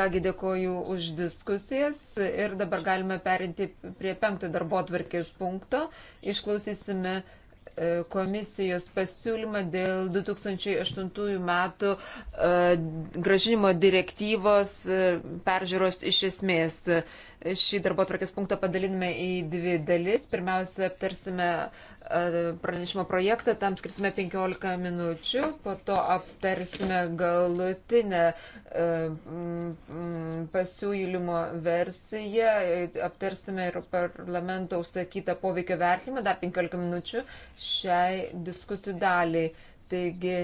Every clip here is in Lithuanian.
Kągi dėkoju už diskusijas ir dabar galime perinti prie penkto darbo atvarkės punkto. Išklausysime e, komisijos pasiūlymą dėl 2008 metų e, gražinimo direktyvos e, peržiūros iš esmės šį darbo atvarkės punktą padalinime į dvi dalis. Pirmiausia, aptarsime e, pranešimo projektą, tam skirsime 15 minučių, po to aptarsime galutinę e, pasiūlymo versiją, e, aptarsime ir parlamento užsakytą poveikio vertinimą, dar 15 minučių šiai diskusijų daliai. Taigi,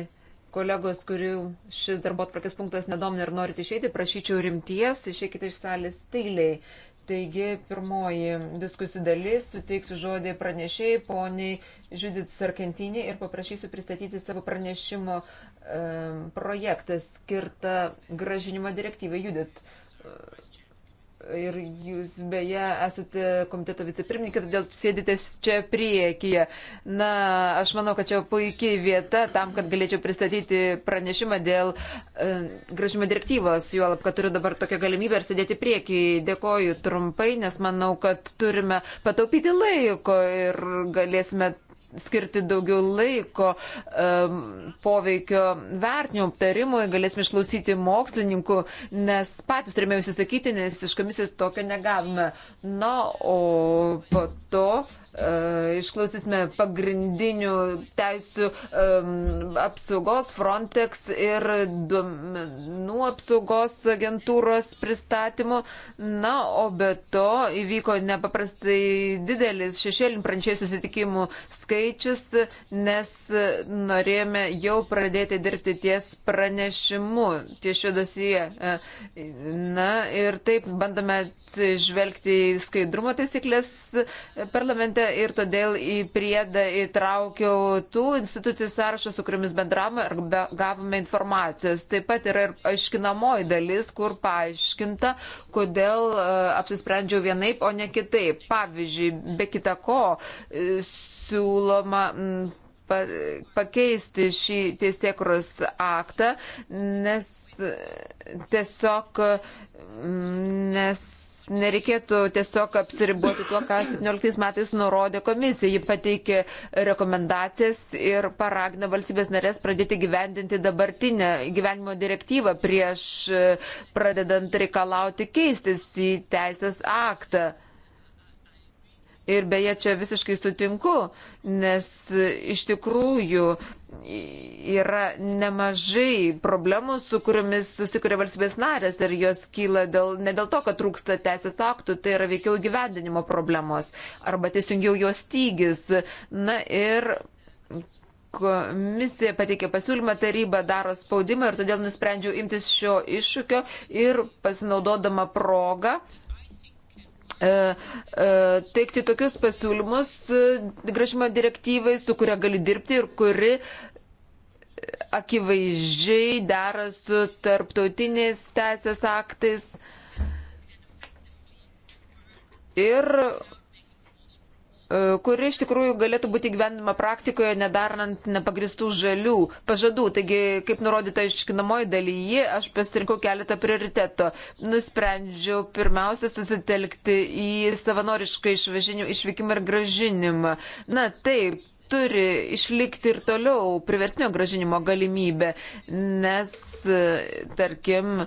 kolegos, kurių šis darbo atvarkės punktas nedomina ir norite išeiti, prašyčiau rimties, išeikite iš salės tyliai. Taigi, pirmoji diskusijų dalis, suteiksiu žodį pranešėjai, poniai Žudit Sarkentinė ir paprašysiu pristatyti savo pranešimo e, projektą skirtą gražinimo direktyvai. Judit, Ir jūs beje esate komiteto vicepirmininkė, todėl sėdite čia priekyje. Na, aš manau, kad čia puikiai vieta tam, kad galėčiau pristatyti pranešimą dėl e, gražimo direktyvos, juolab, kad turiu dabar tokią galimybę ir sėdėti priekyje. Dėkoju trumpai, nes manau, kad turime pataupyti laiko ir galėsime skirti daugiau laiko um, poveikio vertinimo aptarimui, galėsime išklausyti mokslininkų, nes patys turime įsisakyti, nes iš komisijos tokio negavome. Na, o po to uh, išklausysime pagrindinių teisų um, apsaugos Frontex ir duomenų apsaugos agentūros pristatymų. Na, o be to įvyko nepaprastai didelis šešėlin prančiai susitikimų skaičius skaičius, nes norėjome jau pradėti dirbti ties pranešimu, ties šio dosije. Na ir taip bandome žvelgti į skaidrumo taisyklės parlamente ir todėl į priedą įtraukiau tų institucijų sąrašą, su kuriamis bendravome ir gavome informacijos. Taip pat yra ir aiškinamoji dalis, kur paaiškinta, kodėl e, apsisprendžiau vienaip, o ne kitaip. Pavyzdžiui, be kita ko, e, siūloma mm, pa, pakeisti šį teisėkros aktą, nes tiesiog mm, nes nereikėtų tiesiog apsiriboti tuo, ką 17 metais nurodė komisija. Ji pateikė rekomendacijas ir paragino valstybės narės pradėti gyvendinti dabartinę gyvenimo direktyvą prieš e, pradedant reikalauti keistis į teisės aktą. Ir beje, čia visiškai sutinku, nes e, iš tikrųjų yra nemažai problemų, su kuriomis susikuria valstybės narės ir jos kyla dėl, ne dėl to, kad trūksta teisės aktų, tai yra veikiau gyvendinimo problemos arba teisingiau jos tygis. Na ir komisija pateikė pasiūlymą, taryba daro spaudimą ir todėl nusprendžiau imtis šio iššūkio ir pasinaudodama progą E, e, teikti tokius pasiūlymus e, gražimo direktyvai, su kuria gali dirbti ir kuri akivaizdžiai dera su tarptautiniais teisės aktais. Ir E, kuri iš tikrųjų galėtų būti gyvenima praktikoje, nedarant nepagristų žalių pažadų. Taigi, kaip nurodyta iškinamoji dalyje, aš pasirinkau keletą prioriteto. Nusprendžiau pirmiausia susitelkti į savanorišką išvykimą ir gražinimą. Na, taip. Turi išlikti ir toliau priversnio gražinimo galimybė, nes, e, tarkim,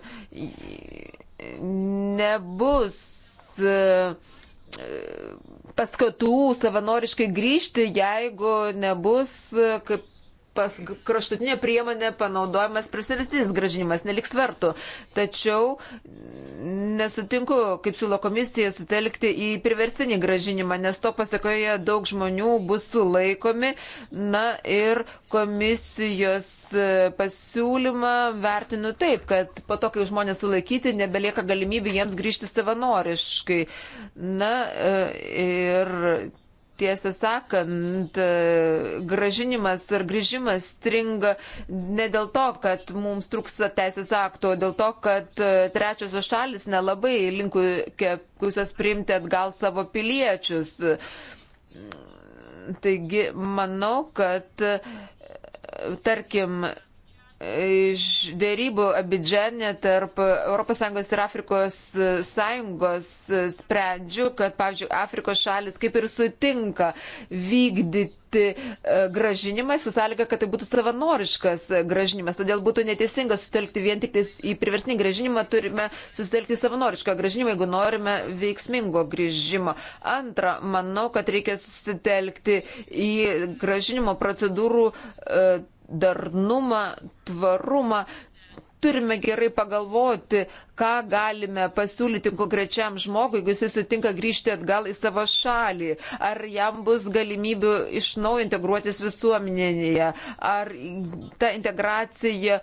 nebus e, paskatų savanoriškai grįžti, jeigu nebus, kaip pas kraštutinė priemonė panaudojamas prasilistinis gražinimas, neliks vertų. Tačiau nesutinku, kaip siūlo komisija, sutelkti į priversinį gražinimą, nes to pasakoje daug žmonių bus sulaikomi. Na ir komisijos e, pasiūlymą vertinu taip, kad po to, kai žmonės sulaikyti, nebelieka galimybių jiems grįžti savanoriškai. Na e, ir Tiesą sakant, e, gražinimas ar grįžimas stringa ne dėl to, kad mums trūksta teisės akto, o dėl to, kad e, trečiosios šalis nelabai linkusios priimti atgal savo piliečius. Taigi, manau, kad, e, tarkim, iš dėrybų abidžane tarp ES ir Afrikos e, sąjungos e, sprendžiu, kad, pavyzdžiui, Afrikos šalis kaip ir sutinka vykdyti e, gražinimą su sąlyga, kad tai būtų savanoriškas gražinimas. Todėl būtų neteisinga sutelkti vien tik į priversinį gražinimą, turime sutelkti savanorišką gražinimą, jeigu norime veiksmingo grįžimo. Antra, manau, kad reikia sutelkti į gražinimo procedūrų uh, darnumą, tvarumą, turime gerai pagalvoti, ką galime pasiūlyti konkrečiam žmogui, jeigu jis sutinka grįžti atgal į savo šalį, ar jam bus galimybių iš naujo integruotis visuomenėje, ar ta integracija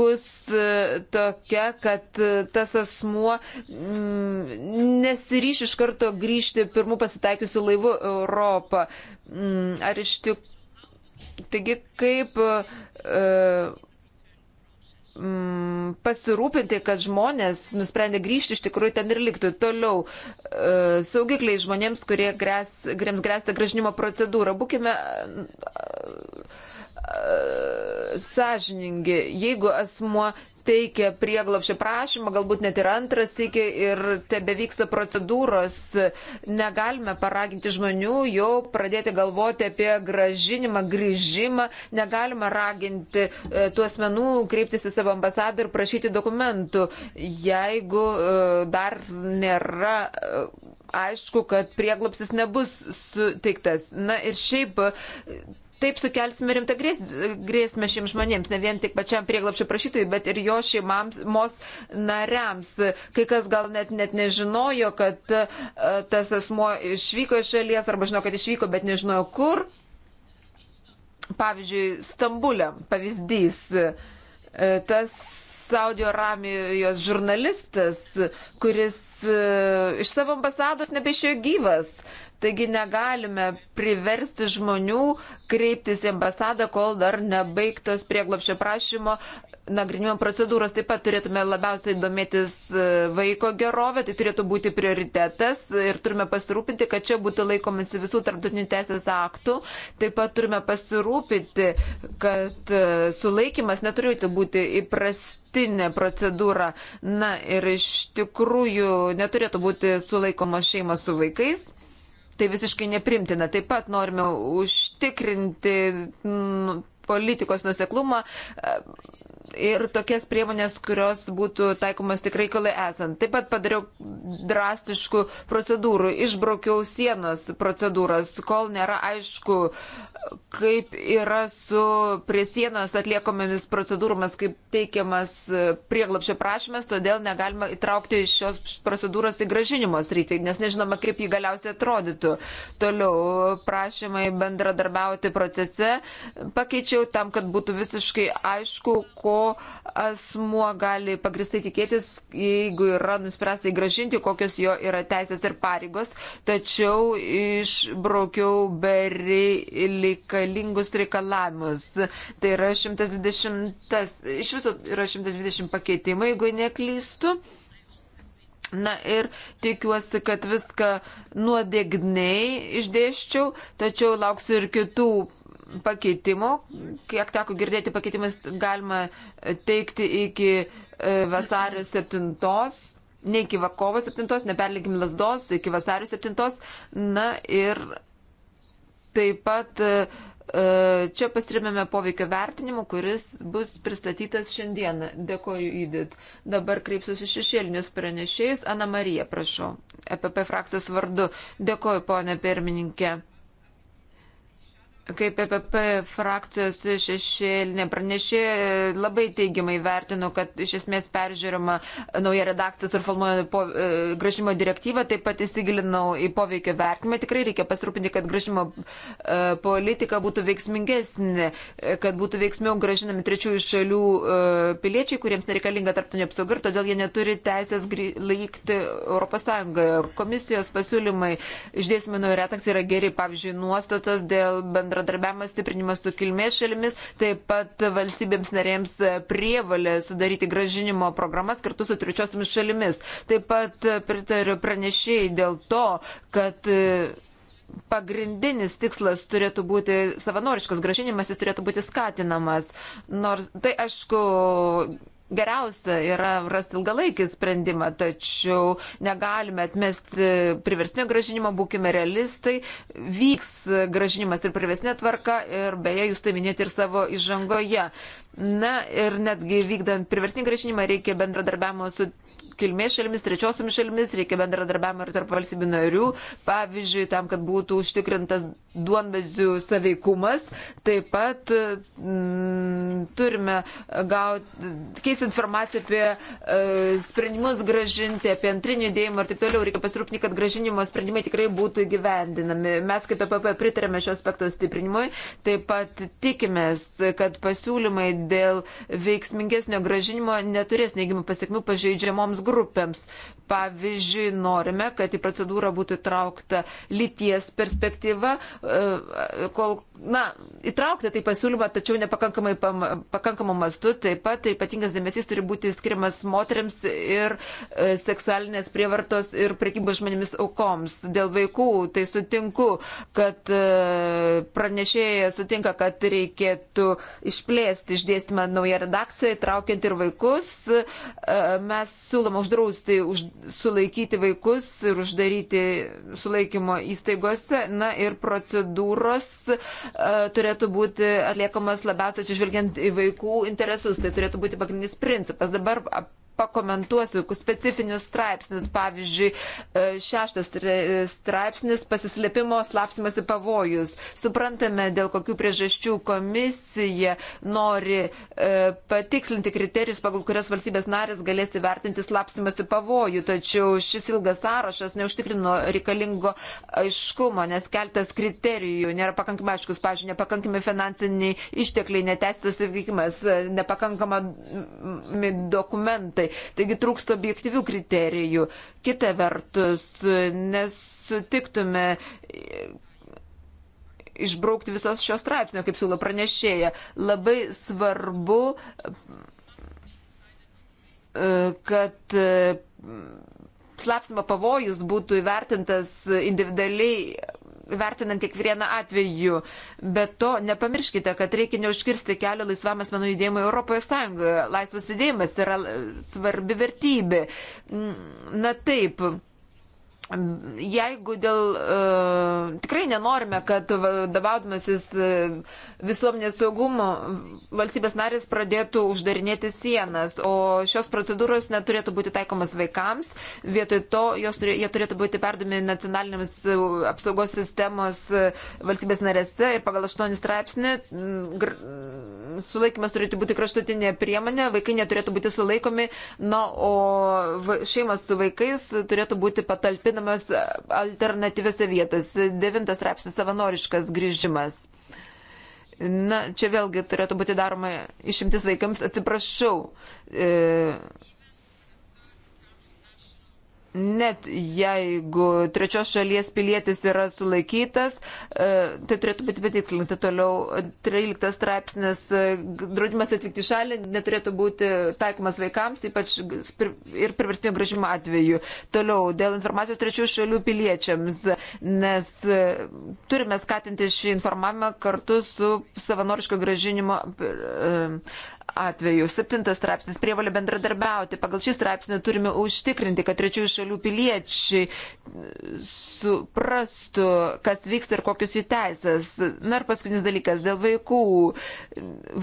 bus e, tokia, kad e, tas asmuo mm, nesiryš iš karto grįžti pirmų pasitaikiusių laivų Europą, mm, ar iš tikrųjų Taigi, kaip e, mm, pasirūpinti, kad žmonės nusprendė grįžti iš tikrųjų ten ir liktų. Toliau e, saugikliai žmonėms, kurie grės, kuriems grėsia gražinimo procedūra. Būkime e, sąžiningi, jeigu asmuo teikia prieglopšio prašymą, galbūt net ir antras iki ir tebe vyksta procedūros. Negalime paraginti žmonių jau pradėti galvoti apie gražinimą, grįžimą. Negalime raginti e, tų asmenų kreiptis į savo ambasadą ir prašyti dokumentų, jeigu e, dar nėra e, aišku, kad prieglopsis nebus suteiktas. Na ir šiaip. E, Taip sukelsime rimtą grėsmę šiems žmonėms, ne vien tik pačiam prieglapšio prašytojui, bet ir jo šeimams, mos nariams. Kai kas gal net, net nežinojo, kad e, tas asmo išvyko iš šalies, arba žino, kad išvyko, bet nežinojo kur. Pavyzdžiui, Stambulė pavyzdys. E, tas Saudio Ramijos žurnalistas, kuris e, iš savo ambasados nebeišėjo gyvas. Taigi negalime priversti žmonių kreiptis į ambasadą, kol dar nebaigtos prieglopščio prašymo nagrinimo procedūros. Taip pat turėtume labiausiai domėtis e, vaiko gerovė, tai turėtų būti prioritetas ir turime pasirūpinti, kad čia būtų laikomasi visų tarptautinių teisės aktų. Taip pat turime pasirūpinti, kad e, sulaikimas neturėtų būti įprasti išskirtinė procedūra. Na ir iš tikrųjų neturėtų būti sulaikomos šeimos su vaikais. Tai visiškai neprimtina. Taip pat norime užtikrinti mm, politikos nuseklumą, ir tokias priemonės, kurios būtų taikomas tik reikalai esant. Taip pat padariau drastiškų procedūrų, išbraukiau sienos procedūras, kol nėra aišku, kaip yra su prie sienos atliekomomis procedūromis, kaip teikiamas prieglapšio prašymas, todėl negalima įtraukti šios procedūros į gražinimo sritį, nes nežinoma, kaip jį galiausiai atrodytų. Toliau prašymai bendradarbiauti procese pakeičiau tam, kad būtų visiškai aišku, ko ko asmuo gali pagristai tikėtis, jeigu yra nuspręsta įgražinti, kokios jo yra teisės ir pareigos. Tačiau išbraukiau bereikalingus reikalavimus. Tai yra 120, iš viso yra 120 pakeitimai, jeigu neklystu. Na ir tikiuosi, kad viską nuodegniai išdėščiau, tačiau lauksiu ir kitų pakeitimų. Kiek teko girdėti, pakeitimus galima teikti iki e, vasario 7. Ne iki kovo 7, neperlikim lasdos, iki vasario 7. Na ir taip pat uh, E, čia pasiremėme poveikio vertinimu, kuris bus pristatytas šiandieną. Dėkoju įdit. Dabar kreipsiuosi šešėlinius pranešėjus. Ana Marija, prašau. EPP frakcijos vardu. Dėkoju, ponė pirmininkė kaip EPP frakcijos šešėlinė pranešė, labai teigiamai vertinu, kad iš esmės peržiūrima nauja redakcijos ir formuoja po, e, gražimo direktyvą, taip pat įsigilinau į poveikio vertimą. Tikrai reikia pasirūpinti, kad gražimo e, politika būtų veiksmingesnė, e, kad būtų veiksmiau gražinami trečiųjų šalių e, piliečiai, kuriems nereikalinga tarptautinė apsauga ir todėl jie neturi teisės laikti ES. Komisijos pasiūlymai išdėsime naują redakciją yra geri, pavyzdžiui, nuostatos dėl bendra bendradarbiavimo stiprinimas su kilmės šalimis, taip pat valstybėms narėms prievalė sudaryti gražinimo programas kartu su trečiosiomis šalimis. Taip pat pritariu pranešėjai dėl to, kad e, pagrindinis tikslas turėtų būti savanoriškas gražinimas, jis turėtų būti skatinamas. Nors tai aišku geriausia yra rasti ilgalaikį sprendimą, tačiau negalime atmesti priversnio gražinimo, būkime realistai, vyks gražinimas ir priversnė tvarka ir beje, jūs tai minėjote ir savo įžangoje. Na ir netgi vykdant priversnį gražinimą reikia bendradarbiavimo su kilmės šalimis, trečiosiomis šalimis, reikia bendradarbiavimo ir tarp valstybių narių, pavyzdžiui, tam, kad būtų užtikrintas duonbezių saveikumas, taip pat m, mm, turime gauti, keisti informaciją apie e, sprendimus gražinti, apie antrinį judėjimą ir taip toliau, reikia pasirūpinti, kad gražinimo sprendimai tikrai būtų gyvendinami. Mes kaip PPP e pritarėme šio aspekto stiprinimui, taip pat tikimės, kad pasiūlymai dėl veiksmingesnio gražinimo neturės neigiamų pasiekmių pažeidžiamom atitinkamoms grupėms. Pavyzdžiui, norime, kad į procedūrą būtų įtraukta lyties perspektyva, e, kol na, įtraukti tai pasiūlymą, tačiau nepakankamai pakankamų mastų. Taip pat tai ypatingas dėmesys turi būti skiriamas moteriams ir e, seksualinės prievartos ir prekybos žmonėmis aukoms. Dėl vaikų tai sutinku, kad e, pranešėjai sutinka, kad reikėtų išplėsti išdėstymą naują redakciją, įtraukiant ir vaikus. E, mes siūlom uždrausti, už, sulaikyti vaikus ir uždaryti sulaikymo įstaigose. Na ir procedūros E, turėtų būti atliekamas labiausiai atsižvelgiant į vaikų interesus. Tai turėtų būti pagrindinis principas. Dabar pakomentuosiu specifinius straipsnius. Pavyzdžiui, e, šeštas straipsnis - pasislėpimo slapsimasi pavojus. Suprantame, dėl kokių priežasčių komisija nori e, patikslinti kriterijus, pagal kurias valstybės narės galės įvertinti slapsimasi pavojų. Tačiau šis ilgas sąrašas neužtikrino reikalingo aiškumo, nes keltas kriterijų nėra pakankamai aiškus. Pavyzdžiui, nepakankami finansiniai ištekliai, neteisėtas įvykimas, nepakankama dokumentai metai. Taigi trūksta objektyvių kriterijų. Kita vertus, nesutiktume išbraukti visos šios straipsnio, kaip siūlo pranešėja. Labai svarbu, e, kad slapsimo pavojus būtų įvertintas individualiai vertinant kiekvieną atveju. Bet to nepamirškite, kad reikia neužkirsti kelio laisvam asmenų judėjimui Europoje Sąjungoje. Laisvas judėjimas yra svarbi vertybė. Na taip. Jeigu dėl e, tikrai nenorime, kad vadovaudimasis e, visuomenės saugumo valstybės narės pradėtų uždarinėti sienas, o šios procedūros neturėtų būti taikomas vaikams, vietoj to jos, jie turėtų būti perdami nacionalinėms e, apsaugos sistemos e, valstybės narėse ir pagal 8 straipsnį gr, sulaikimas turėtų būti kraštutinė priemonė, vaikai neturėtų būti sulaikomi, na, o šeimas su vaikais turėtų būti patalpinami gyvenamos e, alternatyviose vietose. Devintas rapsis - savanoriškas grįžimas. Na, čia vėlgi turėtų būti daroma išimtis vaikams. Atsiprašau. E, net jeigu trečios šalies pilietis yra sulaikytas, e, tai turėtų būti patikslinti toliau. 13 straipsnis e, draudimas atvykti į šalį neturėtų būti taikomas vaikams, ypač ir priverstinio gražimo atveju. Toliau, dėl informacijos trečių šalių piliečiams, nes e, turime skatinti šį informavimą kartu su savanoriško gražinimo atveju. Septintas straipsnis - prievalė bendradarbiauti. Pagal šį straipsnį turime užtikrinti, kad trečiųjų šalių piliečiai suprastų, kas vyksta ir kokius jų teisės. Na ir paskutinis dalykas - dėl vaikų.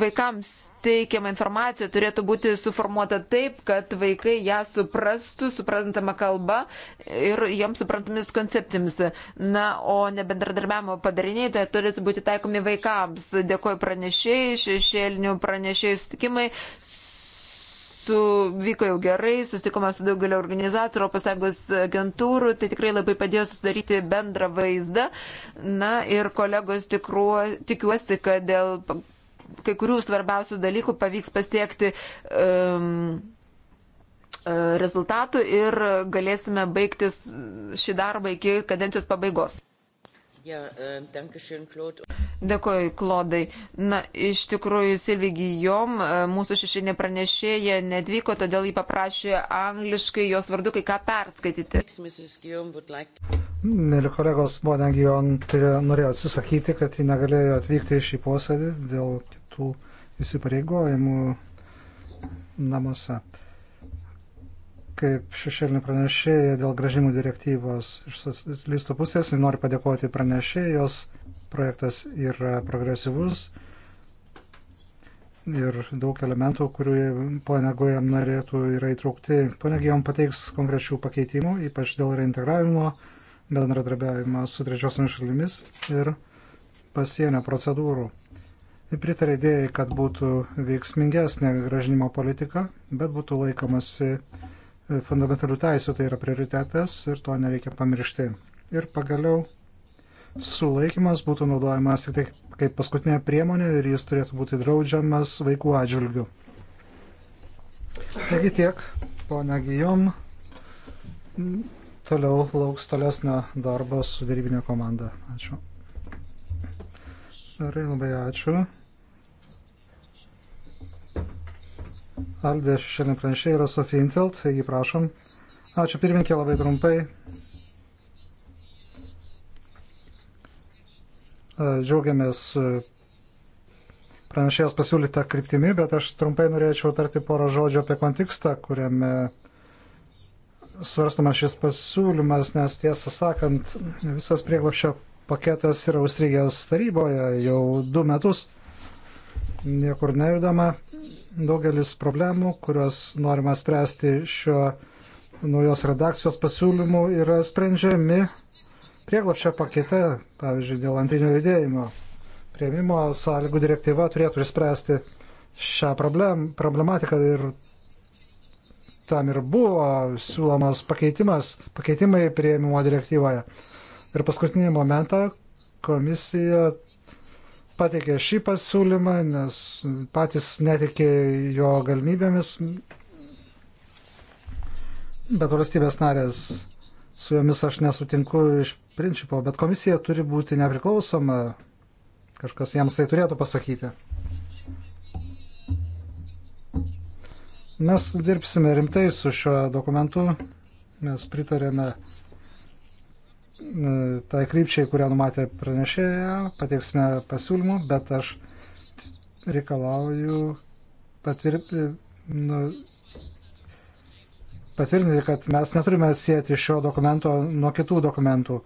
Vaikams teikiama informacija turėtų būti suformuota taip, kad vaikai ją suprastų, suprantama kalba ir joms suprantamis koncepcijomis. Na, o nebendradarbiavimo padariniai tai turėtų būti taikomi vaikams. Dėkoju pranešėjai, šešėlinių pranešėjų sutikimai. Su, vyko jau gerai, susitikome su daugelio organizacijų, ES agentūrų, tai tikrai labai padėjo susidaryti bendrą vaizdą. Na ir kolegos tikruo, tikiuosi, kad dėl kai kurių svarbiausių dalykų pavyks pasiekti um, e, rezultatų ir galėsime baigtis šį darbą iki kadencijos pabaigos. Yeah, um, Dėkoju, Klodai. Na, iš tikrųjų, Silvigijom, ehm, mūsų šešinė pranešėja nedvyko, todėl jį paprašė angliškai jos vardu kai ką perskaityti. Mėly kolegos, Bonė Gijon tai norėjo atsisakyti, kad ji negalėjo atvykti į šį posėdį dėl kitų įsipareigojimų namuose kaip šešėlinį pranešėją dėl gražimų direktyvos iš socialistų pusės. Noriu padėkoti pranešėjos. Projektas yra progresyvus ir daug elementų, kurių ponia Gojam norėtų yra įtraukti. Ponia Gojam pateiks konkrečių pakeitimų, ypač dėl reintegravimo, bendradarbiavimo su trečiosiomis šalimis ir pasienio procedūrų. Ir pritarė idėjai, kad būtų veiksmingesnė gražinimo politika, bet būtų laikomasi fundamentalių teisų tai yra prioritetas ir to nereikia pamiršti. Ir pagaliau sulaikimas būtų naudojamas tik tai kaip paskutinė priemonė ir jis turėtų būti draudžiamas vaikų atžvilgių. Taigi tiek, ponia Gijom. Toliau lauks tolesnio darbo su darybinė komanda. Ačiū. Gerai, labai ačiū. Aldė šešėlin pranešė yra Sofija Intelt, jį prašom. Ačiū pirmininkė, labai trumpai. Džiaugiamės pranešėjos pasiūlytą kryptimį, bet aš trumpai norėčiau tarti porą žodžių apie kontekstą, kuriame svarstamas šis pasiūlymas, nes tiesą sakant, visas prieglapščio paketas yra užstrigęs taryboje jau du metus, niekur nejudama. Daugelis problemų, kurios norima spręsti šio naujos redakcijos pasiūlymų, yra sprendžiami prieglapščio pakete, pavyzdžiui, dėl antrinio judėjimo. Prieimimo sąlygų direktyva turėtų išspręsti šią problem, problematiką ir tam ir buvo siūlomas pakeitimas, pakeitimai prieimimo direktyvoje. Ir paskutinį momentą komisija pateikė šį pasiūlymą, nes patys netikė jo galimybėmis, bet valstybės narės su jomis aš nesutinku iš principo, bet komisija turi būti nepriklausoma, kažkas jiems tai turėtų pasakyti. Mes dirbsime rimtai su šiuo dokumentu, mes pritarėme tai krypčiai, kurią numatė pranešėja, pateiksime pasiūlymų, bet aš reikalauju patvir... nu, patvirtinti, kad mes neturime sėti šio dokumento nuo kitų dokumentų.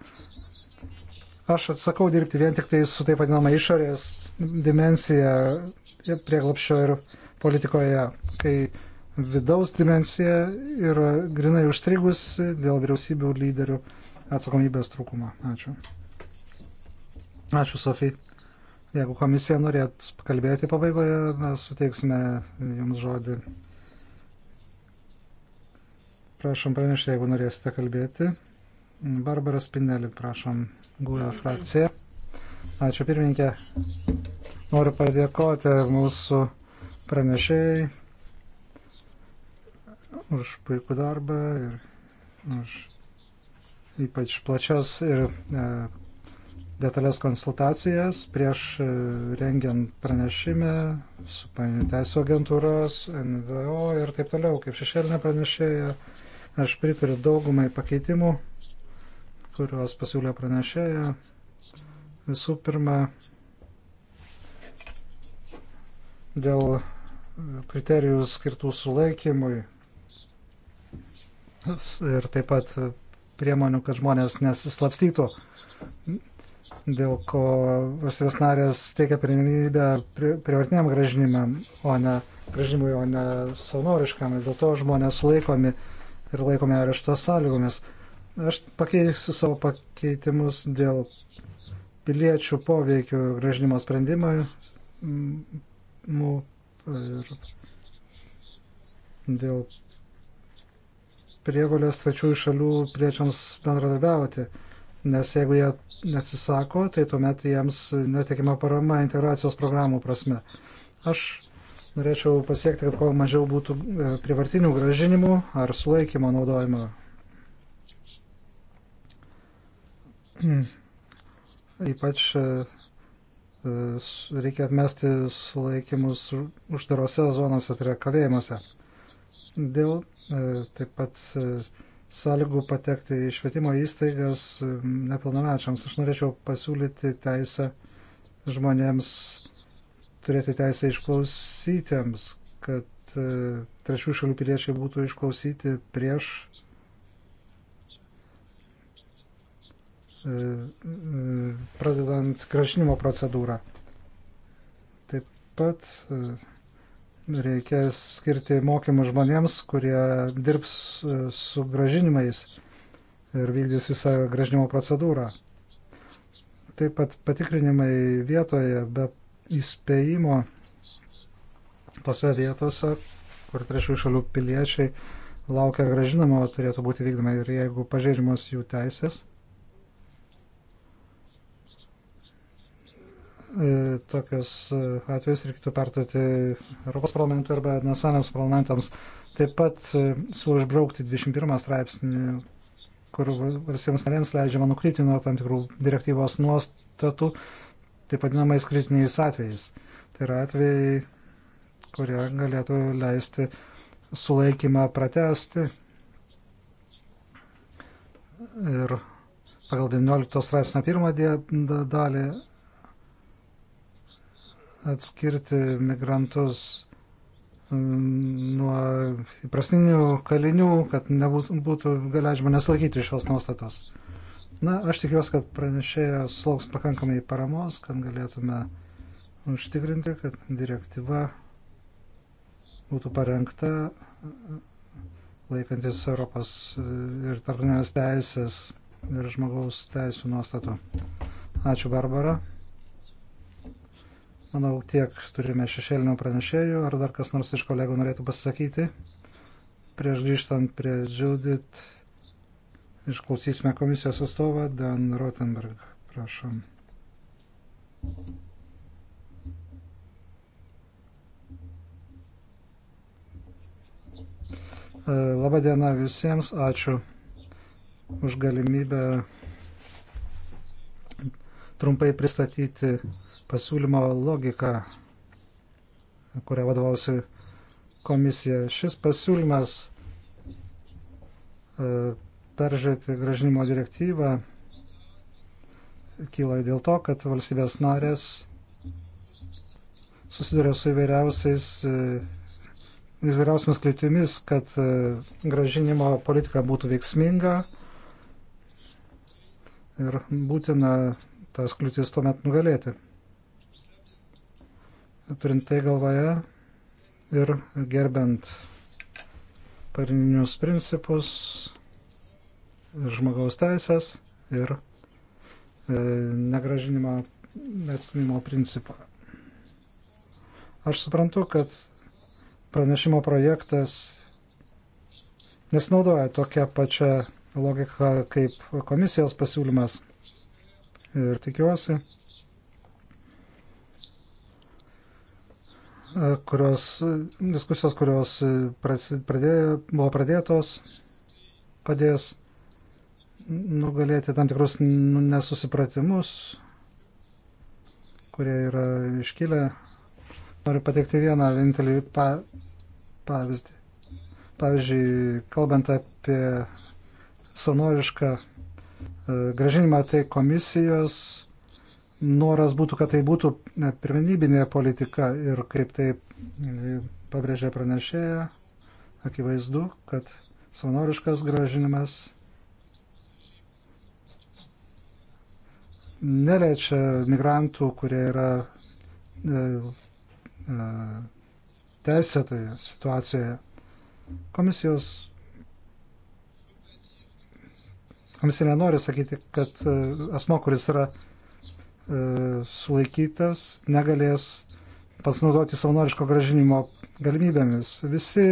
Aš atsakau dirbti vien tik tai su taip vadinama išorės dimensija prieglapščio ir politikoje, kai vidaus dimensija yra grinai užstrigus dėl vyriausybių lyderių atsakomybės trūkumą. Ačiū. Ačiū, Sofija. Jeigu komisija norėtų kalbėti pabaigoje, mes suteiksime jums žodį. Prašom pranešti, jeigu norėsite kalbėti. Barbara Spinelį, prašom, GUE frakcija. Ačiū pirmininkė. Noriu padėkoti mūsų pranešėjai už puikų darbą ir už ypač plačias ir e, detalės konsultacijas prieš e, rengiant pranešimą su teisų agentūros, NVO ir taip toliau. Kaip šešėlinė pranešėja, aš pritariu daugumai pakeitimų, kuriuos pasiūlė pranešėja. Visų pirma, dėl e, kriterijų skirtų sulaikymui ir taip pat priemonių, kad žmonės nesislapstytų, dėl ko valstybės narės teikia pirmenybę privartiniam gražinimam, o ne gražinimui, o ne savanoriškam. Dėl to žmonės sulaikomi ir laikomi arešto sąlygomis. Aš pakeisiu savo pakeitimus dėl piliečių poveikių gražinimo sprendimai ir dėl prievolės trečiųjų šalių priečiams bendradarbiauti, nes jeigu jie nesisako, tai tuomet jiems netikima parama integracijos programų prasme. Aš norėčiau pasiekti, kad kuo mažiau būtų e, privartinių gražinimų ar sulaikymo naudojimo. Ypač e, e, reikia atmesti sulaikymus uždarose zonose, tai yra kalėjimuose dėl e, taip pat e, sąlygų patekti į švietimo įstaigas e, nepilnamečiams. Aš norėčiau pasiūlyti teisę žmonėms turėti teisę išklausytiems, kad trečių šalių piliečiai būtų išklausyti prieš pradedant gražinimo procedūrą. Taip pat reikia skirti mokymus žmonėms, kurie dirbs su gražinimais ir vykdys visą gražinimo procedūrą. Taip pat patikrinimai vietoje be įspėjimo tose vietose, kur trečių šalių piliečiai laukia gražinamo, turėtų būti vykdomi ir jeigu pažeidžiamos jų teisės, E, tokius e, atvejus reikėtų perduoti Europos parlamentui arba nacionaliniams parlamentams. Taip pat e, siūlau išbraukti 21 straipsnį, kur valstybėms narėms leidžiama nukrypti nuo tam tikrų direktyvos nuostatų, taip vadinamais kritiniais atvejais. Tai yra atvejai, kurie galėtų leisti sulaikymą pratesti. Ir pagal 19 straipsnio pirmą dalį atskirti migrantus mm, nuo įprastinių kalinių, kad nebūtų galėžima neslaikyti šios nuostatos. Na, aš tikiuosi, kad pranešėjas sulauks pakankamai paramos, kad galėtume užtikrinti, kad direktyva būtų parengta laikantis Europos e, ir tarptautinės teisės ir žmogaus teisų nuostatų. Ačiū, Barbara. Manau, tiek turime šešėlinio pranešėjų. Ar dar kas nors iš kolegų norėtų pasakyti? Prieš grįžtant prie Judith, išklausysime komisijos atstovą Dan Rotenberg. Prašom. E, Labą dieną visiems, ačiū už galimybę trumpai pristatyti pasiūlymo logika, kurią vadovausi komisija. Šis pasiūlymas e, peržiūrėti gražinimo direktyvą kyla dėl to, kad valstybės narės susiduria su įvairiausiais e, įvairiausiamis kliūtimis, kad e, gražinimo politika būtų veiksminga ir būtina tas kliūtis tuomet nugalėti turint tai galvoje ir gerbent pagrindinius principus ir žmogaus teisės ir e, negražinimo atstumimo principą. Aš suprantu, kad pranešimo projektas nesinaudoja tokia pačia logika kaip komisijos pasiūlymas. Ir tikiuosi, kurios, diskusijos, kurios pradėjo, buvo pradėtos, padės nugalėti tam tikrus nesusipratimus, kurie yra iškilę. Noriu pateikti vieną vienintelį pa, pavyzdį. Pavyzdžiui, kalbant apie sanorišką e, gražinimą, tai komisijos noras būtų, kad tai būtų e, pirmenybinė politika ir kaip tai e, pabrėžė pranešėja, akivaizdu, kad savanoriškas gražinimas neliečia migrantų, kurie yra e, e, teisėtoje situacijoje. Komisijos komisija nenori sakyti, kad e, asmo, kuris yra e, E, sulaikytas negalės pasinaudoti savanoriško gražinimo galimybėmis. Visi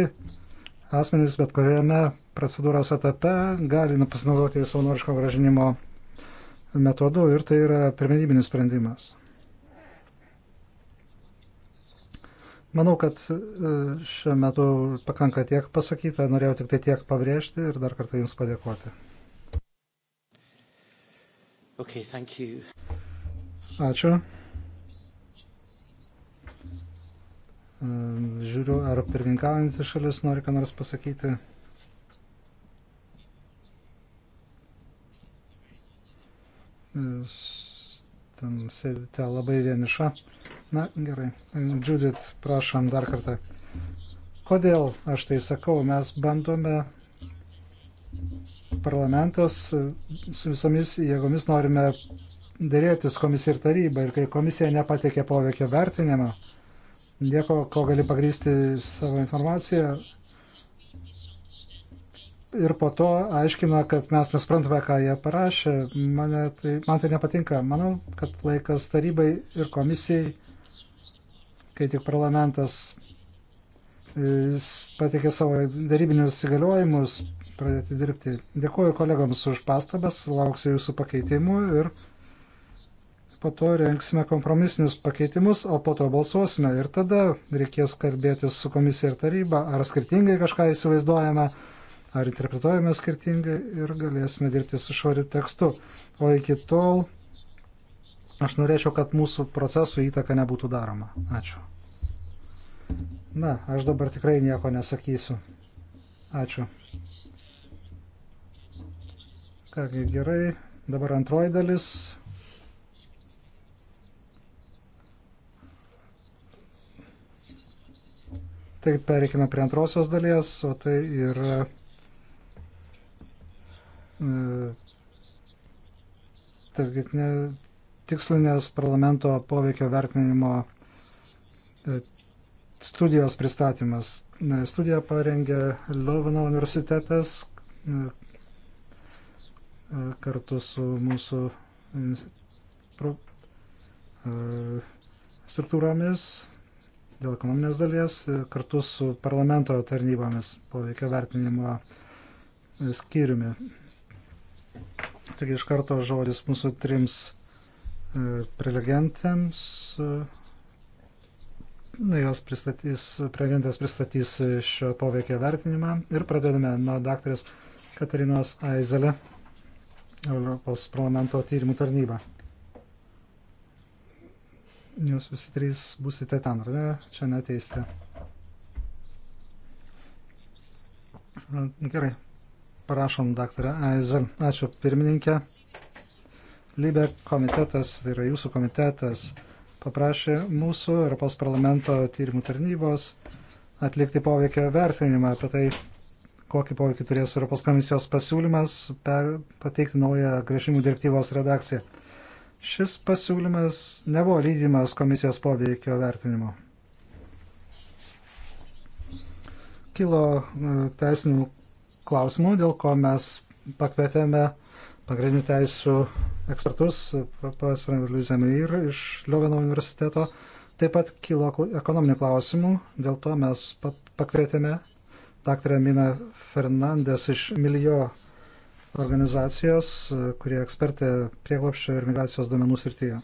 asmenys bet kuriame procedūros etape gali pasinaudoti savanoriško gražinimo metodu ir tai yra pirmenybinis sprendimas. Manau, kad e, šiuo metu pakanka tiek pasakyta, norėjau tik tai tiek pabrėžti ir dar kartą Jums padėkoti. Okay, Ačiū. Žiūriu, ar pirmininkaujantis šalis nori ką nors pasakyti. Ten sėdite labai vieniša. Na, gerai. Judith, prašom dar kartą. Kodėl aš tai sakau? Mes bandome, parlamentas su visomis jėgomis norime dėrėtis komisija ir taryba. Ir kai komisija nepatikė poveikio vertinimą, nieko, ko gali pagrysti savo informaciją. Ir po to aiškina, kad mes nesprantame, ką jie parašė. Mane tai, man tai nepatinka. Manau, kad laikas tarybai ir komisijai, kai tik parlamentas patikė savo darybinius įgaliojimus, pradėti dirbti. Dėkuoju kolegams už pastabas, lauksiu jūsų pakeitimų ir po to rengsime kompromisinius pakeitimus, o po to balsuosime ir tada reikės kalbėtis su komisija ir taryba, ar skirtingai kažką įsivaizduojame, ar interpretuojame skirtingai ir galėsime dirbti su švariu tekstu. O iki tol aš norėčiau, kad mūsų procesų įtaka nebūtų daroma. Ačiū. Na, aš dabar tikrai nieko nesakysiu. Ačiū. Kągi gerai, dabar antroji dalis Tai pereikime prie antrosios dalies, o tai yra e, targetinė, tikslinės parlamento poveikio vertinimo e, studijos pristatymas. E, studiją parengė Liovino universitetas e, e, kartu su mūsų pro, e, struktūromis dėl ekonominės dalies e, kartu su parlamento tarnybomis poveikio vertinimo e, skyriumi. Taigi iš karto žodis mūsų trims e, prelegentėms. Jos pristatys, prelegentės pristatys šio poveikio vertinimą ir pradedame nuo daktarės Katarinos Aizelė, Europos parlamento tyrimų tarnybą. Jūs visi trys būsite ten, ar ne? Čia neteisite. Gerai. Parašom, daktarė Aizel. Ačiū, pirmininkė. Libė komitetas, tai yra jūsų komitetas, paprašė mūsų Europos parlamento tyrimų tarnybos atlikti poveikio vertinimą apie tai, kokį poveikį turės Europos komisijos pasiūlymas per pateikti naują grėžimų direktyvos redakciją. Šis pasiūlymas nebuvo lydimas komisijos poveikio vertinimo. Kilo e, teisinių klausimų, dėl ko mes pakvietėme pagrindinių teisų ekspertus, profesorą Liuzę Meir iš Liovino universiteto. Taip pat kilo ekonominių klausimų, dėl to mes pakvietėme daktarę Miną Fernandes iš Miljo organizacijos, kurie ekspertė prieglopščio ir migracijos duomenų srityje.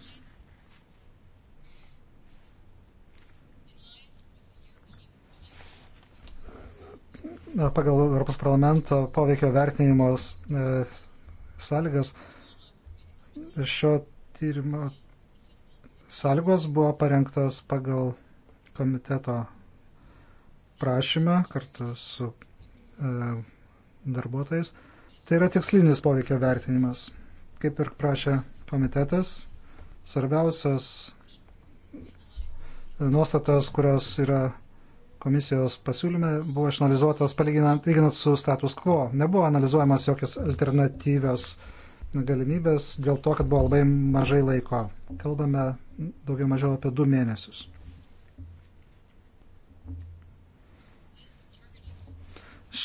Pagal Europos parlamento poveikio vertinimos e, sąlygas šio tyrimo sąlygos buvo parengtos pagal komiteto prašymą kartu su e, darbuotojais. Tai yra tikslinis poveikio vertinimas. Kaip ir prašė komitetas, svarbiausios nuostatos, kurios yra komisijos pasiūlyme, buvo išanalizuotos palyginant lyginant su status quo. Nebuvo analizuojamas jokios alternatyvios galimybės dėl to, kad buvo labai mažai laiko. Kalbame daugiau mažiau apie du mėnesius.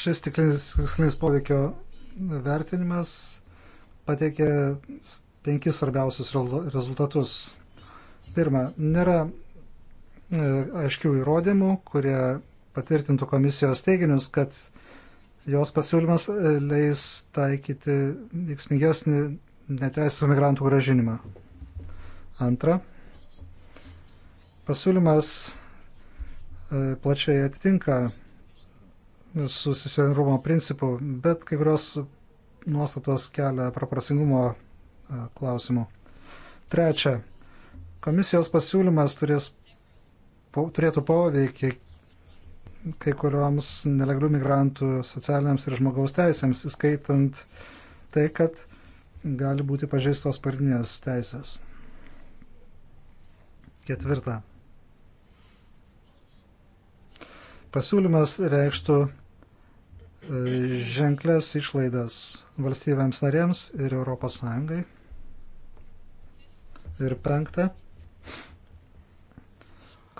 Šis tikslinis poveikio vertinimas pateikė penkis svarbiausius rezultatus. Pirma, nėra e, aiškių įrodymų, kurie patvirtintų komisijos teiginius, kad jos pasiūlymas e, leis taikyti veiksmingesnį neteisėtų migrantų gražinimą. Antra, pasiūlymas e, plačiai atitinka susivienirumo principų, bet kai kurios nuostatos kelia proporcingumo e, klausimų. Trečia, komisijos pasiūlymas turės, po, turėtų poveikį kai kurioms nelegalių migrantų socialiniams ir žmogaus teisėms, įskaitant tai, kad gali būti pažeistos pagrindinės teisės. Ketvirta. Pasiūlymas reikštų ženklės išlaidas valstybėms narėms ir ES. Ir penkta,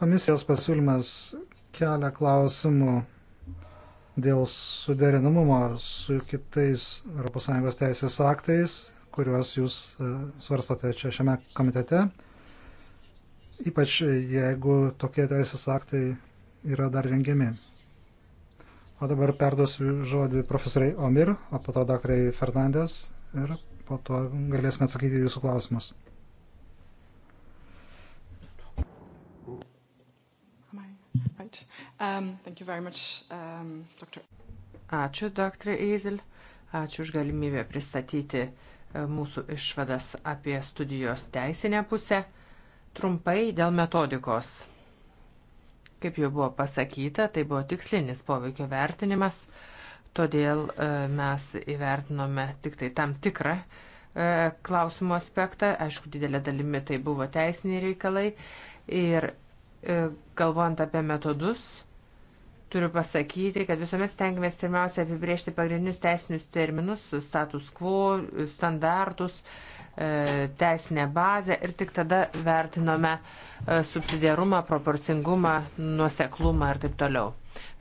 komisijos pasiūlymas kelia klausimų dėl suderinamumo su kitais ES teisės aktais, kuriuos jūs e, svarstate čia šiame komitete. Ypač jeigu tokie teisės aktai yra dar rengiami. O dabar perduosiu žodį profesoriai Omir, o po to daktarai Fernandės ir po to galėsime atsakyti jūsų klausimus. Um, much, um, doctor. Ačiū, dr. Eizel. Ačiū už galimybę pristatyti e, mūsų išvadas apie studijos teisinę pusę. Trumpai dėl metodikos. Kaip jau buvo pasakyta, tai buvo tikslinis poveikio vertinimas, todėl e, mes įvertinome tik tai tam tikrą e, klausimo aspektą. Aišku, didelė dalimi tai buvo teisiniai reikalai. Ir e, galvojant apie metodus, turiu pasakyti, kad visuomet stengiamės pirmiausia apibriežti pagrindinius teisinius terminus, status quo, standartus, E, teisinę bazę ir tik tada vertinome e, subsidiarumą, proporcingumą, nuoseklumą ir taip toliau.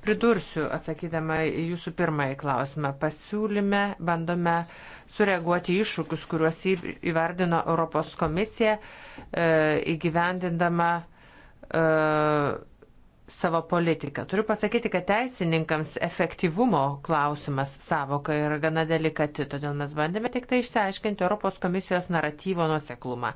Pridursiu, atsakydama į jūsų pirmąjį klausimą, pasiūlyme bandome sureaguoti iššūkius, kuriuos įvardino Europos komisija e, įgyvendindama savo politiką. Turiu pasakyti, kad teisininkams efektyvumo klausimas savoka yra gana delikati, todėl mes bandėme tik tai išsiaiškinti Europos komisijos naratyvo nuoseklumą,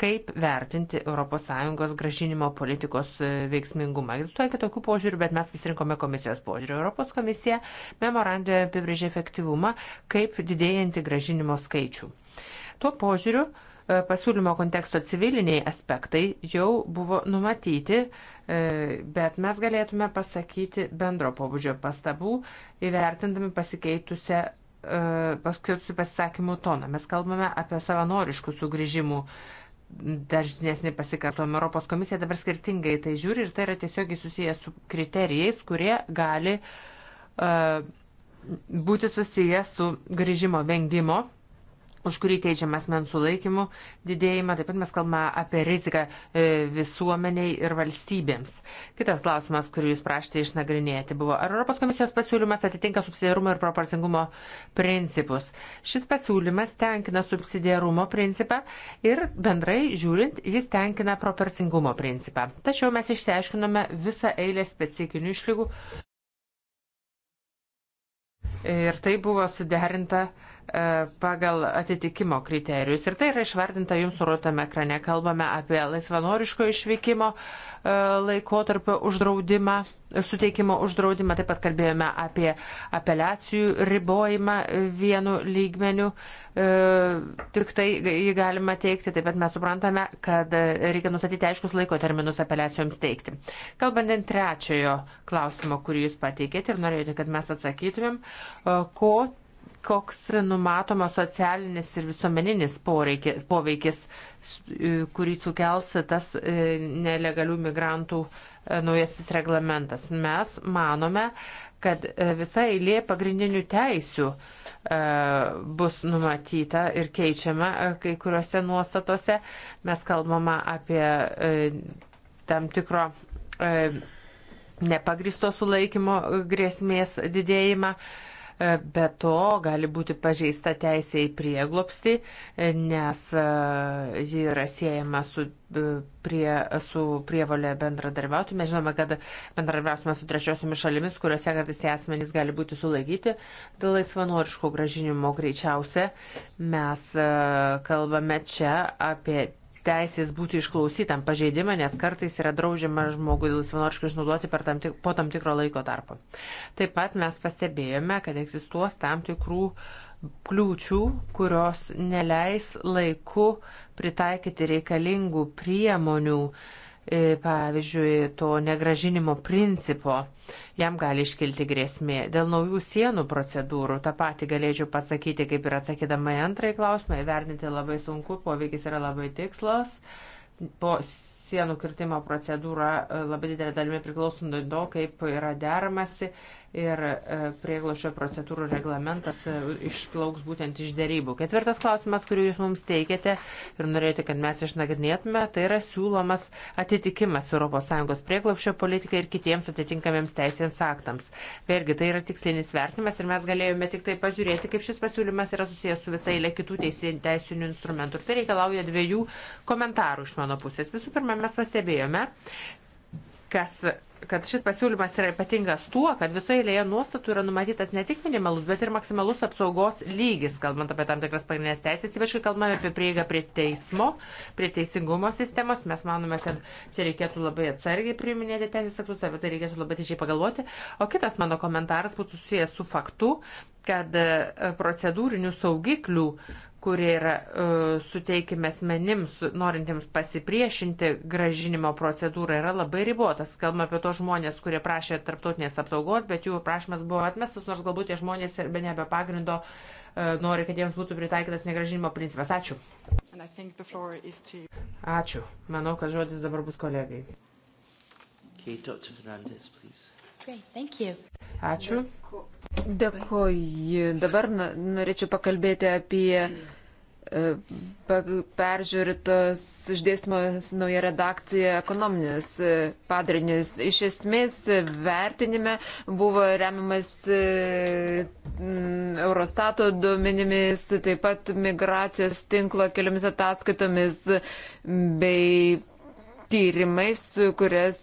kaip vertinti ES gražinimo politikos e, veiksmingumą. Egzistuoja kitokių požiūrių, bet mes pasirinkome komisijos požiūrį. Europos komisija memorandoje apibrėžė efektyvumą kaip didėjantį gražinimo skaičių. Tuo požiūriu E, pasiūlymo konteksto civiliniai aspektai jau buvo numatyti, e, bet mes galėtume pasakyti bendro pobūdžio pastabų, įvertindami pasikeitusią e, paskirtusių pasisakymų toną. Mes kalbame apie savanoriškų sugrįžimų dažnesnį pasikartojimą. Europos komisija dabar skirtingai tai žiūri ir tai yra tiesiogiai susijęs su kriterijais, kurie gali uh, būti susijęs su grįžimo vengimo už kurį teidžiamas men sulaikymų didėjimą. Taip pat mes kalbame apie riziką e, visuomeniai ir valstybėms. Kitas klausimas, kurį jūs prašėte išnagrinėti, buvo, ar Europos komisijos pasiūlymas atitinka subsidiarumo ir proporcingumo principus. Šis pasiūlymas tenkina subsidiarumo principą ir bendrai žiūrint, jis tenkina proporcingumo principą. Tačiau mes išsiaiškinome visą eilę specifinių išlygų. Ir tai buvo suderinta pagal atitikimo kriterijus. Ir tai yra išvardinta jums nurodome ekrane. Kalbame apie laisvanoriško išvykimo e, laikotarpio uždraudimą, suteikimo uždraudimą. Taip pat kalbėjome apie apeliacijų ribojimą vienu lygmeniu. E, tik tai jį galima teikti. Taip pat mes suprantame, kad reikia nustatyti aiškus laiko terminus apeliacijoms teikti. Kalbant dėl trečiojo klausimo, kurį jūs pateikėte ir norėjote, kad mes atsakytumėm, e, ko koks numatomas socialinis ir visuomeninis poreikis, poveikis, e, kurį sukels tas e, nelegalių migrantų e, naujasis reglamentas. Mes manome, kad visa eilė pagrindinių teisių bus numatyta ir keičiama kai kuriuose nuostatose. Mes kalbama apie tam tikro nepagristo sulaikymo grėsmės didėjimą. E, be to gali būti pažeista teisė į prieglopstį, e, nes e, ji yra siejama su, prie, su prievalė bendradarbiauti. Mes žinome, kad bendradarbiausime su trečiosiomis šalimis, kuriuose kartais asmenys gali būti sulaikyti dėl laisvanoriškų gražinimo greičiausia. Mes kalbame čia apie teisės būti išklausytam pažeidimą, nes kartais yra draužiama žmogui laisvanoriškai išnaudoti tam tik, po tam tikro laiko tarpo. Taip pat mes pastebėjome, kad egzistuos tam tikrų kliūčių, kurios neleis laiku pritaikyti reikalingų priemonių uh, E, pavyzdžiui, to negražinimo principo, jam gali iškilti grėsmė. Dėl naujų sienų procedūrų tą patį galėčiau pasakyti, kaip ir atsakydama į antrąjį klausimą, įvertinti labai sunku, poveikis yra labai tikslas. Po sienų kirtimo procedūra e, labai didelė dalimi priklauso nuo to, kaip yra deramasi ir e, prieglošio procedūrų reglamentas e, išplauks būtent iš dėrybų. Ketvirtas klausimas, kurį jūs mums teikėte ir norėjote, kad mes išnagrinėtume, tai yra siūlomas atitikimas ES prieglopšio politikai ir kitiems atitinkamiems teisėms aktams. Vėlgi, tai yra tikslinis vertinimas ir mes galėjome tik tai pažiūrėti, kaip šis pasiūlymas yra susijęs su visai lė kitų teisinių instrumentų. Ir tai reikalauja dviejų komentarų iš mano pusės. Visų pirma, mes pastebėjome, kas kad šis pasiūlymas yra ypatingas tuo, kad visoje eilėje nuostatų yra numatytas ne tik minimalus, bet ir maksimalus apsaugos lygis, kalbant apie tam tikras pagrindinės teisės, ypač kai kalbame apie prieigą prie teismo, prie teisingumo sistemos, mes manome, kad čia reikėtų labai atsargiai priiminėti teisės aktus, apie tai reikėtų labai atidžiai pagalvoti. O kitas mano komentaras būtų susijęs su faktu, kad e, procedūrinių saugiklių kurie yra uh, e, suteikime asmenims, norintiems pasipriešinti gražinimo procedūrą, yra labai ribotas. Kalbame apie tos žmonės, kurie prašė tarptautinės apsaugos, bet jų prašymas buvo atmestas, nors galbūt tie žmonės ir be nebe pagrindo uh, nori, kad jiems būtų pritaikytas negražinimo principas. Ačiū. Ačiū. Manau, kad žodis dabar bus kolegai. Okay, Dr. Fernandez, please. Great, thank you. Ačiū. Dėkoju. Dabar norėčiau pakalbėti apie e, peržiūrėtos išdėstymos nauja redakcija ekonominės e, padarinius. Iš esmės vertinime buvo remiamas e, Eurostato duomenimis, taip pat migracijos tinklo keliomis ataskaitomis bei tyrimais, kurias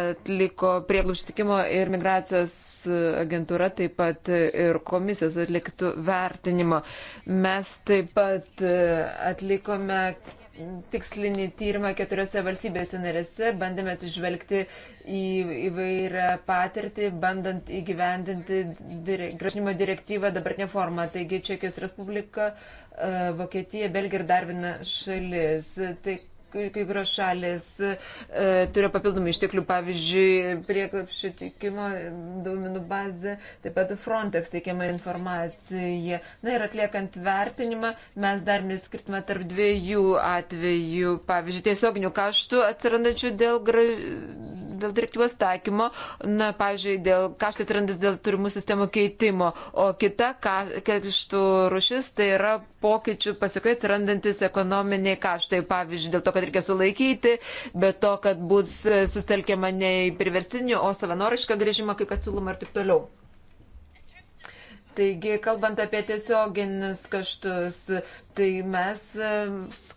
atliko prieglūštikimo ir migracijos agentūra taip pat ir komisijos atliktų vertinimo. Mes taip pat e, atlikome tikslinį tyrimą keturiose valstybėse narėse, bandėme atsižvelgti į įvairią patirtį, bandant įgyvendinti direk, gražinimo direktyvą dabartinę formą. Taigi Čekijos Respublika, e, Vokietija, Belgija ir dar viena šalis. Tai kai kurios šalis e, turi papildomų išteklių, pavyzdžiui, prieklapšių tikimo duomenų bazė, taip pat Frontex teikiama informacija. Na ir atliekant vertinimą, mes dar neskirtume tarp dviejų atvejų, pavyzdžiui, tiesioginių kaštų atsirandančių dėl, gra... dėl direktyvos taikymo, na, pavyzdžiui, dėl kaštų atsirandantis dėl turimų sistemų keitimo, o kita kaštų rušis tai yra pokyčių pasikoje atsirandantis ekonominiai kaštai, pavyzdžiui, dėl to, kad kad reikia sulaikyti, bet to, kad bus e, sustelkiama ne į priverstinį, o savanorišką grįžimą, kaip kad siūloma ir taip toliau. Taigi, kalbant apie tiesioginius kaštus, tai mes, e,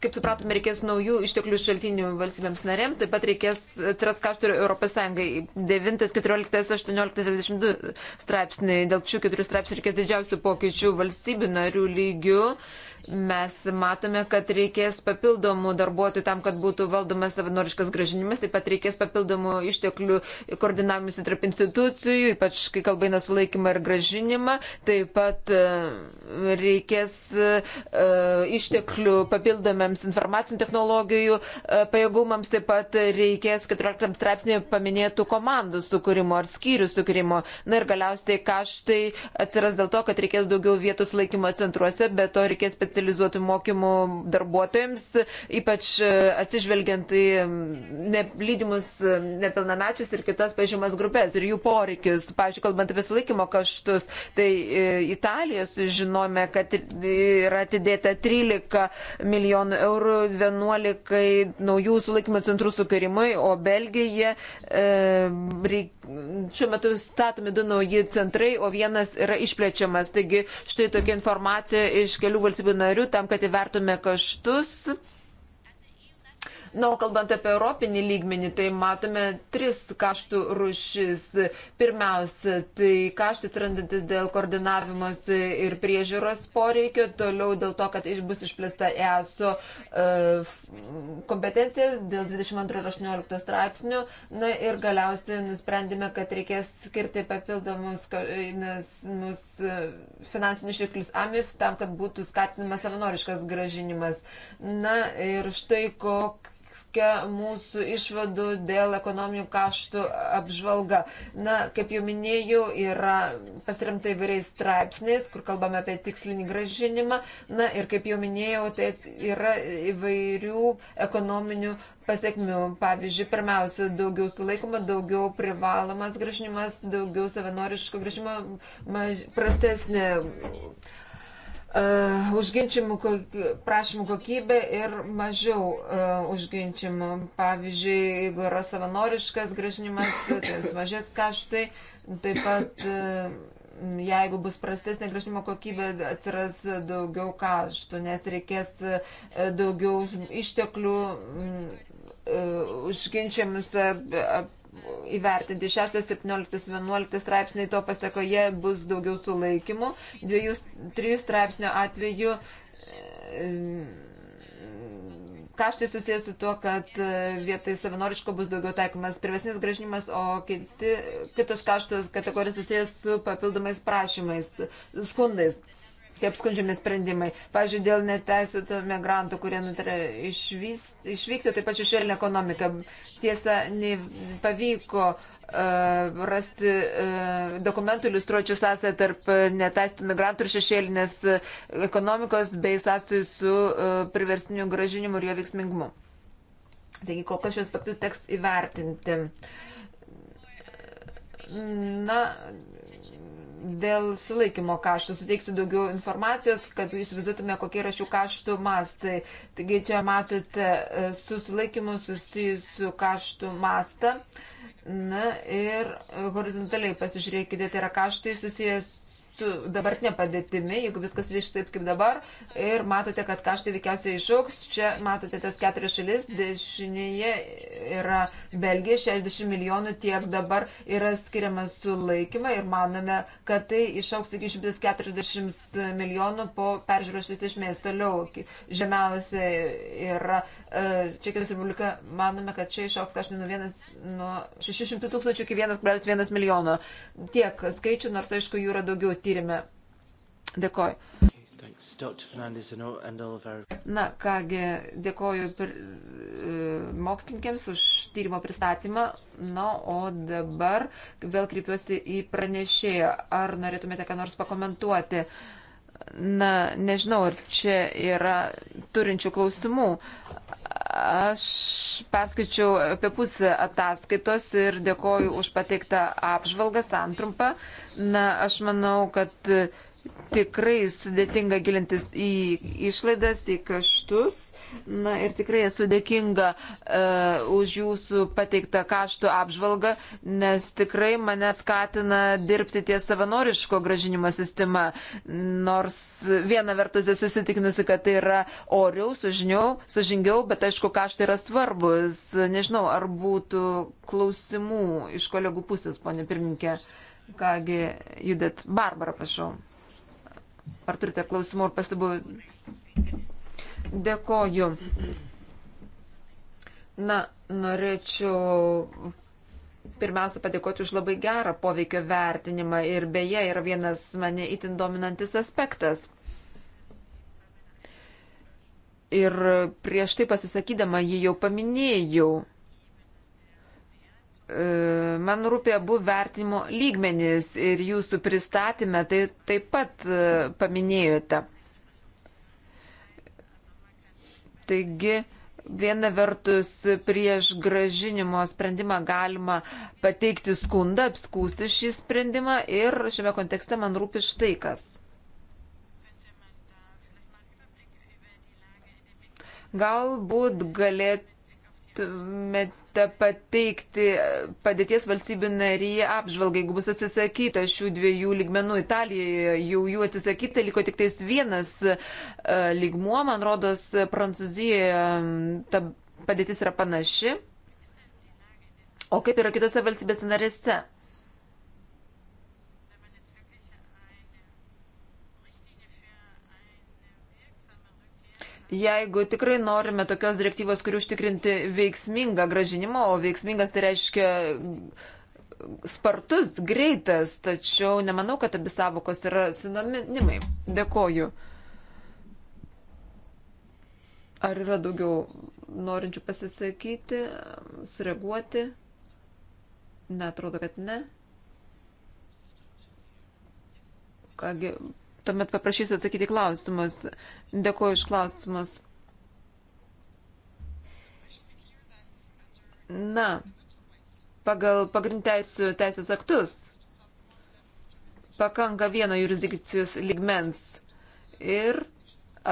kaip supratome, reikės naujų išteklių šaltinių valstybėms narėms, taip pat reikės atras kaštų ir Europos Sąjungai. 9, 14, 18, 22 straipsniai, dėl šių keturių straipsnių reikės didžiausių pokyčių valstybių narių lygių. Uh, Mes matome, kad reikės papildomų darbuotojų tam, kad būtų valdomas savanoriškas gražinimas, taip pat reikės papildomų išteklių koordinavimus tarp institucijų, ypač kai kalba eina sulaikymą ir gražinimą, taip pat e, reikės e, išteklių papildomiams informacinių technologijų e, pajėgumams, taip pat reikės 14 straipsnėje paminėtų komandų sukūrimo ar skyrių sukūrimo. Na ir galiausiai kaštai atsiras dėl to, kad reikės daugiau vietos laikymo centruose, bet to reikės specialių specializuotų mokymų darbuotojams, ypač e, atsižvelgiant į nelydimus e, nepilnamečius ir kitas pažymas grupės ir jų poreikius. Pavyzdžiui, kalbant apie sulaikymo kaštus, tai e, Italijos žinome, kad yra atidėta 13 milijonų eurų 11 naujų sulaikymo centrų sukūrimui, o Belgija šiuo metu statomi du nauji centrai, o vienas yra išplečiamas. Taigi štai tokia informacija iš kelių valstybių narių tam, kad įvertume kaštus Na, o kalbant apie europinį lygmenį, tai matome tris kaštų rušis. Pirmiausia, tai kaštai atrandantis dėl koordinavimas ir priežiūros poreikio, toliau dėl to, kad bus išplėsta ESO e, kompetencijas dėl 22 ir 18 straipsnių. Na ir galiausiai nusprendėme, kad reikės skirti papildomus e, finansinius išteklius AMIF tam, kad būtų skatinamas savanoriškas gražinimas. Na ir štai kok tokia mūsų išvadų dėl ekonominių kaštų apžvalga. Na, kaip jau minėjau, yra pasiremta įvairiais straipsniais, kur kalbame apie tikslinį gražinimą. Na ir kaip jau minėjau, tai yra įvairių ekonominių pasiekmių. Pavyzdžiui, pirmiausia, daugiau sulaikoma, daugiau privalomas gražinimas, daugiau savanoriško gražinimo, prastesnė uh, užginčiamų prašymų kokybė ir mažiau uh, užginčiamų. Pavyzdžiui, jeigu yra savanoriškas gražinimas, tai sumažės kaštai, taip pat uh, jeigu bus prastesnė gražinimo kokybė, atsiras daugiau kaštų, nes reikės uh, daugiau išteklių mm, uh, užginčiamus uh, įvertinti. 6, 17, 11 straipsniai to pasakoje bus daugiau sulaikymų. 2, 3 straipsnio atveju kaštai susijęs su tuo, kad e, vietoj savanoriško bus daugiau taikomas privesnis gražinimas, o kiti, kitos kaštos kategorijos susijęs su papildomais prašymais, skundais tie apskundžiami sprendimai. Pavyzdžiui, dėl neteisėtų migrantų, kurie nutarė išvyst, išvykti, taip pat šešėlinė ekonomika. Tiesa, nepavyko uh, rasti uh, dokumentų iliustruojančių sąsąją tarp neteisėtų migrantų ir šešėlinės uh, ekonomikos bei sąsajų su uh, priversiniu gražinimu ir jo veiksmingumu. Taigi, kol kas šiuo aspektu teks įvertinti. Na, dėl sulaikymo kaštų. Suteiksiu daugiau informacijos, kad įsivaizduotume, kokie yra šių kaštų mastai. Taigi čia matote e, su sulaikymu susijusių kaštų mastą. Na ir horizontaliai pasižiūrėkite, tai yra kaštai susijęs dabartinė padėtimi, jeigu viskas iš taip kaip dabar, ir matote, kad kaštai veikiausiai išauks, čia matote tas keturias šalis, dešinėje yra Belgija, 60 milijonų tiek dabar yra skiriama sulaikymą ir manome, kad tai išauks iki 140 milijonų po peržiūros iš esmės toliau. Žemiausia yra e, Čekijos Republika, manome, kad čia išauks kaštai nuo, vienas, nuo 600 tūkstančių iki 1,1 milijono. Tiek skaičių, nors aišku, jų yra daugiau. Tiek tyrimę. Dėkoju. Na kągi, dėkoju per, e, mokslininkėms už tyrimo pristatymą. Na, o dabar vėl kreipiuosi į pranešėją. Ar norėtumėte ką nors pakomentuoti? Na, nežinau, ar čia yra turinčių klausimų. Aš perskaičiau apie pusę ataskaitos ir dėkoju už pateiktą apžvalgą, santrumpą. Na, aš manau, kad tikrai sudėtinga gilintis į išlaidas, į kaštus. Na ir tikrai esu dėkinga uh, už jūsų pateiktą kaštų apžvalgą, nes tikrai mane skatina dirbti ties savanoriško gražinimo sistema. Nors viena vertus esu susitikinusi, kad tai yra oriau, sužiniau, sužingiau, bet aišku, kaštai yra svarbus. Nežinau, ar būtų klausimų iš kolegų pusės, ponė pirminkė. Kągi, judėt. Barbara, prašau. Ar turite klausimų ar pasibūdų? Dėkoju. Na, norėčiau pirmiausia padėkoti už labai gerą poveikio vertinimą ir beje yra vienas mane itin dominantis aspektas. Ir prieš tai pasisakydama jį jau paminėjau. E, man rūpė abu vertinimo lygmenys ir jūsų pristatymę tai taip pat e, paminėjote. Taigi, viena vertus prieš gražinimo sprendimą galima pateikti skundą, apskūsti šį sprendimą ir šiame kontekste man rūpi štai kas. Galbūt galėtų turėtumėte pateikti padėties valstybių narėje apžvalgą, jeigu bus atsisakyta šių dviejų ligmenų. Italijoje jau jų atsisakyta, liko tik tais vienas e, ligmuo, man rodos, Prancūzijoje ta padėtis yra panaši. O kaip yra kitose valstybės narėse? Jeigu tikrai norime tokios direktyvos, kuri užtikrinti veiksmingą gražinimą, o veiksmingas tai reiškia spartus, greitas, tačiau nemanau, kad abi savokos yra sinonimai. Dėkoju. Ar yra daugiau norinčių pasisakyti, sureaguoti? Netrodo, kad ne. Kągi, Tuomet paprašysiu atsakyti klausimus. Dėkuoju iš klausimus. Na, pagal pagrindteisių teisės aktus pakanka vieno jurisdikcijos ligmens ir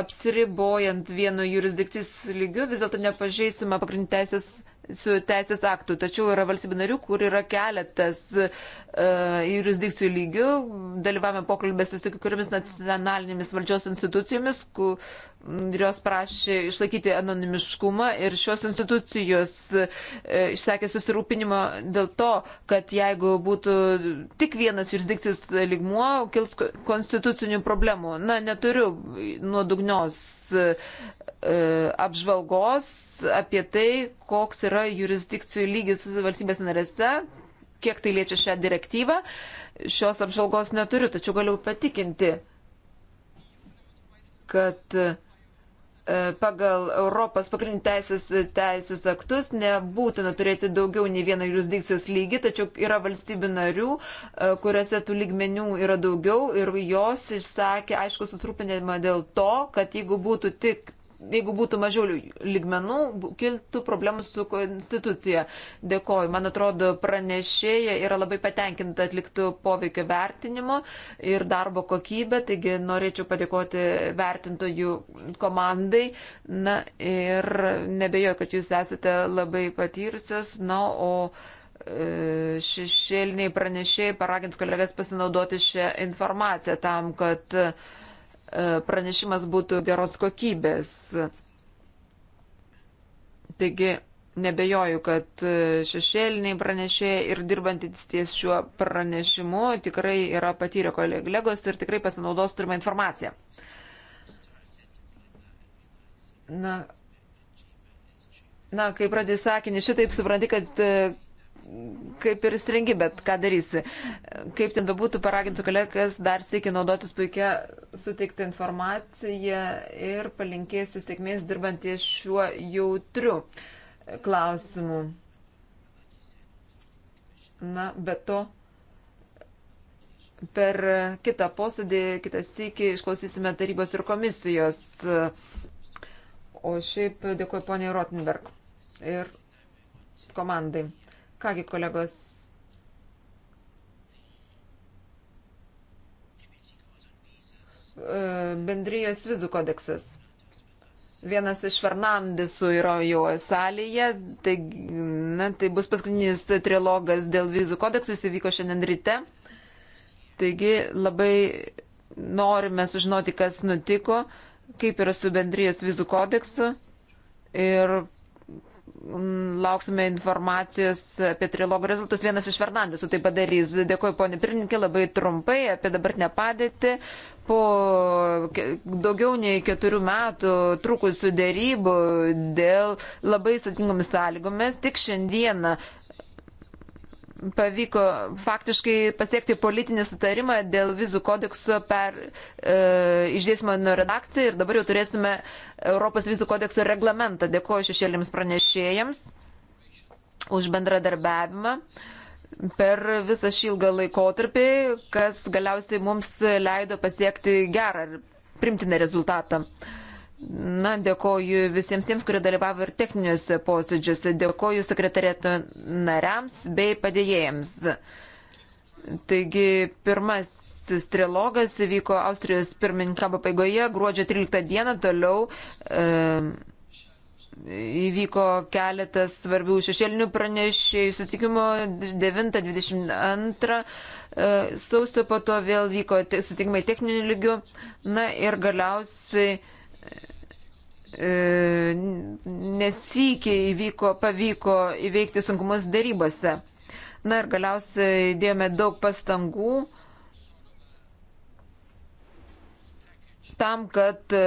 apsiribojant vieno jurisdikcijos lygiu vis dėlto nepažeisima pagrindteisės su teisės aktų, tačiau yra valstybių narių, kur yra keletas uh, jurisdikcijų lygių, dalyvavome pokalbėse su kiekvienomis nacionalinėmis valdžios institucijomis, kurios prašė išlaikyti anonimiškumą ir šios institucijos uh, išsakė susirūpinimą dėl to, kad jeigu būtų tik vienas jurisdikcijos lygmuo, kils konstitucinių problemų. Na, neturiu nuodugnios uh, apžvalgos apie tai, koks yra jurisdikcijų lygis valstybės narėse, kiek tai liečia šią direktyvą. Šios apžalgos neturiu, tačiau galiu patikinti, kad e, pagal Europos pagrindinių teisės, teisės aktus nebūtina turėti daugiau nei vieną jurisdikcijos lygį, tačiau yra valstybių narių, e, kuriuose tų lygmenių yra daugiau ir jos išsakė, aišku, susirūpinimą dėl to, kad jeigu būtų tik jeigu būtų mažiau ligmenų, kiltų problemų su konstitucija. Dėkoju. Man atrodo, pranešėja yra labai patenkinta atliktų poveikio vertinimo ir darbo kokybę, taigi norėčiau padėkoti vertintojų komandai. Na ir nebejoju, kad jūs esate labai patyrusios. Na, o e, šešėliniai pranešėjai paragins kolegas pasinaudoti šią informaciją tam, kad uh, E, pranešimas būtų geros kokybės. Taigi, nebejoju, kad e, šešėliniai pranešėjai ir dirbantis ties šiuo pranešimu tikrai yra patyrę kolegos ir tikrai pasinaudos turimą informaciją. Na, na kai pradės sakinį, šitaip supranti, kad e, kaip ir stringi, bet ką darysi. Kaip ten bebūtų, paraginsiu kolegas dar sėki naudotis puikia suteikta informacija ir palinkėsiu sėkmės dirbant ties šiuo jautriu klausimu. Na, bet to per kitą posėdį, kitą sėki išklausysime tarybos ir komisijos. O šiaip dėkuoju poniai Rotenberg ir komandai. Kągi, kolegos. E, bendrijos vizų kodeksas. Vienas iš Fernandesų yra jo salėje, tai, na, tai bus paskutinis trilogas dėl vizų kodeksų, jis įvyko šiandien ryte. Taigi labai norime sužinoti, kas nutiko, kaip yra su bendrijos vizų kodeksu ir Mm, lauksime informacijos apie trilogo rezultatus. Vienas iš Fernandesų tai padarys. Dėkuoju, ponė pirmininkė, labai trumpai apie dabartinę padėtį. Po daugiau nei keturių metų trukusių dėrybų dėl labai sudėtingomis sąlygomis tik šiandieną pavyko faktiškai pasiekti politinį sutarimą dėl vizų kodekso per e, išdėsimo redakciją ir dabar jau turėsime Europos vizų kodekso reglamentą. Dėkuoju šešėlėms pranešėjams už bendradarbiavimą per visą šį ilgą laikotarpį, kas galiausiai mums leido pasiekti gerą ir primtiną rezultatą. E, Na, dėkoju visiems tiems, kurie dalyvavo ir techniniuose posėdžiuose. Dėkoju sekretarieto nariams bei padėjėjams. Taigi, pirmasis trilogas vyko Austrijos pirmininką pabaigoje, gruodžio 13 dieną toliau. E, įvyko keletas svarbių šešėlinių pranešėjų sutikimo 9-22 e, sausio, po to vėl vyko sutikimai techninių lygių. Na ir galiausiai E, nesikiai įvyko, pavyko įveikti sunkumus darybose. Na ir galiausiai dėjome daug pastangų tam, kad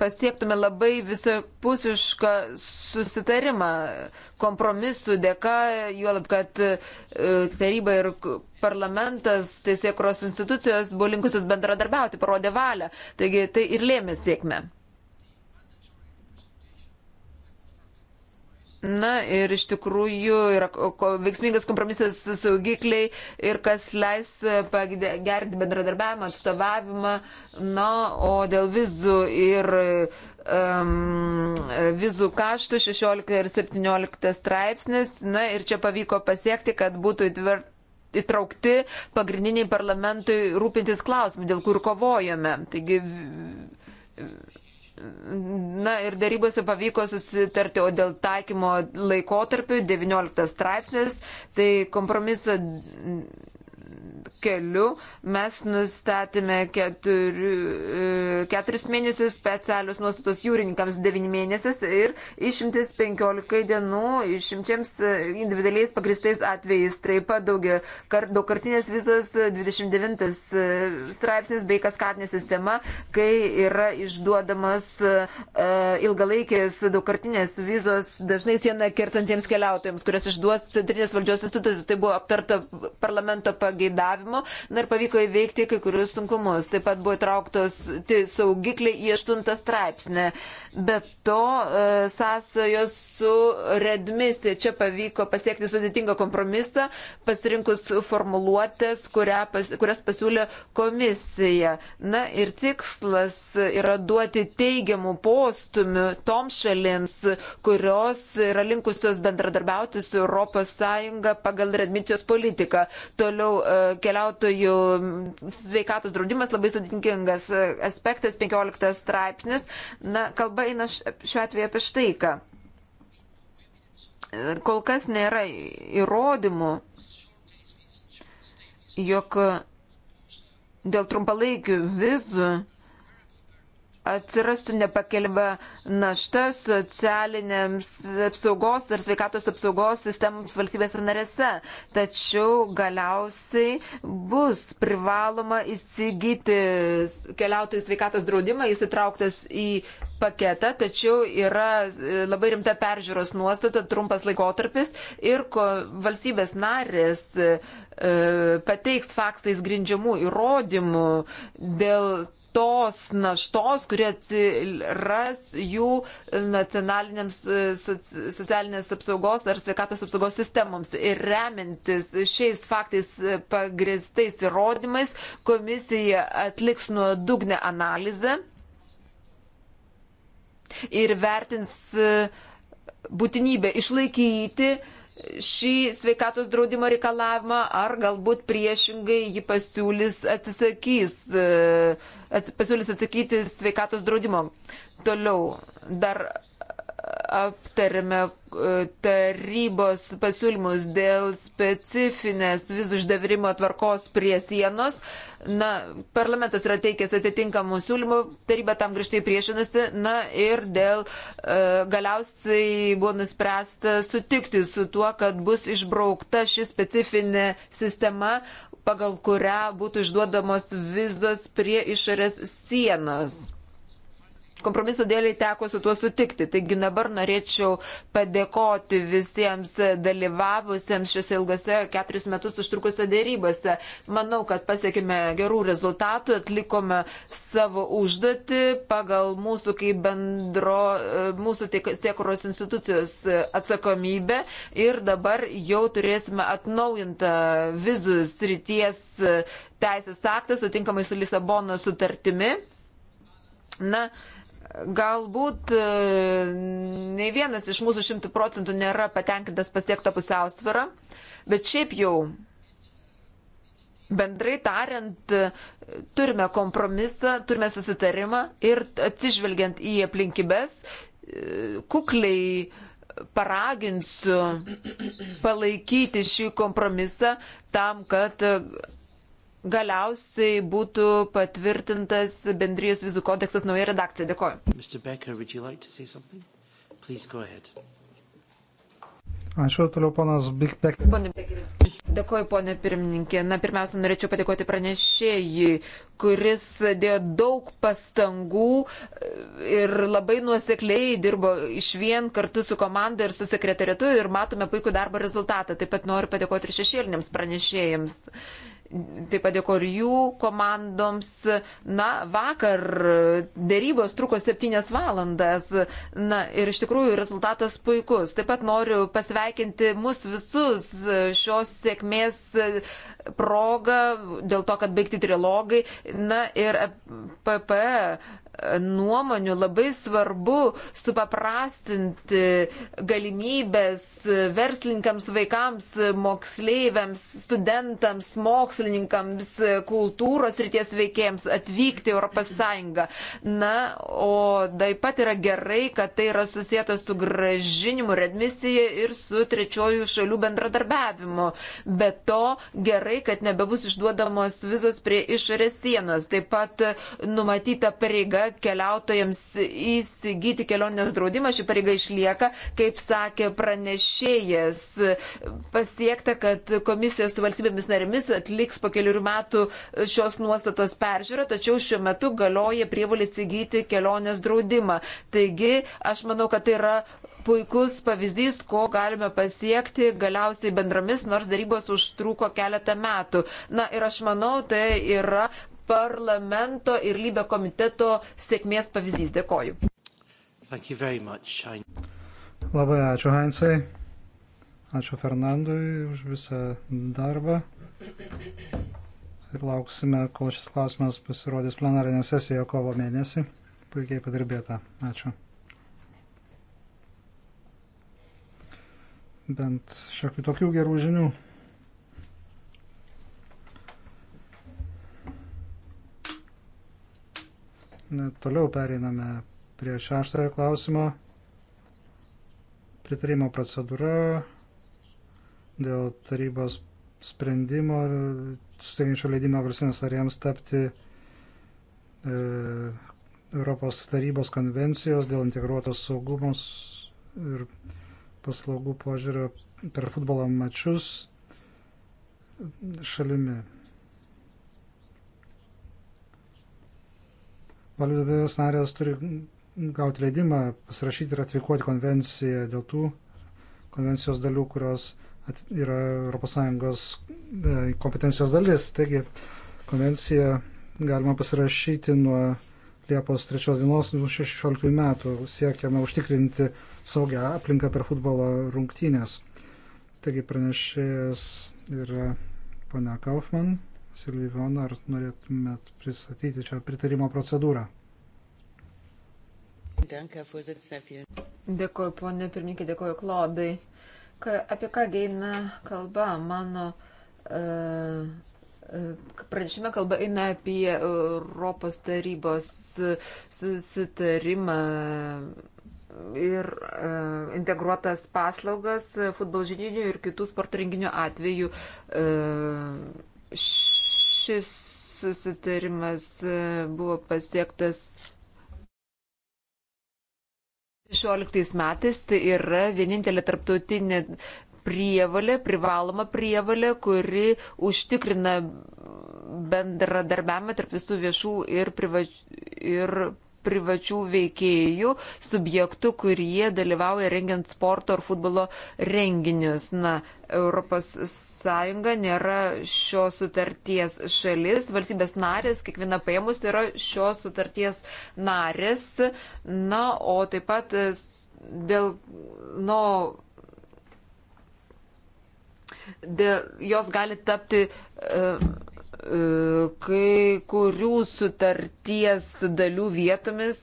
pasiektume labai visapusišką susitarimą kompromisų dėka, juolab, kad e, taryba ir parlamentas, teisėkros institucijos buvo linkusios bendradarbiauti, parodė valią. Taigi tai ir lėmė sėkmę. Na ir iš tikrųjų yra veiksmingas kompromisas saugikliai ir kas leis e, gerinti bendradarbiavimą, atstovavimą. Na, o dėl vizų ir um, vizų kaštų 16 ir 17 straipsnis. Na ir čia pavyko pasiekti, kad būtų įtvirtinti įtraukti pagrindiniai parlamentui rūpintis klausimai, dėl kur kovojame. Taigi Na ir darybose pavyko susitarti, o dėl taikymo laikotarpių 19 straipsnis, tai kompromiso keliu mes nustatėme keturi, e, keturis mėnesius specialius nuostatos jūrininkams devyni mėnesius ir išimtis penkiolikai dienų išimčiams e, individualiais pagristais atvejais. Taip pat daugia, kar, daugkartinės vizos 29 e, straipsnis bei kaskatinė sistema, kai yra išduodamas uh, ilgalaikės daugkartinės vizos dažnai sieną kertantiems keliautojams, kurias išduos centrinės valdžios institucijos. Tai buvo aptarta parlamento pageidavimas reikalavimų, dar pavyko įveikti kai kurius sunkumus. Taip pat buvo įtrauktos tai saugikliai į 8 straipsnę. Be to, e, sąsajos su redmisija čia pavyko pasiekti sudėtingą kompromisą, pasirinkus formuluotės, pas, kurias pasiūlė komisija. Na ir tikslas yra duoti teigiamų postumių toms šalims, kurios yra linkusios bendradarbiauti su ES pagal redmisijos politiką. Toliau e, keliautojų sveikatos draudimas labai sudėtingas aspektas, 15 straipsnis. Na, kalba eina šiuo atveju apie štai ką. Kol kas nėra įrodymų, jog dėl trumpalaikių vizų atsirastų nepakeliama našta socialinėms apsaugos ir sveikatos apsaugos sistemams valstybės narėse. Tačiau galiausiai bus privaloma įsigyti keliautojų sveikatos draudimą, jis įtrauktas į paketą, tačiau yra e, labai rimta peržiūros nuostata, trumpas laikotarpis ir valstybės narės e, pateiks faktais grindžiamų įrodymų dėl tos naštos, kurie atsiras jų nacionalinėms e, socialinės apsaugos ar sveikatos apsaugos sistemoms. Ir remintis šiais faktais e, pagristais įrodymais, komisija atliks nuodugnę analizę ir vertins e, būtinybę išlaikyti uh, šį sveikatos draudimo reikalavimą, ar galbūt priešingai ji pasiūlys, atsisakys, e, ats, pasiūlys atsakyti sveikatos draudimo. Toliau dar aptarėme e, tarybos pasiūlymus dėl specifinės vizų išdavimo tvarkos prie sienos. Na, parlamentas yra teikęs atitinkamų siūlymų, taryba tam grįžtai priešinasi. Na ir dėl e, galiausiai buvo nuspręsta sutikti su tuo, kad bus išbraukta ši specifinė sistema, pagal kurią būtų išduodamos vizos prie išorės sienos kompromiso dėliai teko su tuo sutikti. Taigi dabar norėčiau padėkoti visiems dalyvavusiems šiuose ilgose keturis metus užtrukusiose dėrybose. Manau, kad pasiekime gerų rezultatų, atlikome savo užduotį pagal mūsų kaip bendro, mūsų tiekuros institucijos atsakomybę ir dabar jau turėsime atnaujintą vizų srities teisės aktą sutinkamai su Lisabono sutartimi. Na, Galbūt e, ne vienas iš mūsų šimtų procentų nėra patenkintas pasiektą pusiausvyrą, bet šiaip jau bendrai tariant, turime kompromisą, turime susitarimą ir atsižvelgiant į aplinkybės, e, kukliai paraginsiu palaikyti šį kompromisą tam, kad galiausiai būtų patvirtintas bendrijos vizų kodeksas nauja redakcija. Dėkoju. Becker, like Ačiū, toliau ponas Bikbek. Pone Bekeri. Dėkoju, ponė pirmininkė. Na, pirmiausia, norėčiau patikoti pranešėjui, kuris dėjo daug pastangų e, ir labai nuosekliai dirbo iš vien kartu su komanda ir su sekretariatu ir matome puikų darbo rezultatą. Taip pat noriu patikoti ir šešėliniams pranešėjams. Taip pat dėkoju ir jų komandoms. Na, vakar dėrybos truko septynias valandas. Na, ir iš tikrųjų rezultatas puikus. Taip pat noriu pasveikinti mus visus šios sėkmės progą, dėl to, kad baigti trilogai. Na, ir PP nuomonių labai svarbu supaprastinti galimybės verslininkams, vaikams, moksleiviams, studentams, mokslininkams, kultūros ryties veikėjams atvykti Europos Sąjungą. Na, o taip pat yra gerai, kad tai yra susijęta su gražinimu, redmisija ir su trečiojų šalių bendradarbiavimu. Be to, gerai, kad nebebus išduodamos vizos prie išorės sienos. Taip pat numatyta pareiga keliautojams įsigyti kelionės draudimą, ši pareiga išlieka, kaip sakė pranešėjas. Pasiekta, kad komisijos su valstybėmis narėmis atliks po keliurių metų šios nuostatos peržiūrą, tačiau šiuo metu galioja prievalį įsigyti kelionės draudimą. Taigi, aš manau, kad tai yra puikus pavyzdys, ko galime pasiekti galiausiai bendromis, nors darybos užtruko keletą metų. Na ir aš manau, tai yra parlamento ir lybė komiteto sėkmės pavyzdys. Dėkoju. Much, Labai ačiū Heinzai. Ačiū Fernandui už visą darbą. Ir lauksime, kol šis klausimas pasirodys plenarinė sesija kovo mėnesį. Puikiai padirbėta. Ačiū. Bent šiokių tokių gerų žinių. Toliau pereiname prie šeštojo klausimo. Pritarimo procedūra dėl tarybos sprendimo suteikiančio leidimą valstybės narėms tapti e, Europos tarybos konvencijos dėl integruotos saugumos ir paslaugų požiūrio per futbolo mačius šalimi. Valstybės narės turi gauti leidimą pasirašyti ir atvikuoti konvenciją dėl tų konvencijos dalių, kurios yra ES e, kompetencijos dalis. Taigi, konvenciją galima pasirašyti nuo Liepos 3 dienos 2016 metų. Siekiama užtikrinti saugią aplinką per futbolo rungtynės. Taigi pranešėjas yra ponia Kaufman. Silvijona, ar norėtumėt pristatyti čia pritarimo procedūrą? Dėkuoju, ponė pirmininkė, dėkuoju, Klodai. Ka, apie ką eina kalba? Mano uh, Pranešime kalba eina apie Europos tarybos susitarimą ir e, integruotas paslaugas futbol žinių ir kitų sporto renginių atveju. Š Šis susitarimas e, buvo pasiektas 16 metais, tai yra vienintelė tarptautinė prievalė, privaloma prievalė, kuri užtikrina bendradarbiavimą tarp visų viešų ir, privač... ir privačių veikėjų, subjektų, kurie dalyvauja rengiant sporto ar futbolo renginius. Na, ES nėra šios sutarties šalis. Valstybės narės, kiekviena paėmus, yra šios sutarties narės. Na, o taip pat dėl, nu, dėl, jos gali tapti. Uh, kai kurių sutarties dalių vietomis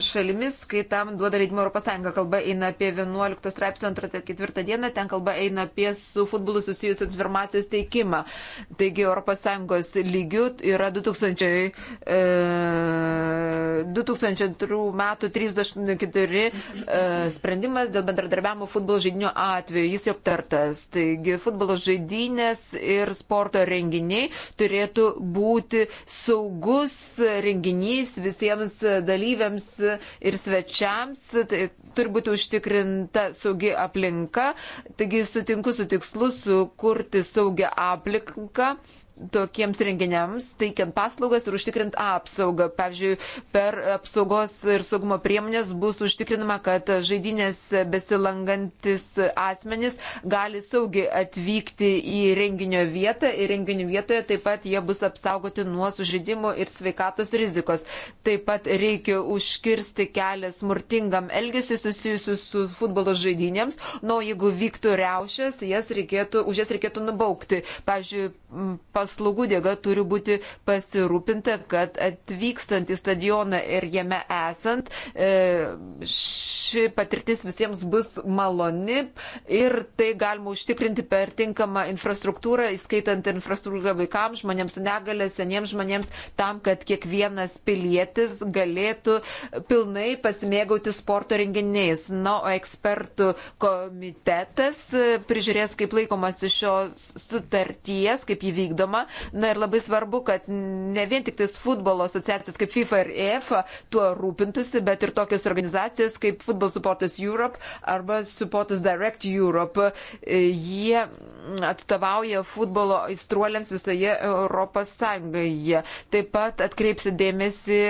šalimis, kai tam duoda leidimą Europos Sąjunga. Kalba eina apie 11 straipsnio 2-4 dieną, ten kalba eina apie su futbolu susijusios informacijos teikimą. Taigi Europos Sąjungos lygių yra 2000, e, 2002 metų 324 e, sprendimas dėl bendradarbiavimo futbolo žaidinių atveju. Jis jau aptartas. Taigi futbolo žaidinės ir sporto renginiai turėtų būti saugus renginys visiems dalyviams ir svečiams, tai turi būti užtikrinta saugi aplinka, taigi sutinku su tikslu sukurti saugią aplinką tokiems renginiams, teikiant paslaugas ir užtikrint apsaugą. Pavyzdžiui, per apsaugos ir saugumo priemonės bus užtikrinama, kad žaidynės besilangantis asmenys gali saugiai atvykti į renginio vietą ir renginio vietoje taip pat jie bus apsaugoti nuo sužydimo ir sveikatos rizikos. Taip pat reikia užkirsti kelią smurtingam elgesiu susijusiu su futbolo žaidynėms, nuo jeigu vyktų reušės, jas reikėtų, už jas reikėtų nubaukti. Pavyzdžiui, pas paslaugų dėga turi būti pasirūpinta, kad atvykstant į stadioną ir jame esant, e, ši patirtis visiems bus maloni ir tai galima užtikrinti per tinkamą infrastruktūrą, įskaitant infrastruktūrą vaikams, žmonėms su negale, seniems žmonėms, tam, kad kiekvienas pilietis galėtų pilnai pasimėgauti sporto renginiais. Na, o ekspertų komitetas e, prižiūrės, kaip laikomasi šios sutarties, kaip įvykdoma problema. Na ir labai svarbu, kad ne vien tik tais futbolo asociacijos kaip FIFA ir EFA tuo rūpintųsi, bet ir tokios organizacijos kaip Football Supporters Europe arba Supporters Direct Europe. Jie atstovauja futbolo aistruoliams visoje Europos Sąjungoje. Taip pat atkreipsiu dėmesį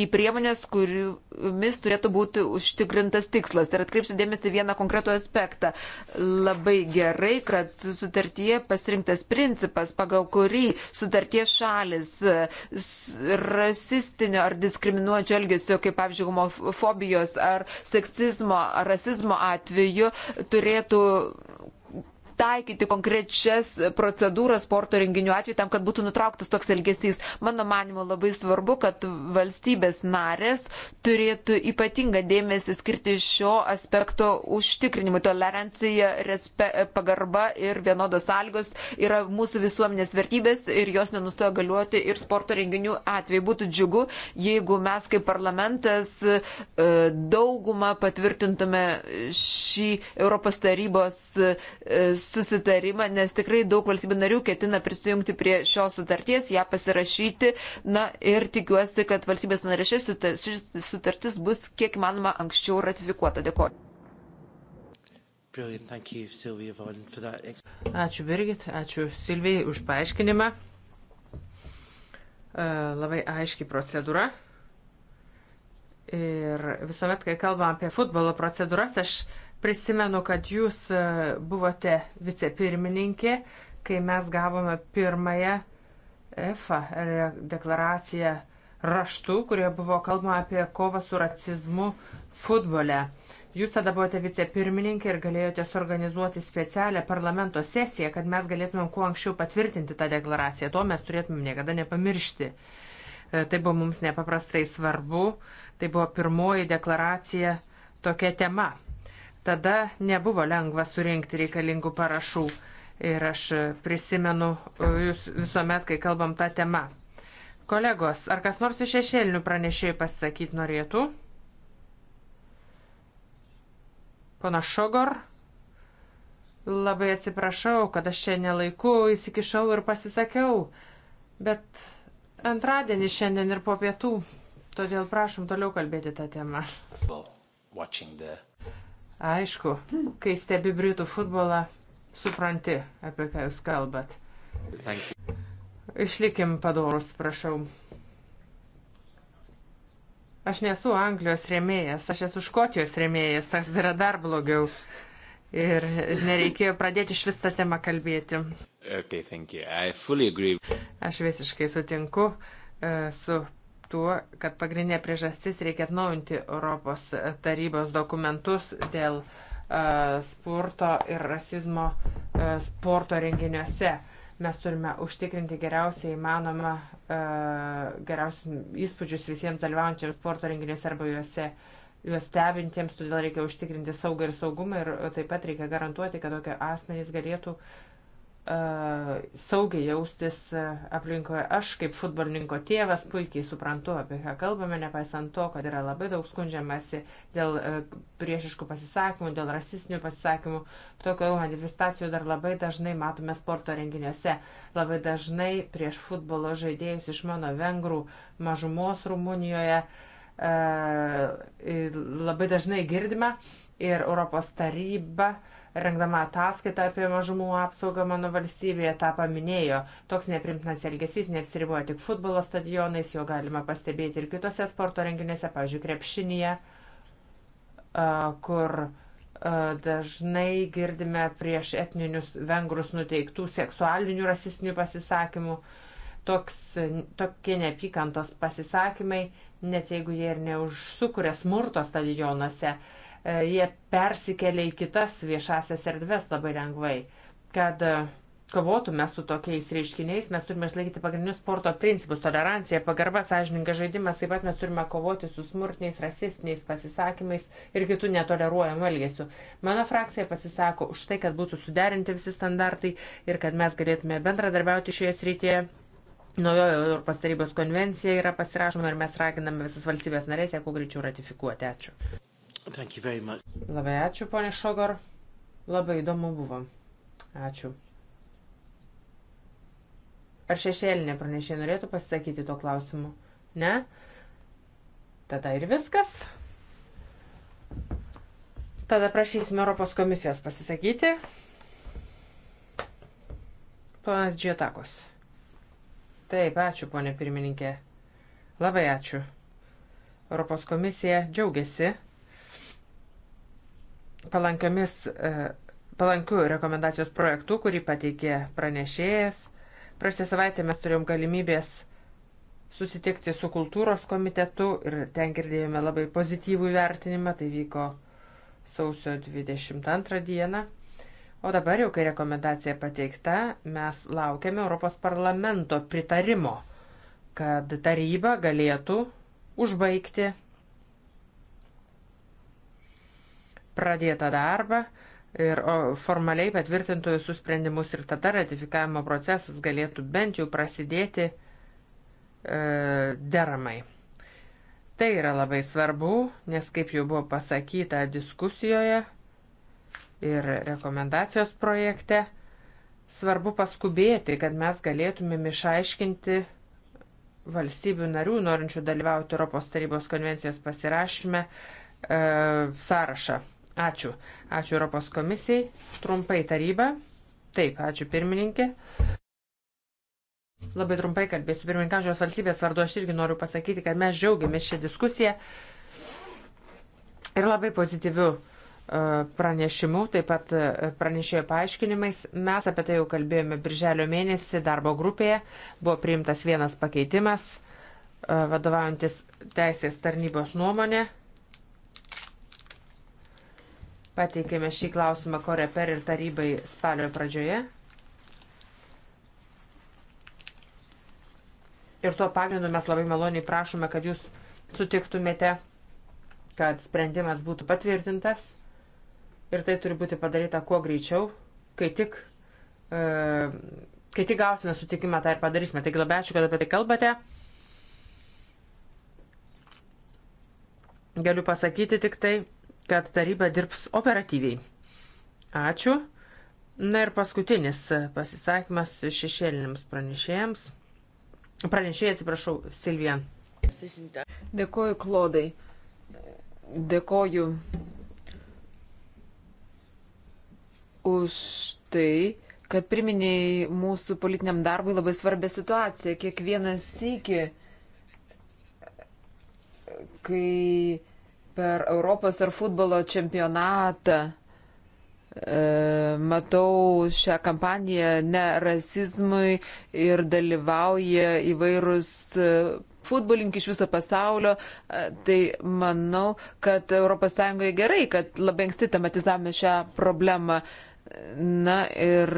į priemonės, kuriomis turėtų būti užtikrintas tikslas. Ir atkreipsiu dėmesį vieną konkretų aspektą. Labai gerai, kad sutartyje pasirinktas principas, principas, pagal kurį sutarties šalis e, rasistinio ar diskriminuojančio elgesio, kaip pavyzdžiui, homofobijos ar seksizmo ar rasizmo atveju turėtų taikyti konkrečias procedūras sporto renginių atveju tam, kad būtų nutrauktas toks elgesys. Mano manimo labai svarbu, kad valstybės narės turėtų ypatingą dėmesį skirti šio aspekto užtikrinimui. Tolerancija, respe, pagarba ir vienodos sąlygos yra mūsų visuomenės vertybės ir jos nenustoja galiuoti ir sporto renginių atveju. Būtų džiugu, jeigu mes kaip parlamentas e, daugumą patvirtintume šį Europos tarybos e, susitarimą, nes tikrai daug valstybių narių ketina prisijungti prie šios sutarties, ją pasirašyti. Na ir tikiuosi, kad valstybės narėšė sutartis bus kiek manoma anksčiau ratifikuota. Dėkuoju. Ačiū Birgit, ačiū Silvijai už paaiškinimą. E, labai aiški procedūra. Ir visuomet, kai kalbam apie futbolo procedūras, aš uh, Prisimenu, kad jūs e, buvote vicepirmininkė, kai mes gavome pirmąją EFA deklaraciją raštu, kurioje buvo kalbama apie kovą su racizmu futbole. Jūs tada buvote vicepirmininkė ir galėjote suorganizuoti specialią parlamento sesiją, kad mes galėtumėm kuo anksčiau patvirtinti tą deklaraciją. To mes turėtumėm niekada nepamiršti. E, tai buvo mums nepaprastai svarbu. Tai buvo pirmoji deklaracija tokia tema. Tada nebuvo lengva surinkti reikalingų parašų. Ir aš prisimenu e, jūs visuomet, kai kalbam tą temą. Kolegos, ar kas nors iš šešėlinių pranešėjų pasisakyti norėtų? Pana Šogor, labai atsiprašau, kad aš čia nelaiku įsikišau ir pasisakiau, bet antradienį šiandien ir po pietų, todėl prašom toliau kalbėti tą temą. Well, Aišku, kai stebi Britų futbolą, supranti, apie ką jūs kalbat. Išlikim padorus, prašau. Aš nesu Anglijos rėmėjas, aš esu Škotijos rėmėjas, tas yra dar blogiau. Ir nereikėjo pradėti iš vis tą temą kalbėti. Okay, Aš visiškai sutinku e, su tuo, kad pagrindinė priežastis reikia atnaujinti Europos tarybos dokumentus dėl e, spurto ir rasizmo e, sporto renginiuose. Mes turime užtikrinti geriausiai įmanomą, e, geriausius įspūdžius visiems dalyvaujančiams sporto renginiuose arba juose juos stebintiems, todėl reikia užtikrinti saugą ir saugumą ir taip pat reikia garantuoti, kad tokie asmenys galėtų uh, saugiai jaustis aplinkoje. Aš kaip futbolininko tėvas puikiai suprantu, apie ką kalbame, nepaisant to, kad yra labai daug skundžiamasi dėl priešiškų pasisakymų, dėl rasistinių pasisakymų. Tokio manifestacijų dar labai dažnai matome sporto renginiuose. Labai dažnai prieš futbolo žaidėjus iš mano vengrų mažumos Rumunijoje labai dažnai girdime ir Europos taryba uh, rengdama ataskaitą apie mažumų apsaugą mano valstybėje tą paminėjo. Toks neprimtinas elgesys neapsiriboja tik futbolo stadionais, jo galima pastebėti ir kitose sporto renginiuose, pavyzdžiui, krepšinėje, kur dažnai girdime prieš etninius vengrus nuteiktų seksualinių rasistinių pasisakymų. Toks, tokie neapykantos pasisakymai, net jeigu jie ir neužsukuria smurto stadionuose, uh, E, jie persikelia į kitas viešasias erdves labai lengvai. Kad e, kovotume su tokiais reiškiniais, mes turime išlaikyti pagrindinius sporto principus - tolerancija, pagarba, sąžininkas žaidimas, taip pat mes turime kovoti su smurtiniais, rasistiniais pasisakymais ir kitų netoleruojamų elgesių. Mano frakcija pasisako už tai, kad būtų suderinti visi standartai ir kad mes galėtume bendradarbiauti šioje srityje. Naujojo Europos tarybos konvencija yra pasirašoma ir mes raginame visas valstybės narės, ją kuo greičiau ratifikuoti. Ačiū. Labai ačiū, ponė Šogar. Labai įdomu buvo. Ačiū. Ar šešėlinė pranešė norėtų pasisakyti tuo klausimu? Ne? Tada ir viskas. Tada prašysime Europos komisijos pasisakyti. Ponas Džietakos. Taip, ačiū, ponė pirmininkė. Labai ačiū. Europos komisija džiaugiasi palankiamis, e, palankiu rekomendacijos projektu, kurį pateikė pranešėjas. Praėjusią savaitę mes turėjom galimybės susitikti su kultūros komitetu ir ten girdėjome labai pozityvų įvertinimą, tai vyko sausio 22 dieną. O dabar jau, kai rekomendacija pateikta, mes laukiame Europos parlamento pritarimo, kad taryba galėtų užbaigti pradėtą darbą ir formaliai patvirtintų visus sprendimus ir tada ratifikavimo procesas galėtų bent jau prasidėti e, deramai. Tai yra labai svarbu, nes kaip jau buvo pasakyta diskusijoje ir rekomendacijos projekte, svarbu paskubėti, kad mes galėtumėm išaiškinti valstybių narių, norinčių dalyvauti Europos tarybos konvencijos pasirašyme, e, sąrašą Ačiū. Ačiū Europos komisijai. Trumpai taryba. Taip, ačiū pirmininkė. Labai trumpai kalbėsiu pirmininkančios valstybės vardu. Aš irgi noriu pasakyti, kad mes džiaugiamės šią diskusiją. Ir labai pozityviu e, pranešimu, taip pat e, pranešėjo paaiškinimais. Mes apie tai jau kalbėjome birželio mėnesį darbo grupėje. Buvo priimtas vienas pakeitimas, e, vadovaujantis teisės tarnybos nuomonė. Pateikėme šį klausimą Koreper ir tarybai spalio pradžioje. Ir tuo pagrindu mes labai maloniai prašome, kad jūs sutiktumėte, kad sprendimas būtų patvirtintas. Ir tai turi būti padaryta kuo greičiau, kai tik, e, kai tik gausime sutikimą, tą ir padarysime. Taigi labai ačiū, kad apie tai kalbate. Galiu pasakyti tik tai, kad taryba dirbs operatyviai. Ačiū. Na ir paskutinis pasisakymas šešėlinėms pranešėjams. Pranešėjai, atsiprašau, Silvija. Dėkoju, Klodai. Dėkoju už tai, kad priminėjai mūsų politiniam darbui labai svarbę situaciją. Kiekvieną sykį, kai per Europos ar futbolo čempionatą e, matau šią kampaniją ne rasizmui ir dalyvauja įvairūs e, futbolinkai iš viso pasaulio, e, tai manau, kad ES gerai, kad labai anksti tematizavome šią problemą. Na ir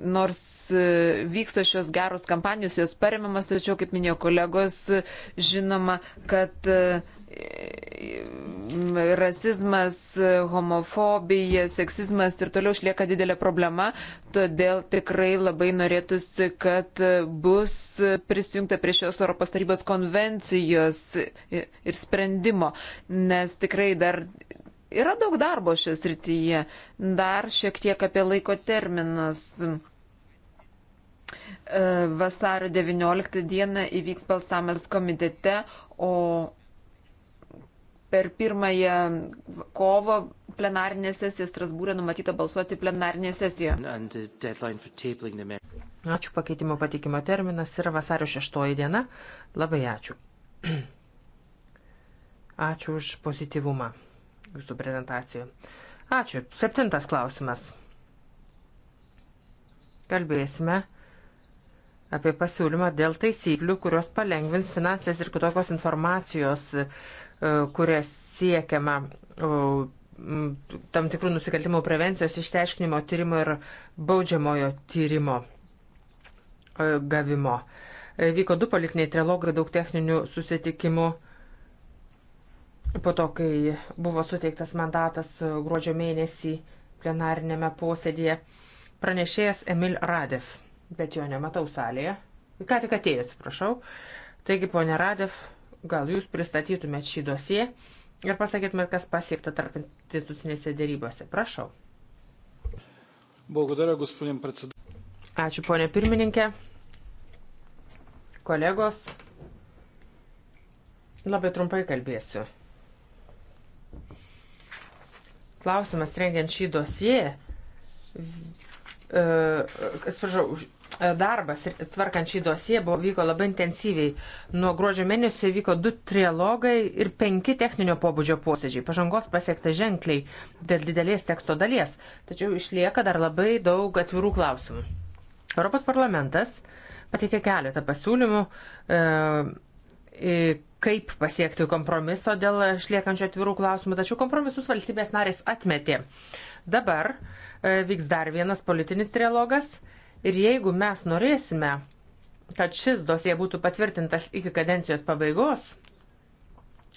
nors e, vyksta šios geros kampanijos, jos paremamas, tačiau, kaip minėjo kolegos, žinoma, kad e, rasizmas, homofobija, seksizmas ir toliau išlieka didelė problema, todėl tikrai labai norėtųsi, kad bus prisijungta prie šios Europos tarybos konvencijos ir sprendimo, nes tikrai dar Yra daug darbo šios rytyje. Dar šiek tiek apie laiko terminus. E, vasario 19 dieną įvyks balsamas komitete, o per pirmąją kovo plenarinė sesija Strasbūrė numatyta balsuoti plenarinė sesija. Ačiū pakeitimo patikimo terminas yra vasario 6 diena. Labai ačiū. Ačiū už pozityvumą jūsų prezentacijų. Ačiū. Septintas klausimas. Kalbėsime apie pasiūlymą dėl taisyklių, kurios palengvins finansės ir kitokios informacijos, e, kurias siekiama tam tikrų nusikaltimų prevencijos, išteiškinimo tyrimo ir baudžiamojo tyrimo e, gavimo. E, vyko du politiniai trilogai, daug techninių susitikimų Po to, kai buvo suteiktas mandatas e, gruodžio mėnesį plenarinėme posėdėje, pranešėjas Emil Radev, bet jo nematau salėje. Ką tik atėjo, atsiprašau. Taigi, ponė Radev, gal jūs pristatytumėt šį dosiją ir pasakytumėt, kas pasiekta tarp institucinėse dėrybose. Prašau. Благодаря, господин председател. Ačiū, ponė pirmininkė. Kolegos, labai trumpai kalbėsiu. klausimas rengiant šį dosiją, e, atsiprašau, e, darbas tvarkant šį dosiją buvo, vyko labai intensyviai. Nuo gruodžio mėnesio vyko du trilogai ir penki techninio pobūdžio posėdžiai. Pažangos pasiekta ženkliai dėl didelės teksto dalies, tačiau išlieka dar labai daug atvirų klausimų. Europos parlamentas pateikė keletą pasiūlymų. E, E, kaip pasiekti kompromiso dėl išliekančio atvirų klausimų, tačiau kompromisus valstybės narės atmetė. Dabar e, vyks dar vienas politinis trialogas ir jeigu mes norėsime, kad šis dosie būtų patvirtintas iki kadencijos pabaigos,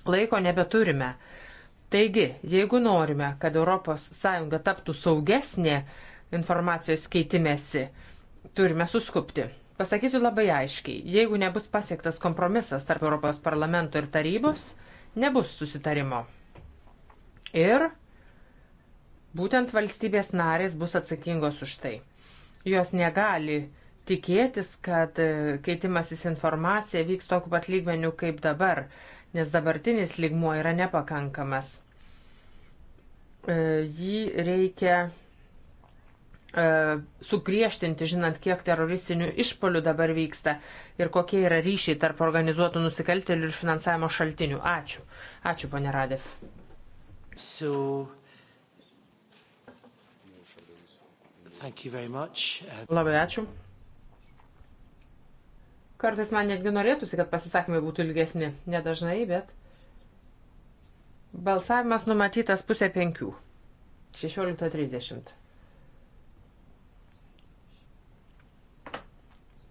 laiko nebeturime. Taigi, jeigu norime, kad ES taptų saugesnė informacijos keitimėsi, turime suskupti. Pasakysiu labai aiškiai, jeigu nebus pasiektas kompromisas tarp Europos parlamento ir tarybos, nebus susitarimo. Ir būtent valstybės narės bus atsakingos už tai. Jos negali tikėtis, kad e, keitimasis informacija vyks tokiu pat lygmeniu kaip dabar, nes dabartinis lygmuo yra nepakankamas. E, jį reikia E, sugriežtinti, žinant, kiek teroristinių išpolių dabar vyksta ir kokie yra ryšiai tarp organizuotų nusikaltėlių ir finansavimo šaltinių. Ačiū. Ačiū, ponė Radev. So, uh, Labai ačiū. Kartais man netgi norėtųsi, kad pasisakymai būtų ilgesni. Nedažnai, bet. Balsavimas numatytas pusė penkių. 16.30.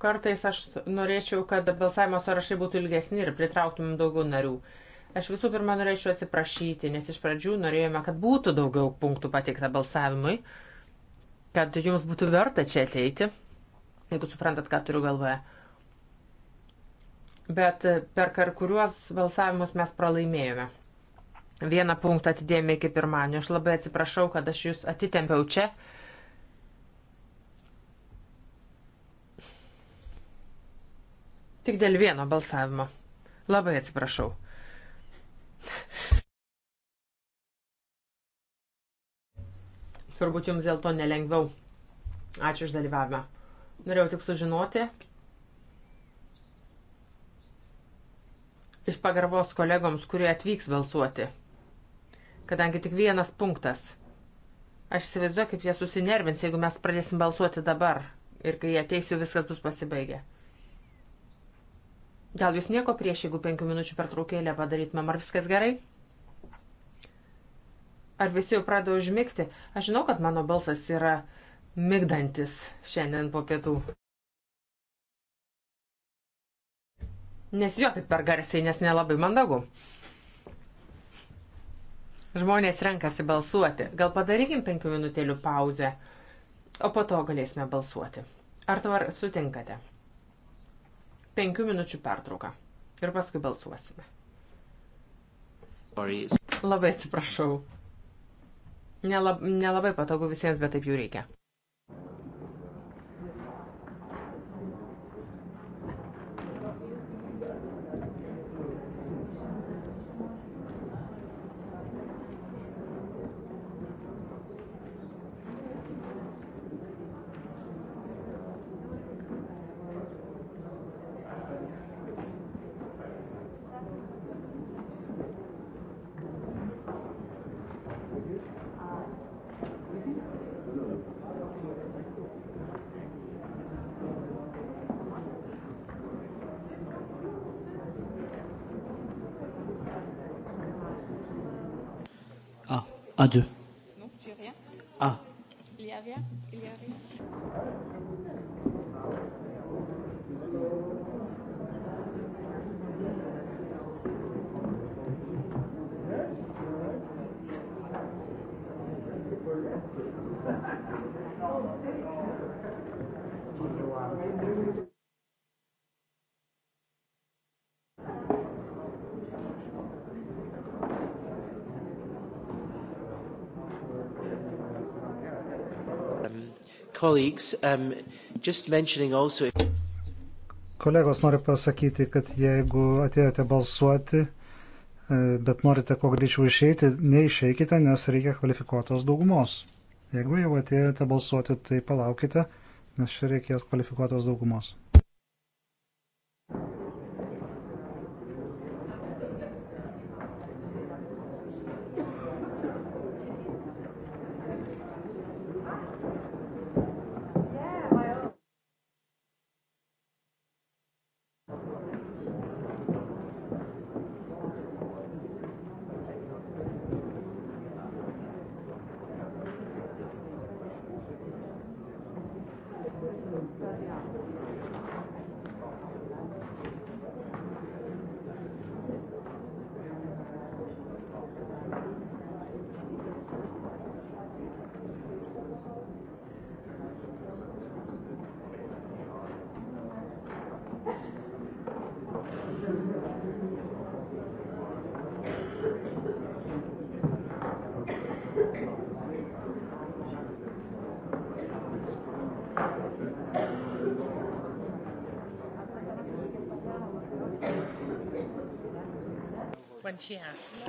Kartais aš norėčiau, kad balsavimo sąrašai būtų ilgesni ir pritrauktumėm daugiau narių. Aš visų pirma norėčiau atsiprašyti, nes iš pradžių norėjome, kad būtų daugiau punktų pateikta balsavimui, kad jums būtų verta čia ateiti, jeigu suprantat, ką turiu galvoje. Bet e, per kar kuriuos balsavimus mes pralaimėjome. Vieną punktą atidėjome iki pirmadienio. Aš labai atsiprašau, kad aš jūs atitempiau čia. Tik dėl vieno balsavimo. Labai atsiprašau. Turbūt jums dėl to nelengviau. Ačiū už dalyvavimą. Norėjau tik sužinoti. Iš pagarbos kolegoms, kurie atvyks balsuoti. Kadangi tik vienas punktas. Aš įsivaizduoju, kaip jie susinervins, jeigu mes pradėsim balsuoti dabar. Ir kai jie ateis, jau viskas bus pasibaigę. Gal jūs nieko prieš, jeigu penkių minučių pertraukėlę padarytumėm, ar viskas gerai? Ar visi jau pradeda užmigti? Aš žinau, kad mano balsas yra migdantis šiandien po pietų. Nesijuokit per garsiai, nes nelabai mandagu. Žmonės renkasi balsuoti. Gal padarykim penkių minutėlių pauzę, o po to galėsime balsuoti. Ar tvar sutinkate? penkių minučių pertrauką ir paskui balsuosime. Labai atsiprašau. Nelab, nelabai patogu visiems, bet taip jau reikia. à deux. Colleagues, um, just mentioning also... Kolegos noriu pasakyti, kad jeigu atėjote balsuoti, e, bet norite kuo greičiau išeiti, neišeikite, nes reikia kvalifikuotos daugumos. Jeigu jau atėjote balsuoti, tai palaukite, nes čia reikės kvalifikuotos daugumos. she asks.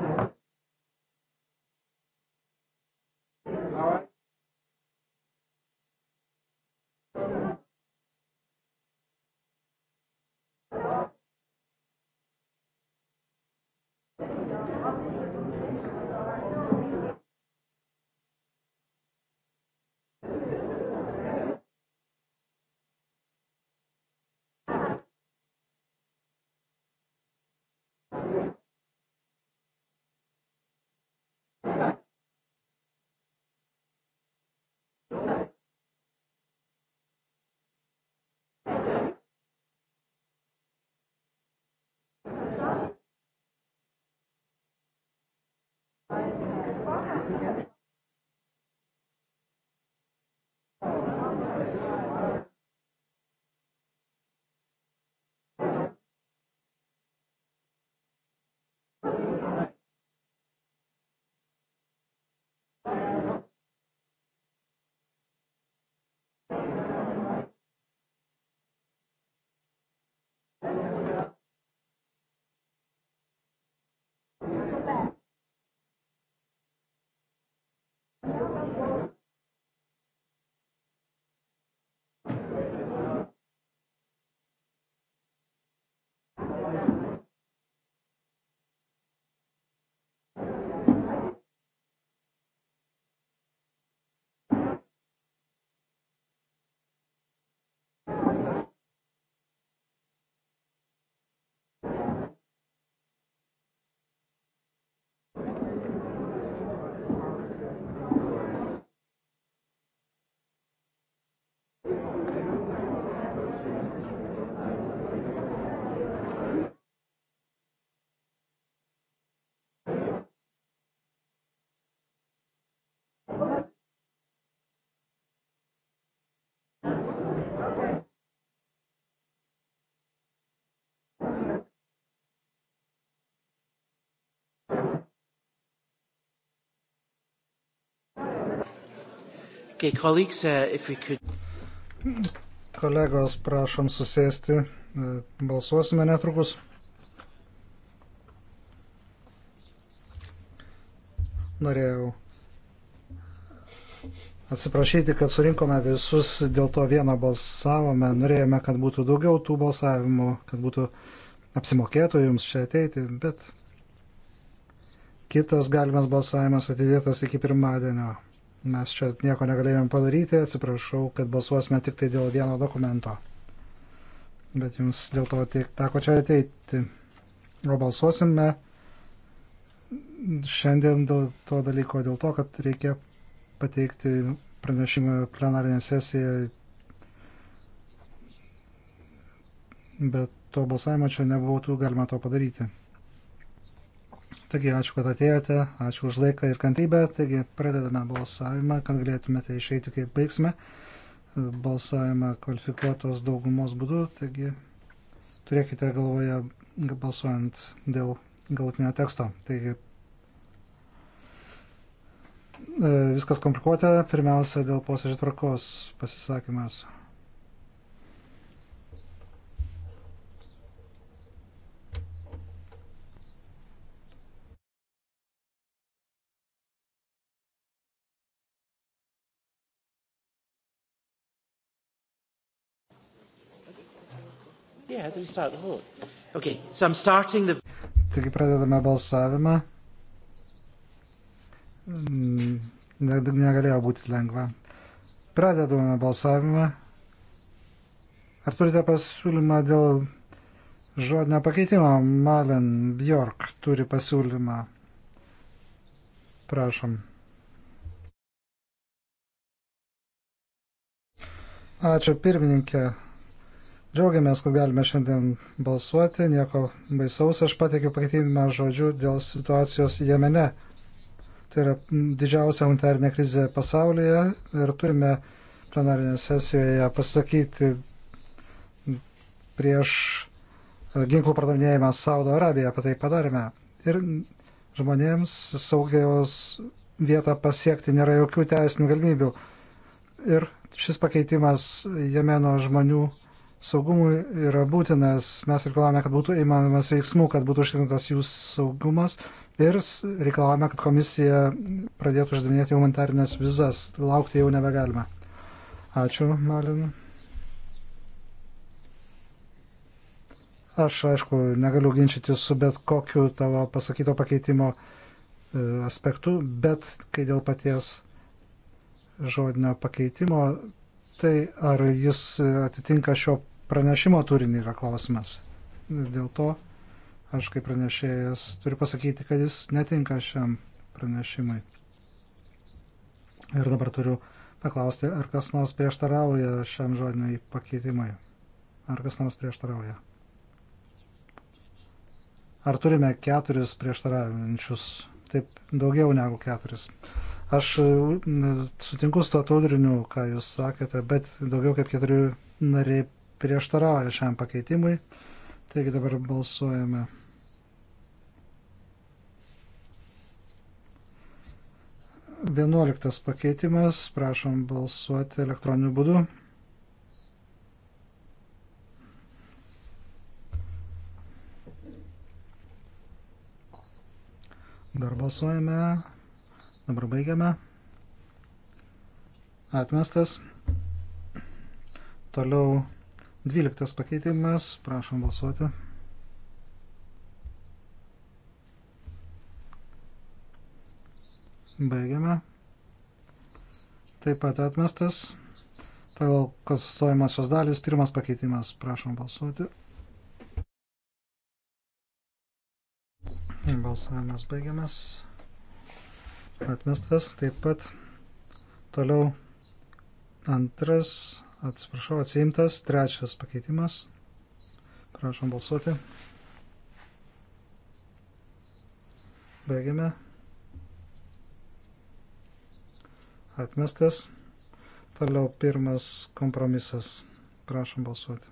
All right. kurie Okay, colleagues, uh, if we could... Kolegos, prašom susėsti. E, balsuosime netrukus. Norėjau atsiprašyti, kad surinkome visus, dėl to vieną balsavome. Norėjome, kad būtų daugiau tų balsavimų, kad būtų apsimokėtų jums čia ateiti, bet kitas galimas balsavimas atidėtas iki pirmadienio mes čia nieko negalėjom padaryti, atsiprašau, kad balsuosime tik tai dėl vieno dokumento. Bet jums dėl to tik teko čia ateiti. O balsuosime šiandien dėl to dalyko, dėl to, kad reikia pateikti pranešimą plenarinę sesiją. Bet to balsavimo čia nebūtų galima to padaryti. Taigi, ačiū, kad atėjote, ačiū už laiką ir kantrybę. Taigi, pradedame balsavimą, kad galėtumėte išeiti, kai baigsime balsavimą kvalifikuotos daugumos būdu. Taigi, turėkite galvoje balsuojant dėl galutinio teksto. Taigi, e, viskas komplikuota, pirmiausia, dėl posėdžio tvarkos pasisakymas. yeah, how do we start the vote? Okay, so I'm starting the... Taigi pradedame balsavimą. Mm, negalėjo būti lengva. Pradedame balsavimą. Ar turite pasiūlymą dėl žodinio pakeitimo? Malen Bjork turi pasiūlymą. Prašom. Ačiū pirmininkė. Džiaugiamės, kad galime šiandien balsuoti, nieko baisaus. Aš pateikiu pakeitimą žodžių dėl situacijos Jemene. Tai yra didžiausia humanitarinė krizė pasaulyje ir turime plenarinėje sesijoje pasakyti prieš e, ginklų pardavinėjimą Saudo Arabiją, apie tai padarėme. Ir žmonėms saugiaus vietą pasiekti nėra jokių teisinių galimybių. Ir šis pakeitimas Jemeno žmonių saugumui yra būtinas, mes reikalavome, kad būtų įmanomas veiksmų, kad būtų užtikrintas jų saugumas ir reikalavome, kad komisija pradėtų uždavinėti humanitarinės vizas, laukti jau nebegalime. Ačiū, Malin. Aš, aišku, negaliu ginčyti su bet kokiu tavo pasakyto pakeitimo e, aspektu, bet kai dėl paties žodinio pakeitimo Tai ar jis atitinka šio pranešimo turinį yra klausimas. Dėl to aš kaip pranešėjas turiu pasakyti, kad jis netinka šiam pranešimui. Ir dabar turiu paklausti, ar kas nors prieštarauja šiam žodiniai pakeitimai. Ar kas nors prieštarauja? Ar turime keturis prieštaraujančius? Taip, daugiau negu keturis. Aš e, sutinku su to tūdriniu, ką jūs sakėte, bet daugiau kaip keturi nariai prieštarauja šiam pakeitimui. Taigi dabar balsuojame. Vienuoliktas pakeitimas, prašom balsuoti elektroniniu būdu. Dar balsuojame. Dabar baigiame. Atmestas. Toliau 12 pakeitimas. Prašom balsuoti. Baigiame. Taip pat atmestas. Toliau konstatuojamosios dalis. Pirmas pakeitimas. Prašom balsuoti. Balsavimas baigiamas atmestas. Taip pat toliau antras, atsiprašau, atsiimtas, trečias pakeitimas. Prašom balsuoti. Baigiame. Atmestas. Toliau pirmas kompromisas. Prašom balsuoti.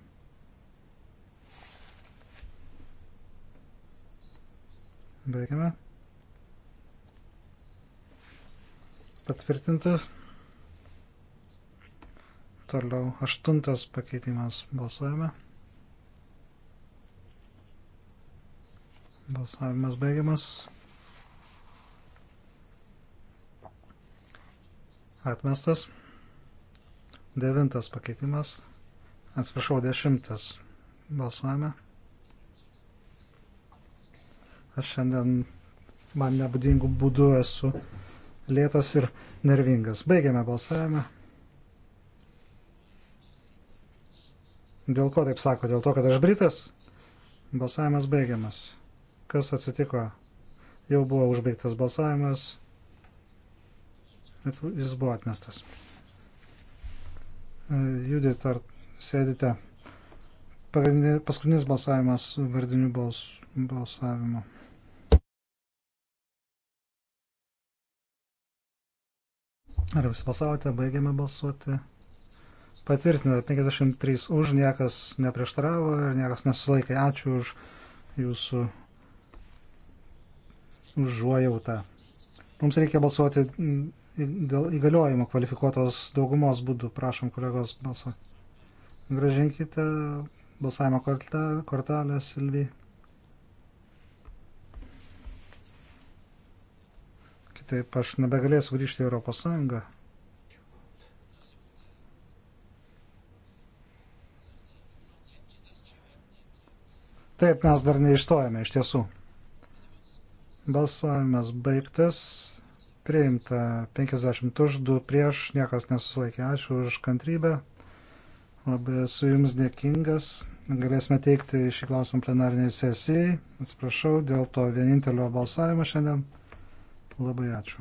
Baigiame. patvirtintas. Toliau aštuntas pakeitimas balsuojame. Balsavimas baigiamas. Atmestas. Devintas pakeitimas. Atsiprašau, dešimtas. Balsuojame. Aš šiandien man nebūdingų būdų esu lėtas ir nervingas. Baigiame balsavimą. Dėl ko taip sako? Dėl to, kad aš Britas? Balsavimas baigiamas. Kas atsitiko? Jau buvo užbaigtas balsavimas. Jis buvo atmestas. E, Judit, ar sėdite? Paskutinis balsavimas vardinių bals, balsavimo. Ar visi balsavote? Baigiame balsuoti. Patvirtina 53 už, niekas neprieštaravo ir niekas nesilaikė. Ačiū už jūsų užuojautą. Mums reikia balsuoti dėl įgaliojimo kvalifikuotos daugumos būdų. Prašom kolegos balsuoti. Gražinkite balsavimo kortelę, kortelę Silvijai. taip aš nebegalėsiu grįžti į Europos Sąjungą. Taip, mes dar neištojame iš tiesų. Balsavimas baigtas, priimta 50 už 2 prieš, niekas nesusilaikė. Ačiū už kantrybę, labai esu jums dėkingas. Galėsime teikti šį klausimą plenariniai sesijai. Atsiprašau dėl to vienintelio balsavimo šiandien. Labai ačiū.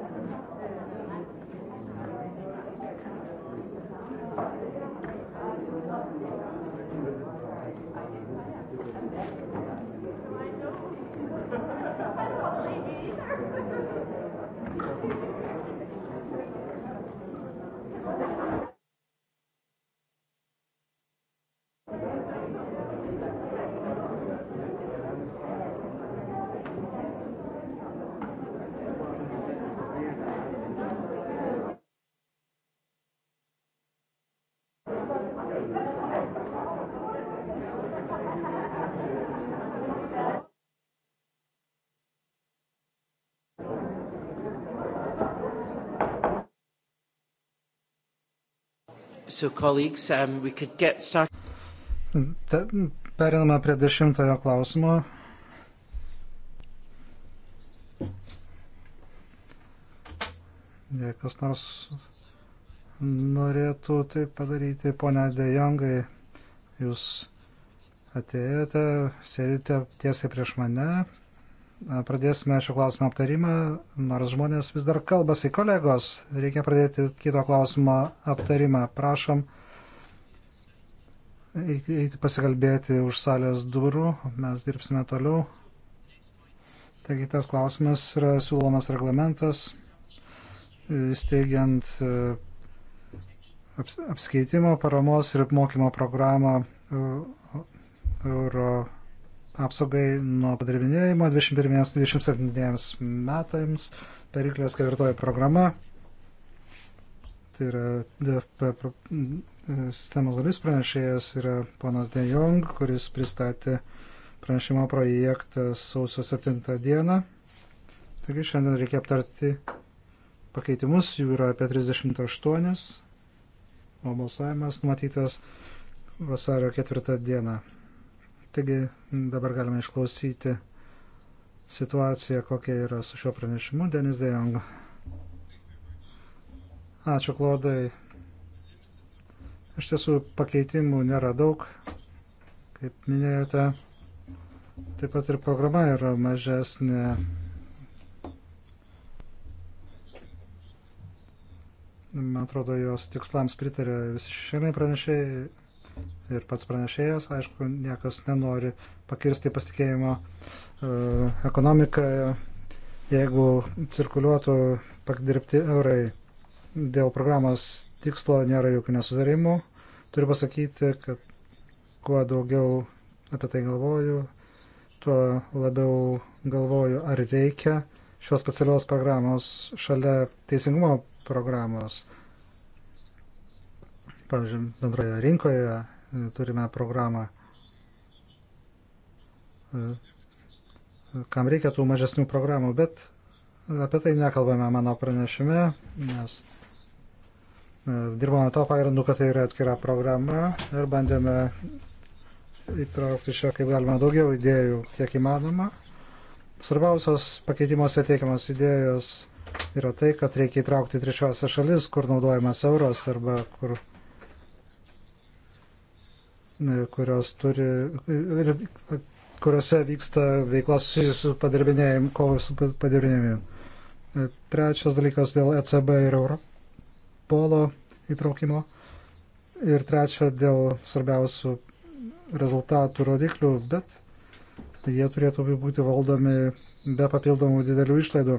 So, colleagues, um, we could get started. Periname prie dešimtojo klausimo. Jei kas nors norėtų tai padaryti, ponia Dejongai, jūs atėjote, sėdite tiesiai prieš mane, pradėsime šio klausimo aptarimą, nors žmonės vis dar kalbasi. Kolegos, reikia pradėti kito klausimo aptarimą. Prašom eiti pasikalbėti už salės durų, mes dirbsime toliau. Taigi tas klausimas yra siūlomas reglamentas, e, steigiant e, apskaitimo, paramos ir apmokymo programą e, Euro apsaugai nuo padirbinėjimo 21-27 metams periklės ketvirtoji programa. Tai yra DFP pro, sistemos dalis pranešėjas yra ponas De Jong, kuris pristatė pranešimo projektą sausio 7 dieną. Taigi šiandien reikia aptarti pakeitimus, jų yra apie 38, o balsavimas numatytas vasario 4 dieną. Taigi Dabar galime išklausyti situaciją, kokia yra su šiuo pranešimu. Denis Dejong. Ačiū, Klodai. Iš tiesų pakeitimų nėra daug, kaip minėjote. Taip pat ir programa yra mažesnė. Man atrodo, jos tikslams pritarė visi šešėliniai pranešėjai ir pats pranešėjas, aišku, niekas nenori pakirsti pasitikėjimo e, ekonomiką, jeigu cirkuliuotų padirbti eurai. Dėl programos tikslo nėra jokių nesutarimų. Turiu pasakyti, kad kuo daugiau apie tai galvoju, tuo labiau galvoju, ar reikia šios specialios programos šalia teisingumo programos pavyzdžiui, bendroje rinkoje e, turime programą, e, e, kam reikia tų mažesnių programų, bet apie tai nekalbame mano pranešime, nes dirbame to pagrindu, kad tai yra atskira programa ir bandėme įtraukti čia kaip galima daugiau idėjų, kiek įmanoma. Svarbiausios pakeitimuose teikiamas idėjos yra tai, kad reikia įtraukti trečiosią šalis, kur naudojamas euras arba kur kurios turi, ir, kuriuose vyksta veiklas susijusių padirbinėjimų, kovos su padirbinėjimų. Trečias dalykas dėl ECB ir Europolo įtraukimo. Ir trečia dėl svarbiausių rezultatų rodiklių, bet tai jie turėtų būti valdomi be papildomų didelių išlaidų.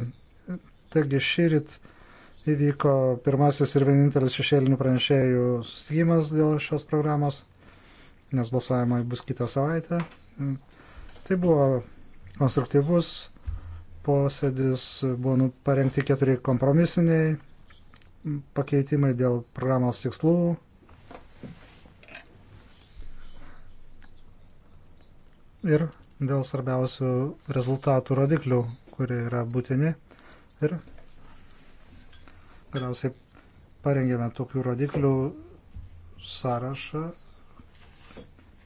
Taigi šį rytą įvyko pirmasis ir vienintelis šešėlinių pranešėjų susitikimas dėl šios programos nes balsavimai bus kitą savaitę. Tai buvo konstruktyvus posėdis, buvo nu, parengti keturi kompromisiniai pakeitimai dėl programos tikslų. Ir dėl svarbiausių rezultatų rodiklių, kurie yra būtini. Ir galiausiai parengėme tokių rodiklių sąrašą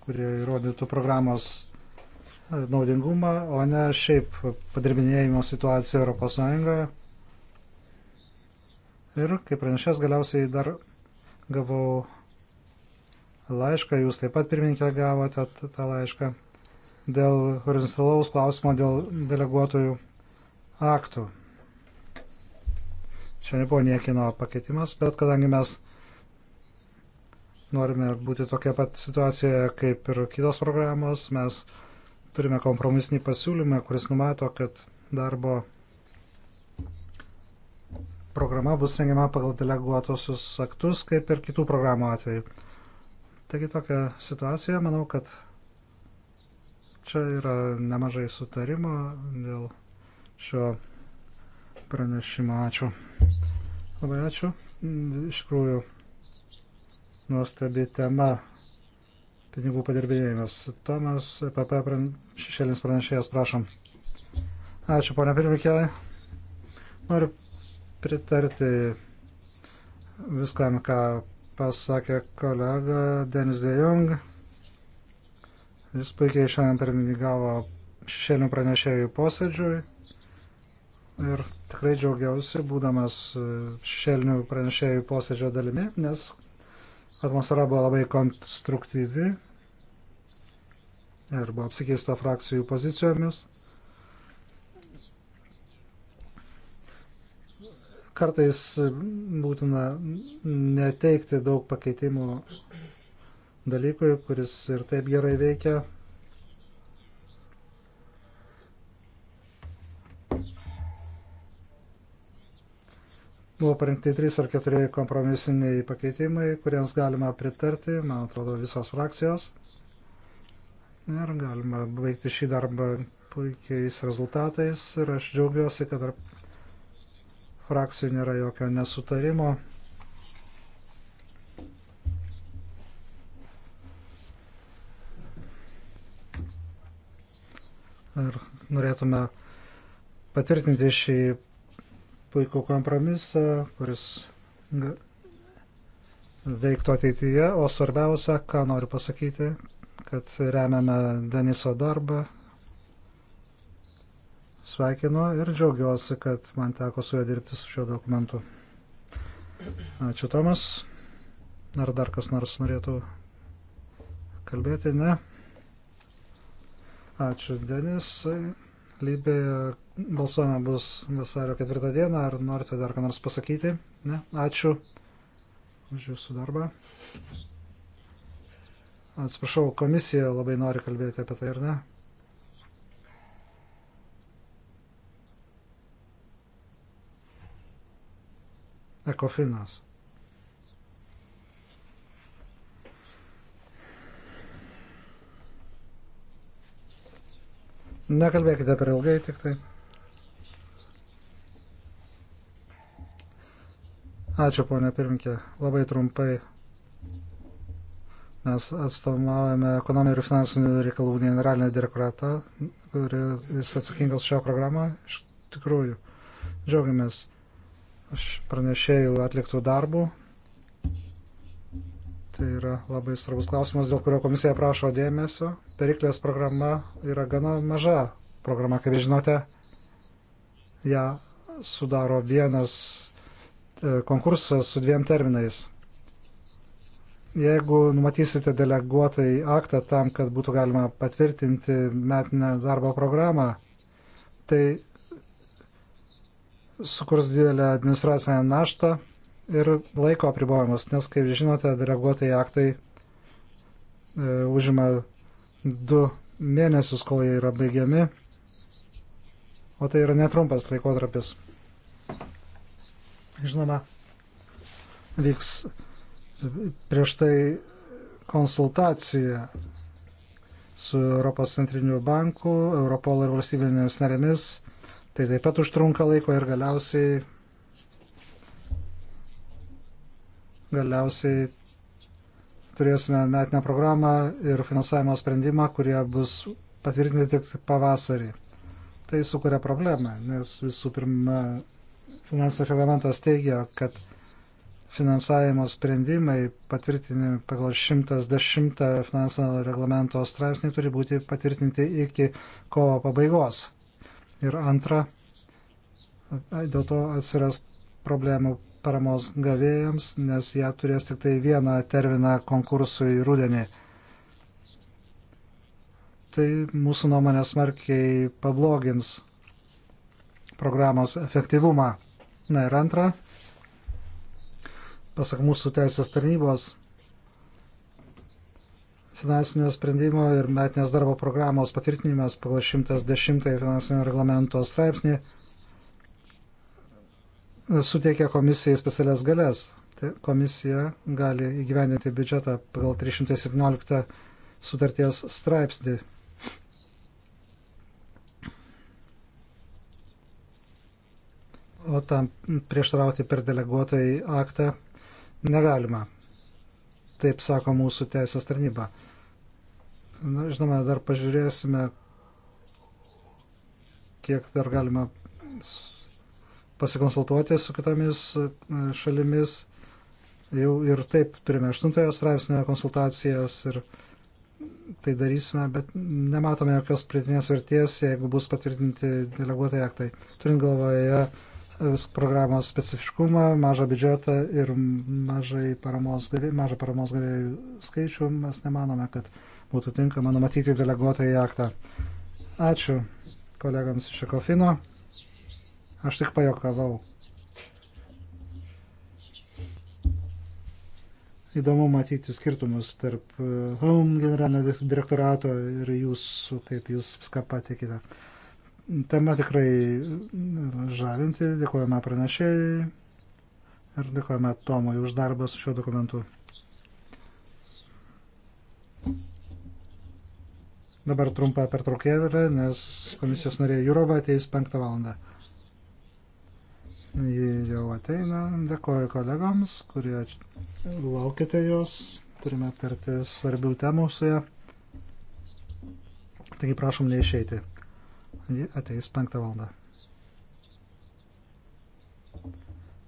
kurie įrodytų programos e, naudingumą, o ne šiaip padirbinėjimo situaciją Europos Sąjungoje. Ir kaip pranešęs galiausiai dar gavau laišką, jūs taip pat pirmininkė gavote tą laišką dėl horizontalaus klausimo dėl deleguotojų aktų. Čia nebuvo niekino pakeitimas, bet kadangi mes norime būti tokia pat situacijoje kaip ir kitos programos. Mes turime kompromisinį pasiūlymą, kuris numato, kad darbo programa bus rengiama pagal deleguotosius aktus, kaip ir kitų programų atveju. Taigi tokia situacija, manau, kad čia yra nemažai sutarimo dėl šio pranešimo. Ačiū. Labai ačiū. Iš tikrųjų, nuostabi tema - pinigų padirbinėjimas. Tomas, PP šešėlinis pranešėjas, prašom. Ačiū, ponia pirmikė. Noriu pritarti viskam, ką pasakė kolega Denis De Jong. Jis puikiai šiandien pirmininkavo šešėlinių pranešėjų posėdžiui. Ir tikrai džiaugiausi, būdamas šešėlinių pranešėjų posėdžio dalimi, nes Atmosfera buvo labai konstruktyvi ir buvo apsikeista frakcijų pozicijomis. Kartais būtina neteikti daug pakeitimų dalykui, kuris ir taip gerai veikia Buvo parengti trys ar keturi kompromisiniai pakeitimai, kuriems galima pritarti, man atrodo, visos frakcijos. Ir galima baigti šį darbą puikiais rezultatais. Ir aš džiaugiuosi, kad tarp frakcijų nėra jokio nesutarimo. Ir norėtume patvirtinti šį puikų kompromisą, kuris veiktų ateityje, o svarbiausia, ką noriu pasakyti, kad remiame Deniso darbą. Sveikinu ir džiaugiuosi, kad man teko su juo dirbti su šiuo dokumentu. Ačiū Tomas. Ar dar kas nors norėtų kalbėti? Ne. Ačiū Denis. Lybėje Balsuojama bus vasario ketvirtą dieną. Ar norite dar ką nors pasakyti? Ne? Ačiū už jūsų darbą. Atsiprašau, komisija labai nori kalbėti apie tai, ar ne? Ekofinas. Nekalbėkite per ilgai tik tai. Ačiū, ponė pirminkė. Labai trumpai. Mes atstovaujame ekonominių ir finansinių reikalų generalinį direktoratą, kuris atsakingas šią programą. Iš tikrųjų, džiaugiamės pranešėjų atliktų darbų. Tai yra labai svarbus klausimas, dėl kurio komisija prašo dėmesio. Periklės programa yra gana maža programa, kaip žinote. Ja sudaro vienas E, konkursas su dviem terminais. Jeigu numatysite deleguotai aktą tam, kad būtų galima patvirtinti metinę darbo programą, tai sukurs didelę administracinę naštą ir laiko apribojimus, nes, kaip žinote, deleguotai aktai e, užima du mėnesius, kol jie yra baigiami, o tai yra netrumpas laikotarpis. Žinoma, vyks prieš tai konsultacija su Europos centriniu banku, Europol ir valstybinėmis narėmis. Tai taip pat užtrunka laiko ir galiausiai, galiausiai turėsime metinę programą ir finansavimo sprendimą, kurie bus patvirtinti tik pavasarį. Tai sukuria problemą, nes visų pirma finansų reglamentas teigia, kad finansavimo sprendimai patvirtini pagal 110 finansų reglamento straipsnį turi būti patvirtinti iki kovo pabaigos. Ir antra, dėl to atsiras problemų paramos gavėjams, nes jie turės tik tai vieną terminą konkursui rudenį. Tai mūsų nuomonė smarkiai pablogins programos efektyvumą. Na ir antra, pasak mūsų teisės tarnybos, finansinio sprendimo ir metinės darbo programos patvirtinimas pagal 110 finansinio reglamento straipsnį suteikia komisijai specialias galės. Tai komisija gali įgyvendinti biudžetą pagal 317 sutarties straipsnį o tam prieštarauti per deleguotojai aktą negalima. Taip sako mūsų teisės tarnyba. Na, žinoma, dar pažiūrėsime, kiek dar galima pasikonsultuoti su kitomis e, šalimis. Jau ir taip turime aštuntojo straipsnio konsultacijas ir tai darysime, bet nematome jokios pridėtinės verties, jeigu bus patvirtinti deleguotai aktai. Turint galvoje programos specifiškumą, mažą biudžetą ir mažai paramos, mažą paramos gavėjų skaičių, mes nemanome, kad būtų tinkama numatyti deleguotą į aktą. Ačiū kolegams iš Ekofino. Aš tik pajokavau. Įdomu matyti skirtumus tarp uh, Home generalinio direktorato ir jūsų, kaip jūs viską patikite tema tikrai žavinti. Dėkojame pranešėjai ir dėkojame Tomui už darbą su šiuo dokumentu. Dabar trumpa pertraukėlė, nes komisijos narė Jurova ateis 5 valandą. Ji jau ateina. Dėkoju kolegoms, kurie laukite jos. Turime aptarti svarbių temų su ją. Taigi prašom neišeiti. Ji ateis penktą valandą.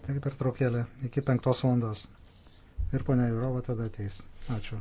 Taigi pertraukėlė iki penktos valandos. Ir ponia Jurova tada ateis. Ačiū.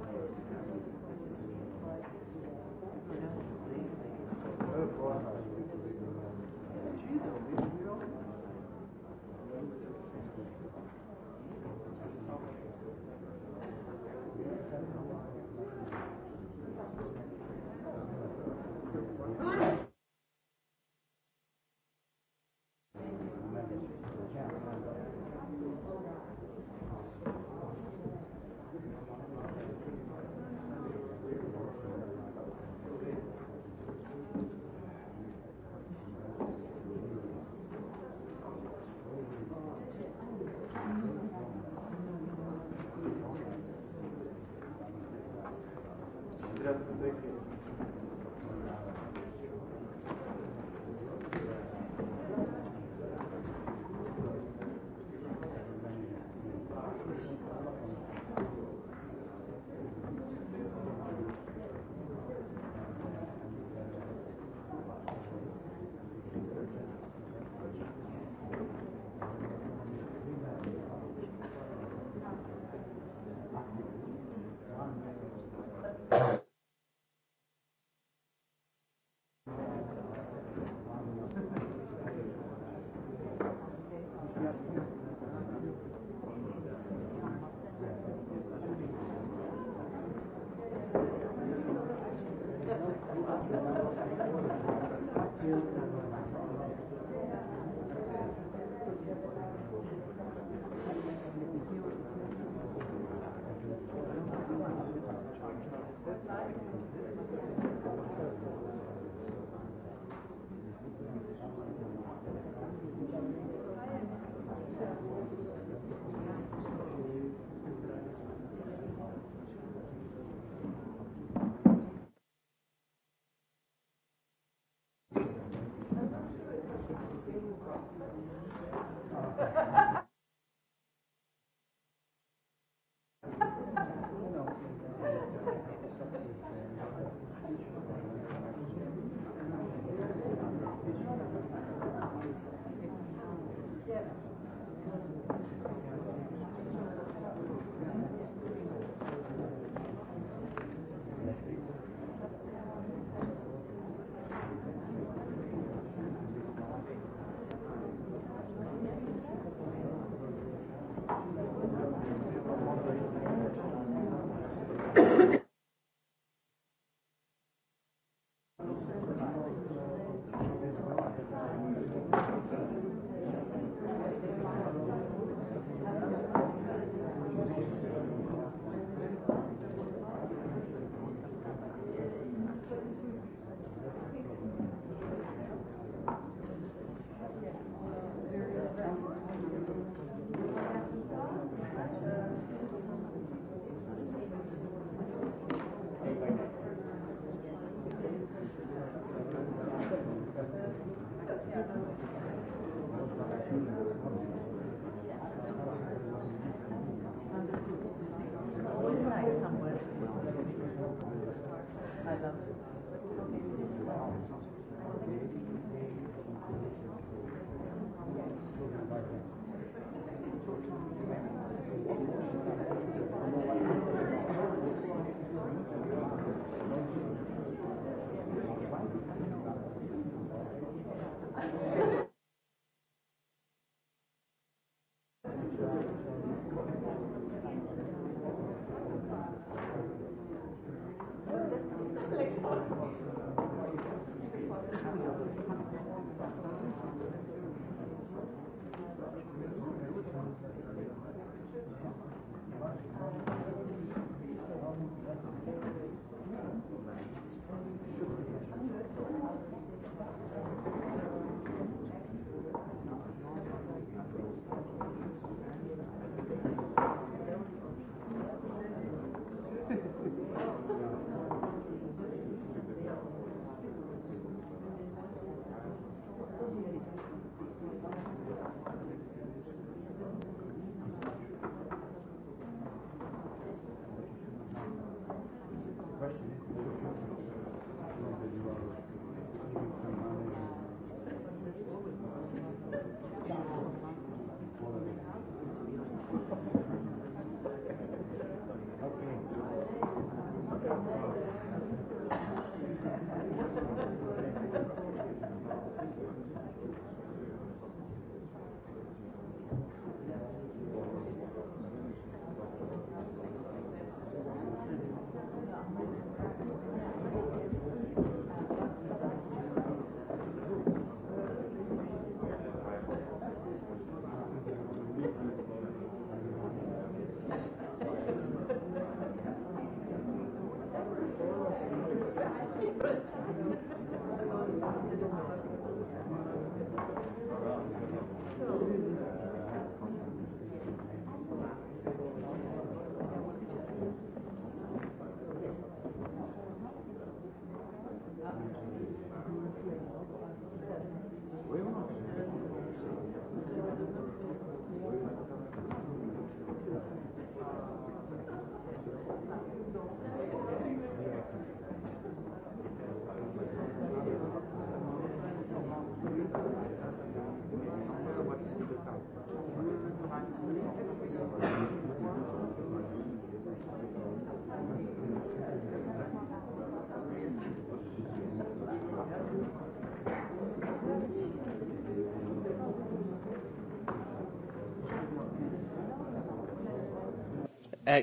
Uh,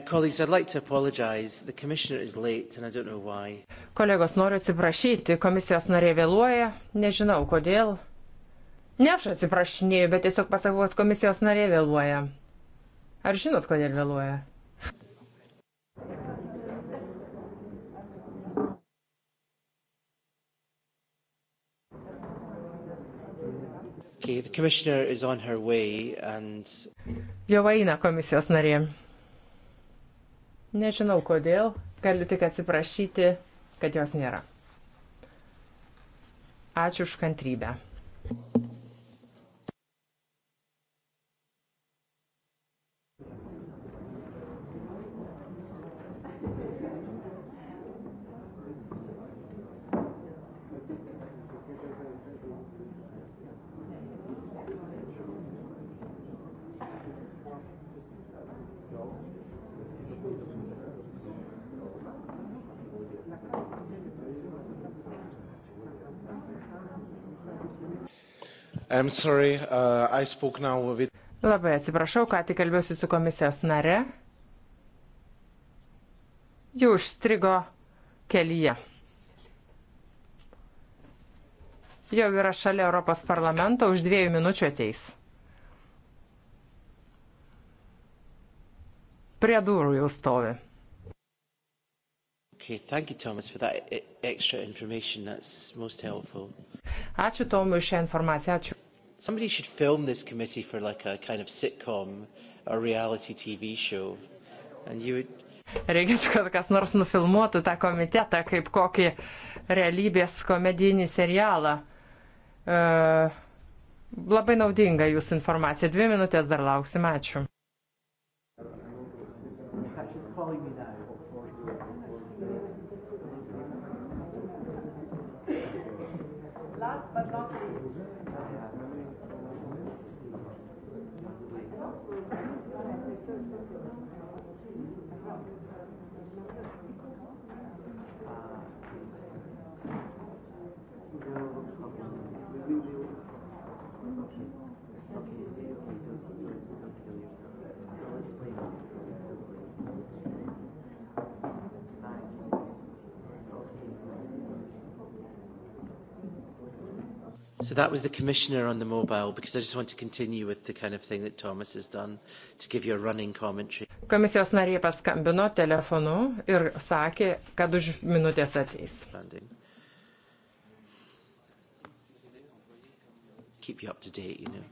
Kolegos, noriu atsiprašyti, komisijos narė vėluoja, nežinau kodėl. Ne aš atsiprašinėjau, bet tiesiog pasakau, kad komisijos narė vėluoja. Ar žinot, kodėl vėluoja? Okay, and... Jau eina komisijos narė. Nežinau kodėl, galiu tik atsiprašyti, kad jos nėra. Ačiū už kantrybę. Sorry, uh, with... Labai atsiprašau, ką tik kalbėsiu su komisijos nare. Jų užstrigo kelyje. Jau yra šalia Europos parlamento, už dviejų minučių ateis. Prie durų jau stovi. Okay, thank you, Thomas, for that e-, extra information. That's most helpful. Ačiū Tomui už šią informaciją. Ačiū. Somebody should film this committee for like a kind of sitcom or reality TV show. And you would... Reikėtų, kad kas nors nufilmuotų tą komitetą kaip kokį realybės komedijinį serialą. Uh, labai naudinga jūsų informacija. Dvi minutės dar lauksim. Ačiū. Last but not least. So that was the Commissioner on the mobile, because I just want to continue with the kind of thing that Thomas has done, to give you a running commentary. Komisijos narė paskambino telefonu ir sakė, kad už minutės ateis. Keep you up to date, you know.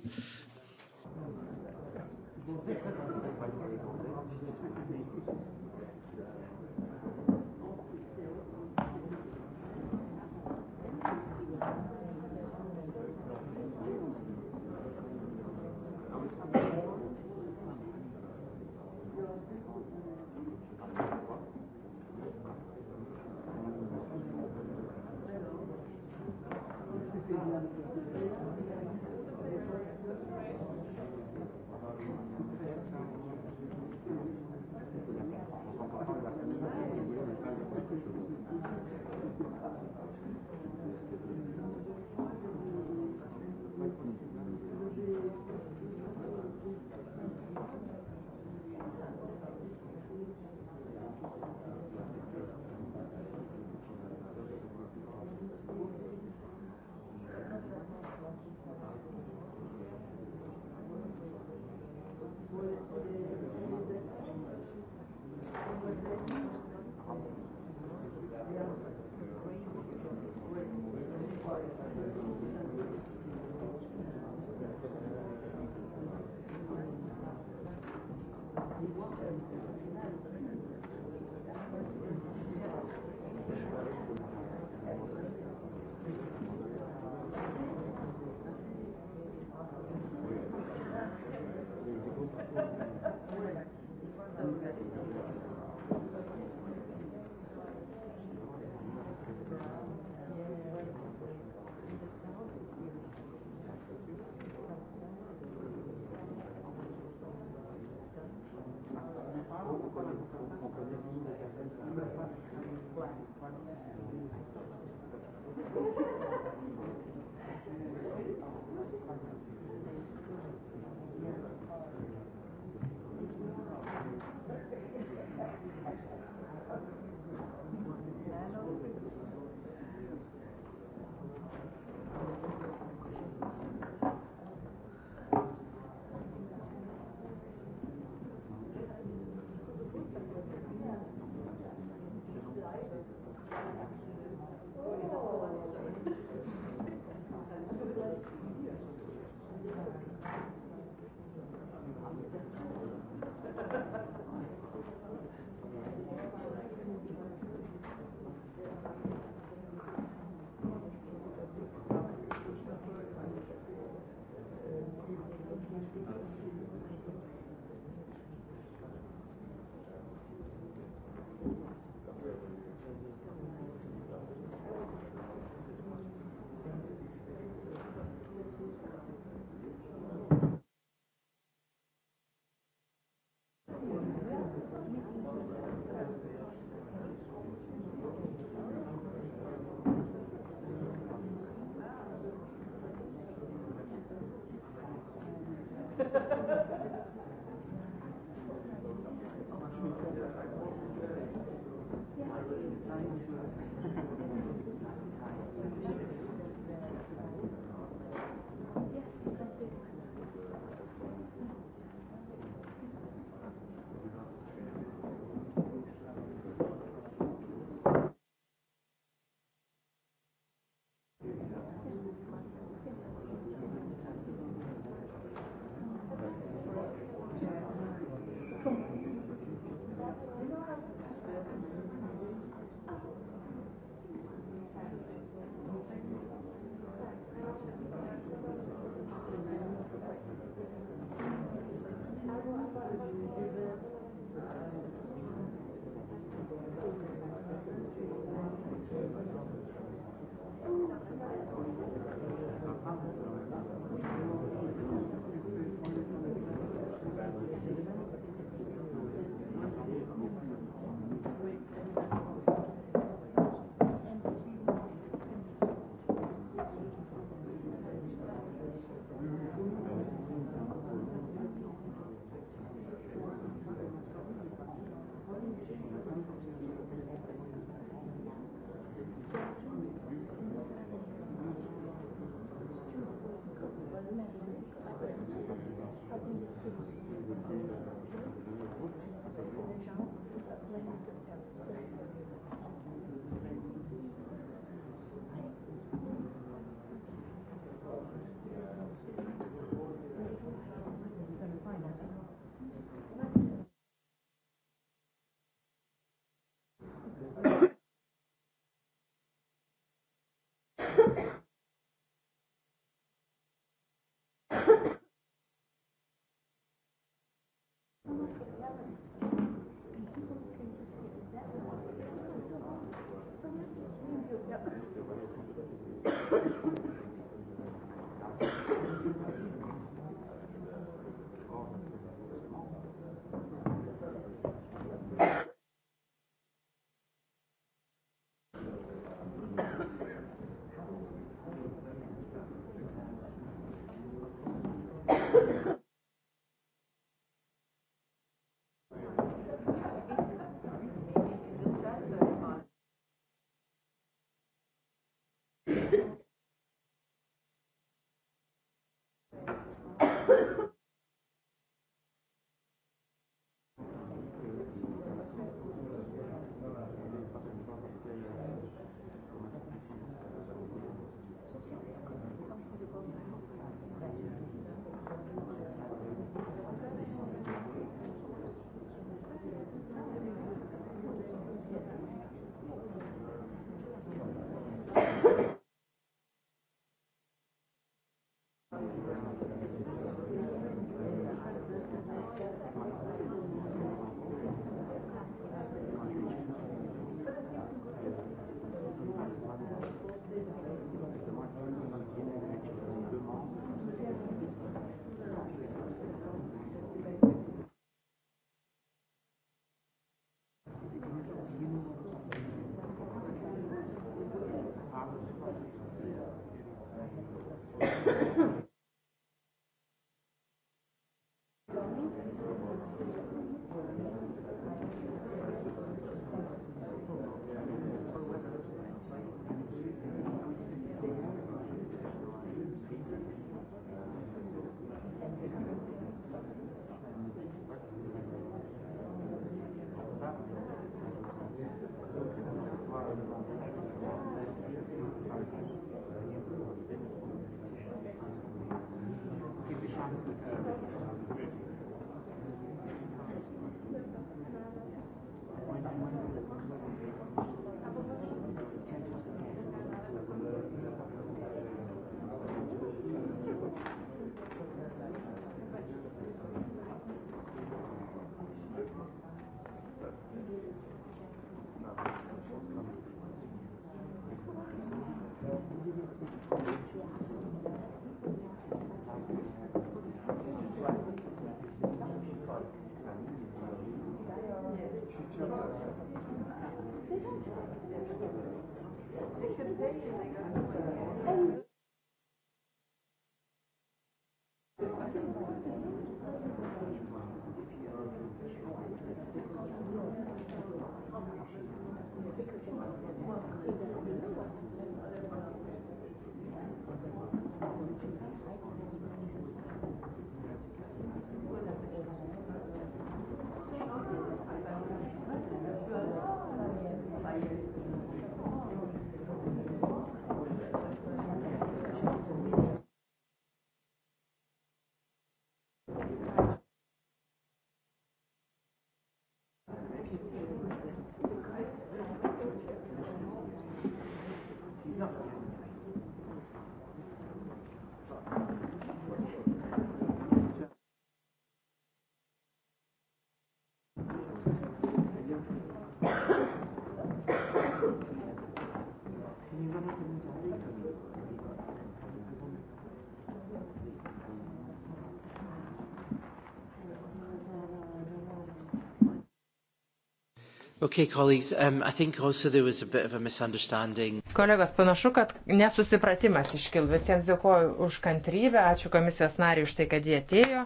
Okay, colleagues, um, I think also there was a bit of a misunderstanding. Kolegos, panašu, kad nesusipratimas iškil. Visiems dėkoju už kantrybę, ačiū komisijos nariui už tai, kad jie atėjo.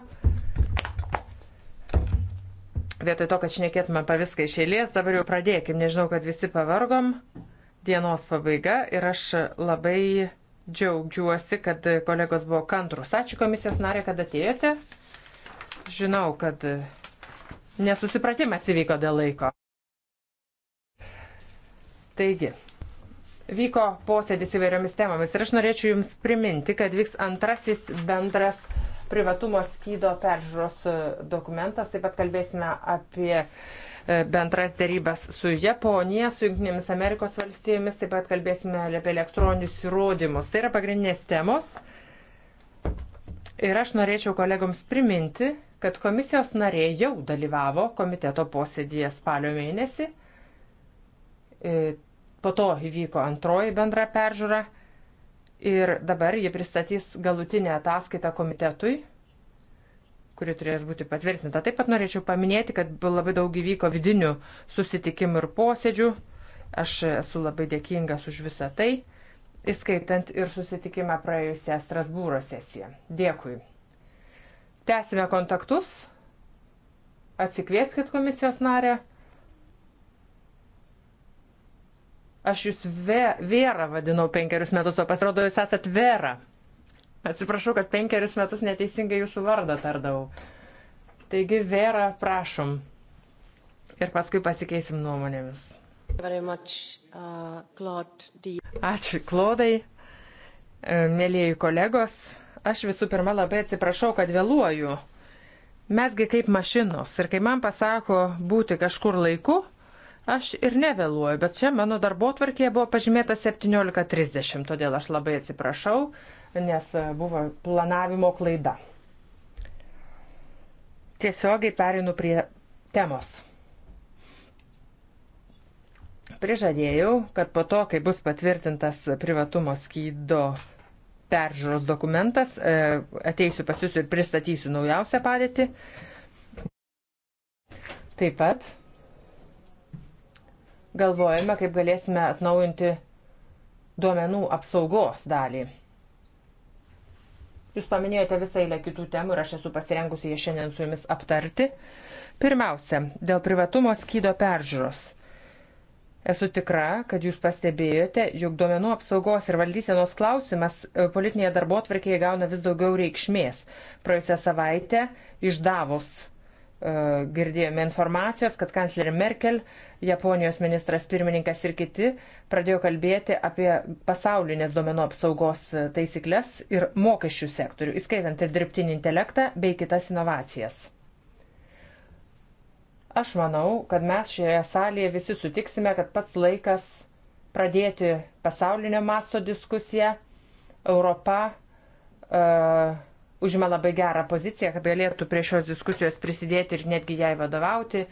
Vietoj to, kad šnekėtume apie viską iš eilės, dabar jau pradėkim. Nežinau, kad visi pavargom. Dienos pabaiga ir aš labai džiaugiuosi, kad kolegos buvo kantrus. Ačiū komisijos nariai, kad atėjote. Žinau, kad nesusipratimas įvyko dėl laiko. Taigi, vyko posėdis įvairiomis temomis ir aš norėčiau Jums priminti, kad vyks antrasis bendras privatumo skydo peržiūros e, dokumentas. Taip pat kalbėsime apie e, bendras dėrybas su Japonija, su Junktinėmis Amerikos valstybėmis, taip pat kalbėsime apie elektroninius įrodymus. Tai yra pagrindinės temos. Ir aš norėčiau kolegoms priminti, kad komisijos narė jau dalyvavo komiteto posėdėje spalio mėnesį e, Po to įvyko antroji bendra peržiūra ir dabar jie pristatys galutinę ataskaitą komitetui, kuri turės būti patvirtinta. Taip pat norėčiau paminėti, kad labai daug įvyko vidinių susitikimų ir posėdžių. Aš esu labai dėkingas už visą tai, įskaitant ir susitikimą praėjusią Strasbūro sesiją. Dėkui. Tęsime kontaktus. Atsikvėpkite komisijos narę. Aš jūs ve, Vėra vadinau penkerius metus, o pasirodo, jūs esat Vera. Atsiprašau, kad penkerius metus neteisingai jūsų vardą tardavau. Taigi, Vėra, prašom. Ir paskui pasikeisim nuomonėmis. Much, uh, Claude. Ačiū, Klodai. E, mėlyjeji kolegos, aš visų pirma labai atsiprašau, kad vėluoju. Mesgi kaip mašinos ir kai man pasako būti kažkur laiku, Aš ir nevėluoju, bet čia mano darbo tvarkėje buvo pažymėta 17.30, todėl aš labai atsiprašau, nes e, buvo planavimo klaida. Tiesiogiai perinu prie temos. Prižadėjau, kad po to, kai bus patvirtintas privatumo skydo peržiūros dokumentas, e, ateisiu pas jūs ir pristatysiu naujausią padėtį. Taip pat galvojame, kaip galėsime atnaujinti duomenų apsaugos dalį. Jūs paminėjote visą eilę kitų temų ir aš esu pasirengusi jas šiandien su jumis aptarti. Pirmiausia, dėl privatumo skydo peržiūros. Esu tikra, kad jūs pastebėjote, jog duomenų apsaugos ir valdysenos klausimas e, politinėje darbo atvarkėje gauna vis daugiau reikšmės. Praėjusią savaitę iš Davos E, girdėjome informacijos, kad kanclerė Merkel, Japonijos ministras pirmininkas ir kiti pradėjo kalbėti apie pasaulinės duomenų apsaugos taisyklės ir mokesčių sektorių, įskaitant ir dirbtinį intelektą bei kitas inovacijas. Aš manau, kad mes šioje salėje visi sutiksime, kad pats laikas pradėti pasaulinio masto diskusiją. Europa uh, užima labai gerą poziciją, kad galėtų prie šios diskusijos prisidėti ir netgi jai vadovauti.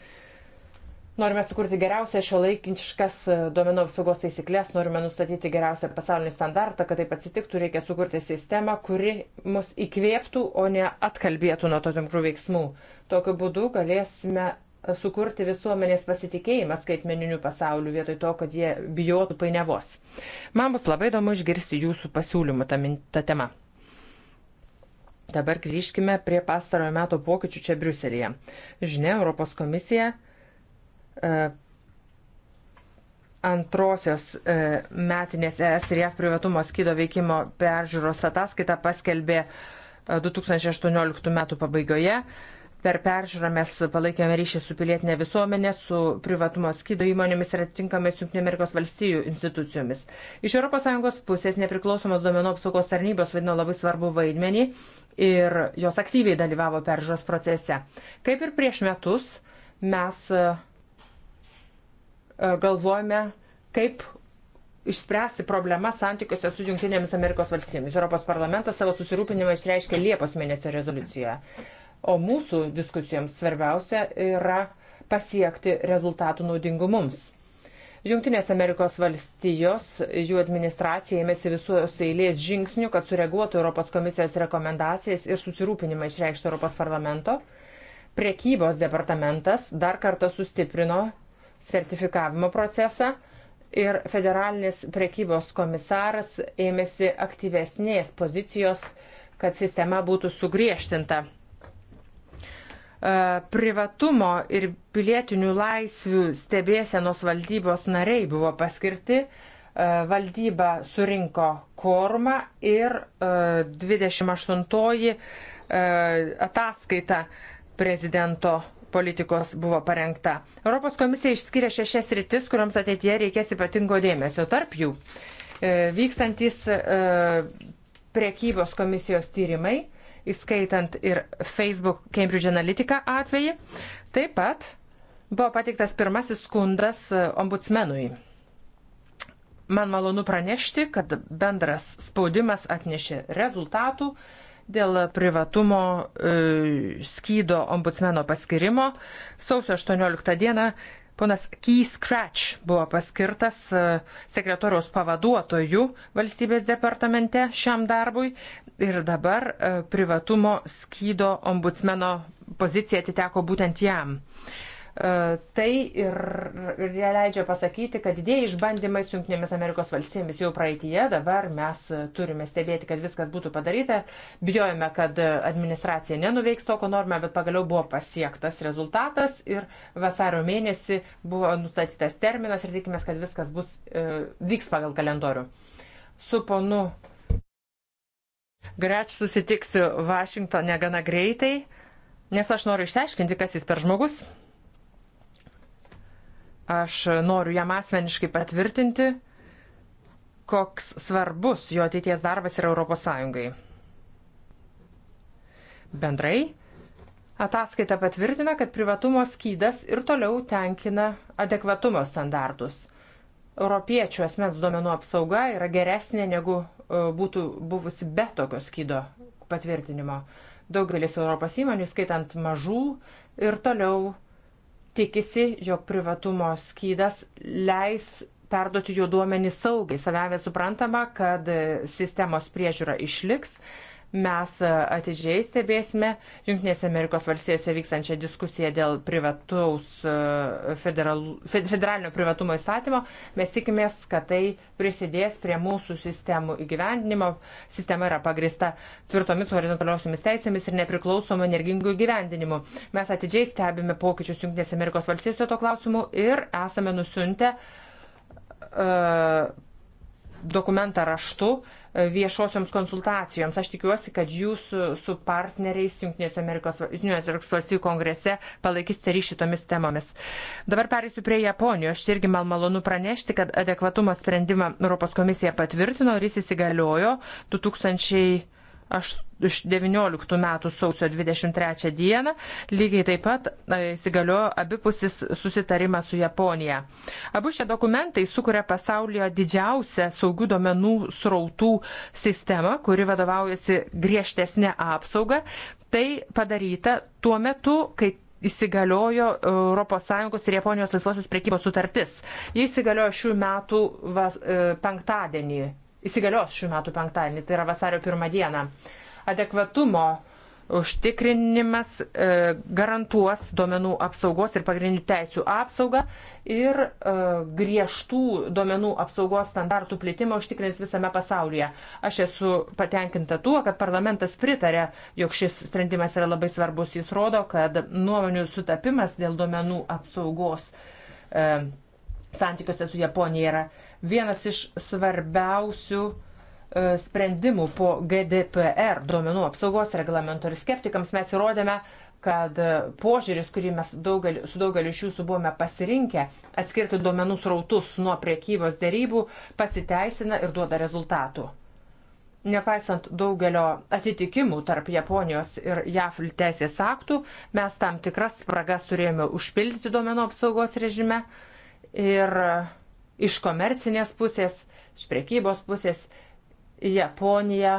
Norime sukurti geriausią šio laikinčiškas e, duomenų apsaugos taisyklės, norime nustatyti geriausią pasaulinį standartą, kad taip atsitiktų, reikia sukurti sistemą, kuri mus įkvėptų, o ne atkalbėtų nuo to tikrų veiksmų. Tokiu būdu galėsime sukurti visuomenės pasitikėjimą skaitmeniniu pasauliu vietoj to, kad jie bijotų painiavos. Man bus labai įdomu išgirsti jūsų pasiūlymų tą, tą temą. Dabar grįžkime prie pastarojo meto pokyčių čia Briuselėje. Žinia, Europos komisija e, antrosios e, metinės ES ir JAV privatumo skydo veikimo peržiūros ataskaitą paskelbė 2018 e, m. pabaigoje. Per peržiūrą mes palaikėme ryšį su pilietinė visuomenė, su privatumo skydo įmonėmis ir atitinkamais JAV institucijomis. Iš ES pusės nepriklausomos duomenų apsaugos tarnybos vaidino labai svarbu vaidmenį ir jos aktyviai dalyvavo peržiūros procese. Kaip ir prieš metus mes e, galvojame, kaip išspręsti problemas santykiuose su Junktinėmis Amerikos valstybėmis. Europos parlamentas savo susirūpinimą išreiškė Liepos mėnesio rezoliucijoje. O mūsų diskusijoms svarbiausia yra pasiekti rezultatų naudingų mums. Junktinės Amerikos valstijos, jų administracija ėmėsi visos eilės žingsnių, kad sureaguotų Europos komisijos rekomendacijas ir susirūpinimą išreikšti Europos parlamento. Prekybos departamentas dar kartą sustiprino sertifikavimo procesą ir federalinis prekybos komisaras ėmėsi aktyvesnės pozicijos, kad sistema būtų sugriežtinta. E, privatumo ir pilietinių laisvių stebėsenos valdybos nariai buvo paskirti. E, valdyba surinko kormą ir 28 e, ataskaita prezidento politikos buvo parengta. Europos komisija išskiria šešias rytis, kuriams ateityje reikės ypatingo dėmesio. Tarp jų vykstantis prekybos komisijos tyrimai įskaitant ir Facebook Cambridge Analytica atvejį. Taip pat buvo pateiktas pirmasis skundas e, ombudsmenui. Man malonu pranešti, kad bendras spaudimas atnešė rezultatų dėl privatumo e, skydo ombudsmeno paskirimo. Sausio 18 dieną Ponas Key Scratch buvo paskirtas e, sekretoriaus pavaduotojų valstybės departamente šiam darbui ir dabar e, privatumo skydo ombudsmeno pozicija atiteko būtent jam. E, tai ir leidžia pasakyti, kad didėjai išbandymai su Junktinėmis Amerikos valstybėmis jau praeitie, dabar mes turime stebėti, kad viskas būtų padaryta. Bijojame, kad administracija nenuveiks to, ko norime, bet pagaliau buvo pasiektas rezultatas ir vasario mėnesį buvo nustatytas terminas ir tikimės, kad viskas bus, e, vyks pagal kalendorių. Su ponu Greč susitiksiu Vašingtonė gana greitai, nes aš noriu išsiaiškinti, kas jis per žmogus. Aš noriu jam asmeniškai patvirtinti, koks svarbus jo ateities darbas yra Europos Sąjungai. Bendrai, ataskaita patvirtina, kad privatumo skydas ir toliau tenkina adekvatumo standartus. Europiečių asmens duomenų apsauga yra geresnė negu e, būtų buvusi be tokio skydo patvirtinimo. Daugelis Europos įmonių, skaitant mažų, ir toliau uh, tikisi, jog privatumo skydas leis perduoti jo duomenį saugiai. Savame suprantama, kad sistemos priežiūra išliks, Mes e, atidžiai stebėsime Junktinėse Amerikos valstijose vykstančią diskusiją dėl privataus e, federal, federalinio privatumo įstatymo. Mes tikimės, kad tai prisidės prie mūsų sistemų įgyvendinimo. Sistema yra pagrista tvirtomis horizontaliosiomis teisėmis ir nepriklausomu energingu įgyvendinimu. Mes atidžiai stebime pokyčius Junktinėse Amerikos valstijose to klausimu ir esame nusiuntę uh, dokumentą raštu e, viešosioms konsultacijoms. Aš tikiuosi, kad jūs su partneriais Junktinės Amerikos valstybių kongrese palaikysite ryšį tomis temomis. Dabar pereisiu prie Japonijos. Aš irgi man malonu pranešti, kad adekvatumo sprendimą Europos komisija patvirtino ir jis įsigaliojo 2008 19 metų sausio 23 dieną. Lygiai taip pat e, įsigaliojo abipusis susitarimas su Japonija. Abu šie dokumentai sukuria pasaulyje didžiausią saugių duomenų srautų sistemą, kuri vadovaujasi griežtesnė apsauga. Tai padaryta tuo metu, kai įsigaliojo ES ir Japonijos laisvosios priekybos sutartis. Jis įsigaliojo šių metų vas, e, penktadienį. Įsigalios šių metų penktadienį, tai yra vasario pirmą dieną. Uh, adekvatumo užtikrinimas e, garantuos duomenų apsaugos ir pagrindinių teisų apsaugą ir e, griežtų duomenų apsaugos standartų plėtimą užtikrins visame pasaulyje. Aš esu patenkinta tuo, kad parlamentas pritarė, jog šis sprendimas yra labai svarbus. Jis rodo, kad nuomonių sutapimas dėl duomenų apsaugos e, santykiuose su Japonija yra vienas iš svarbiausių e, E, sprendimų po GDPR duomenų apsaugos reglamento ir skeptikams mes įrodėme, kad e, požiūris, kurį mes daugelį, su daugeliu iš jūsų buvome pasirinkę, atskirti duomenų srautus nuo priekybos dėrybų, pasiteisina ir duoda rezultatų. Nepaisant daugelio atitikimų tarp Japonijos ir JAF teisės aktų, mes tam tikras spragas turėjome užpildyti duomenų apsaugos režime ir e, iš komercinės pusės, iš priekybos pusės Japonija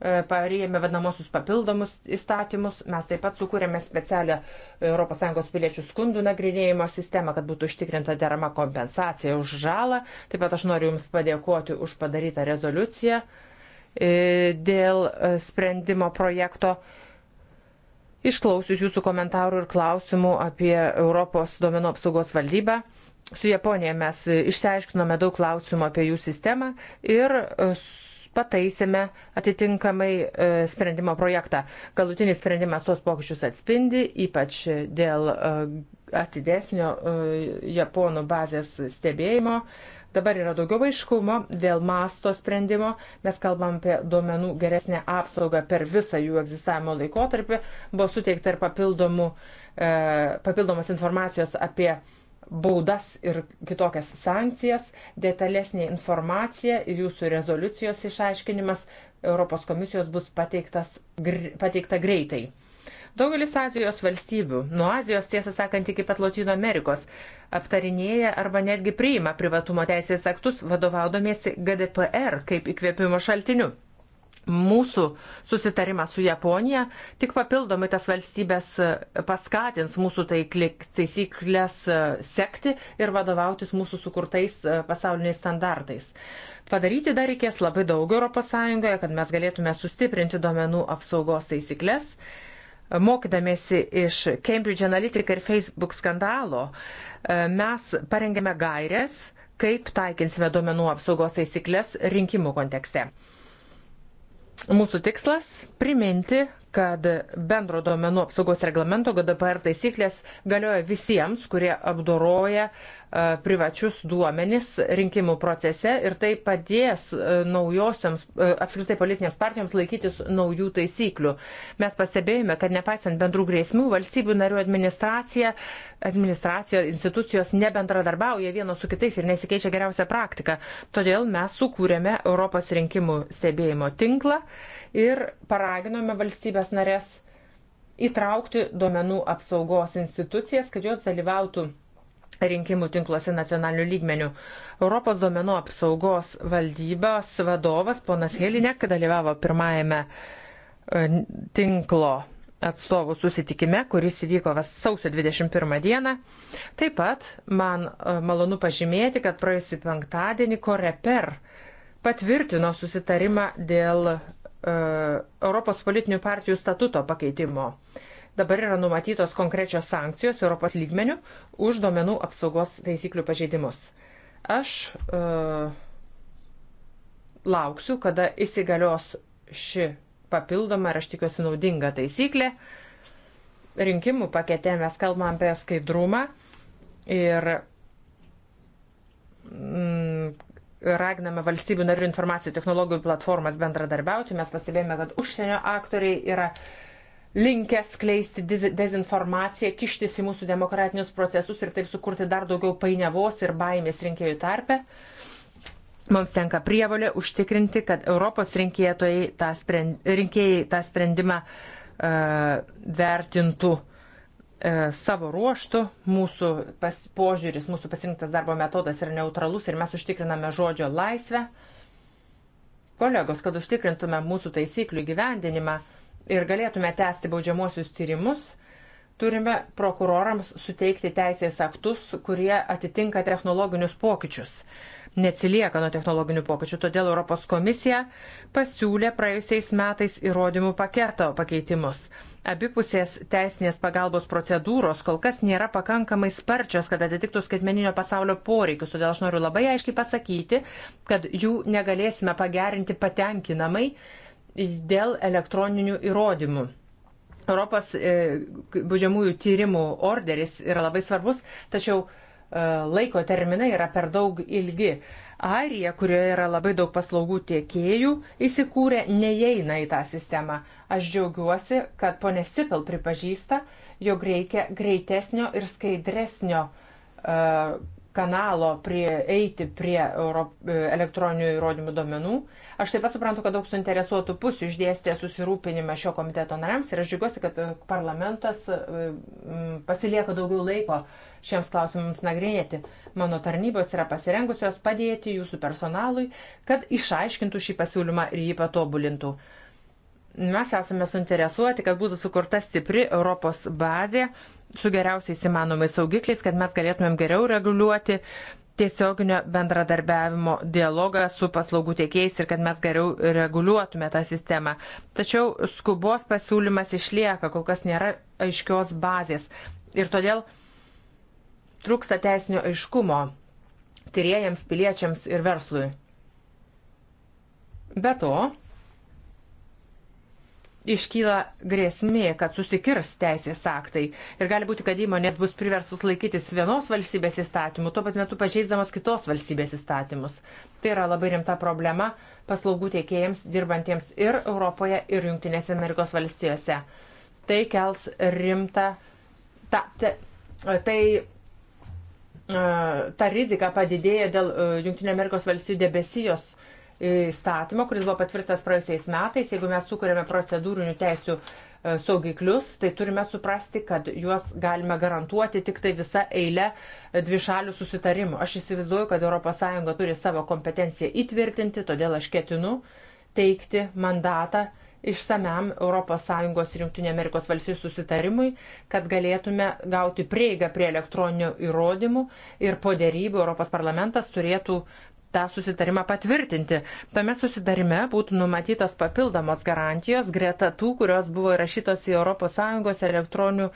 e, parėjome vadinamosius papildomus įstatymus, mes taip pat sukūrėme specialią ES piliečių skundų nagrinėjimo sistemą, kad būtų užtikrinta derama kompensacija už žalą. Taip pat aš noriu Jums padėkoti už padarytą rezoliuciją e, dėl e, sprendimo projekto. Išklausius jūsų komentarų ir klausimų apie Europos duomenų apsaugos valdybą, Su Japonija mes išsiaiškinome daug klausimų apie jų sistemą ir e, pataisėme atitinkamai e, sprendimo projektą. Galutinis sprendimas tuos pokyčius atspindi, ypač dėl e, atidesnio Japonų bazės stebėjimo. Dabar yra daugiau aiškumo dėl masto sprendimo. Mes kalbam apie duomenų geresnę apsaugą per visą jų egzistavimo laikotarpį. Buvo suteikta ir papildomų, papildomos informacijos apie baudas ir kitokias sankcijas, detalesnė informacija ir jūsų rezoliucijos išaiškinimas Europos komisijos bus gr pateikta greitai. Daugelis Azijos valstybių, nuo Azijos tiesą sakant iki pat Latino Amerikos, aptarinėja arba netgi priima privatumo teisės aktus vadovaudomėsi GDPR kaip įkvėpimo šaltiniu mūsų susitarimą su Japonija tik papildomai tas valstybės e, paskatins mūsų taisyklės e, sekti ir vadovautis mūsų sukurtais e, pasauliniais standartais. Padaryti dar reikės labai daug ES, kad mes galėtume sustiprinti duomenų apsaugos taisyklės. Mokydamėsi iš Cambridge Analytica ir Facebook skandalo, mes parengėme gairias, kaip taikinsime duomenų apsaugos taisyklės rinkimų kontekste. Mūsų tikslas - priminti, kad bendro duomenų apsaugos reglamento GDPR taisyklės galioja visiems, kurie apdoroja e, privačius duomenis rinkimų procese ir tai padės e, naujosiams, e, apskritai politinėms partijoms laikytis naujų taisyklių. Mes pastebėjome, kad nepaisant bendrų grėsmių, valstybių narių administracija, administracijos institucijos nebendradarbiauja vienos su kitais ir nesikeičia geriausia praktika. Todėl mes sukūrėme Europos rinkimų stebėjimo tinklą ir paraginome valstybės narės įtraukti duomenų apsaugos institucijas, kad jos dalyvautų rinkimų tinkluose nacionaliniu lygmeniu. Europos duomenų apsaugos valdybos vadovas ponas Helinek dalyvavo pirmajame e, tinklo atstovų susitikime, kuris įvyko sausio 21 dieną. Taip pat man e, malonu pažymėti, kad praėjusį penktadienį Koreper patvirtino susitarimą dėl E, Europos politinių partijų statuto pakeitimo. Dabar yra numatytos konkrečios sankcijos Europos lygmenių už duomenų apsaugos taisyklių pažeidimus. Aš uh, lauksiu, kada įsigalios ši papildoma ir aš tikiuosi naudinga taisyklė. Rinkimų pakete mes kalbam apie skaidrumą ir mm, raginame valstybių narių informacijų technologijų platformas bendradarbiauti. Mes pastebėjome, kad užsienio aktoriai yra linkę skleisti dezinformaciją, kištis į mūsų demokratinius procesus ir taip sukurti dar daugiau painiavos ir baimės rinkėjų tarpe. Mums tenka prievalė užtikrinti, kad Europos rinkėjai tą, sprend, rinkėjai tą sprendimą uh, vertintų uh, E, savo ruoštų mūsų pas, požiūris, mūsų pasirinktas darbo metodas yra neutralus ir mes užtikriname žodžio laisvę. Kolegos, kad užtikrintume mūsų taisyklių gyvendinimą ir galėtume tęsti baudžiamuosius tyrimus, turime prokurorams suteikti teisės aktus, kurie atitinka technologinius pokyčius. Uh, neatsilieka nuo technologinių pokyčių. Todėl Europos komisija pasiūlė praėjusiais metais įrodymų paketo pakeitimus. Abipusės teisinės pagalbos procedūros kol kas nėra pakankamai sparčios, kad atitiktų skaitmeninio pasaulio poreikius. Todėl aš noriu labai aiškiai pasakyti, kad jų negalėsime pagerinti patenkinamai dėl elektroninių įrodymų. Europos e, baudžiamųjų tyrimų orderis yra labai svarbus, tačiau E, laiko terminai yra per daug ilgi. Airija, kurioje yra labai daug paslaugų tiekėjų, įsikūrė neįeina į tą sistemą. Aš džiaugiuosi, kad ponė Sipil pripažįsta, jog reikia greitesnio ir skaidresnio uh, kanalo prie, eiti prie Euro, e, elektroninių įrodymų domenų. Aš taip pat suprantu, kad daug suinteresuotų pusių išdėstė susirūpinimą šio komiteto nariams ir aš džiaugiuosi, kad parlamentas uh, pasilieka daugiau laiko uh, šiems klausimams nagrinėti. Mano tarnybos yra pasirengusios padėti jūsų personalui, kad išaiškintų šį pasiūlymą ir jį patobulintų. Mes esame suinteresuoti, kad būtų sukurta stipri Europos bazė su geriausiais įmanomais saugikliais, kad mes galėtumėm geriau reguliuoti tiesioginio bendradarbiavimo dialogą su paslaugų tiekėjais ir kad mes geriau reguliuotume tą sistemą. Tačiau skubos pasiūlymas išlieka, kol kas nėra aiškios bazės. Ir todėl uh, trūksta teisinio aiškumo tyriejams, piliečiams ir verslui. Be to, iškyla grėsmė, kad susikirs teisės aktai ir gali būti, kad įmonės bus priversus laikytis vienos valstybės įstatymų, tuo pat metu pažeisdamos kitos valstybės įstatymus. Tai yra labai rimta problema paslaugų tiekėjams dirbantiems ir Europoje, ir Junktinėse Amerikos valstijose. Tai kels rimtą. Ta, ta, tai ta rizika padidėjo dėl Junktinio Amerikos valstybių debesijos įstatymo, kuris buvo patvirtas praėjusiais metais. Jeigu mes sukūrėme procedūrinių teisių saugiklius, tai turime suprasti, kad juos galime garantuoti tik tai visa eilė dvišalių susitarimų. Aš įsivaizduoju, kad ES turi savo kompetenciją įtvirtinti, todėl aš ketinu teikti mandatą išsamiam ES ir JAV susitarimui, kad galėtume gauti prieigą prie elektroninių įrodymų ir po dėrybų ES turėtų tą susitarimą patvirtinti. Tame susitarime būtų numatytos papildomos garantijos greta tų, kurios buvo įrašytos į ES elektroninių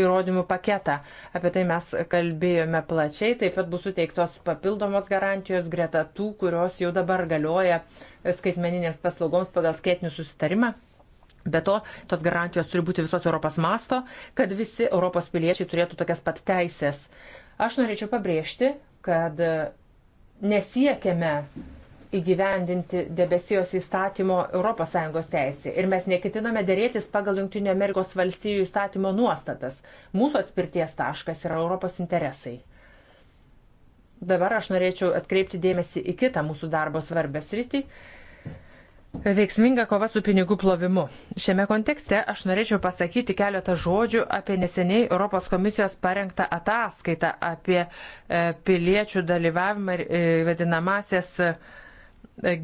įrodymų paketą. Apie tai mes kalbėjome plačiai, taip pat bus suteiktos papildomos garantijos greta tų, kurios jau dabar galioja skaitmeninėms paslaugoms pagal skėtinių susitarimą. Be to, tos garantijos turi būti visos Europos masto, kad visi Europos piliečiai turėtų tokias pat teisės. Aš norėčiau pabrėžti, kad nesiekiame įgyvendinti debesijos įstatymo ES teisė ir mes neketiname dėrėtis pagal JAV įstatymo nuostatas. Mūsų atspirties taškas yra Europos interesai. Dabar aš norėčiau atkreipti dėmesį į kitą mūsų darbo svarbę sritį Veiksminga kova su pinigų plovimu. Šiame kontekste aš norėčiau pasakyti keletą žodžių apie neseniai Europos komisijos parengtą ataskaitą apie e, piliečių dalyvavimą ir e, vadinamasias e,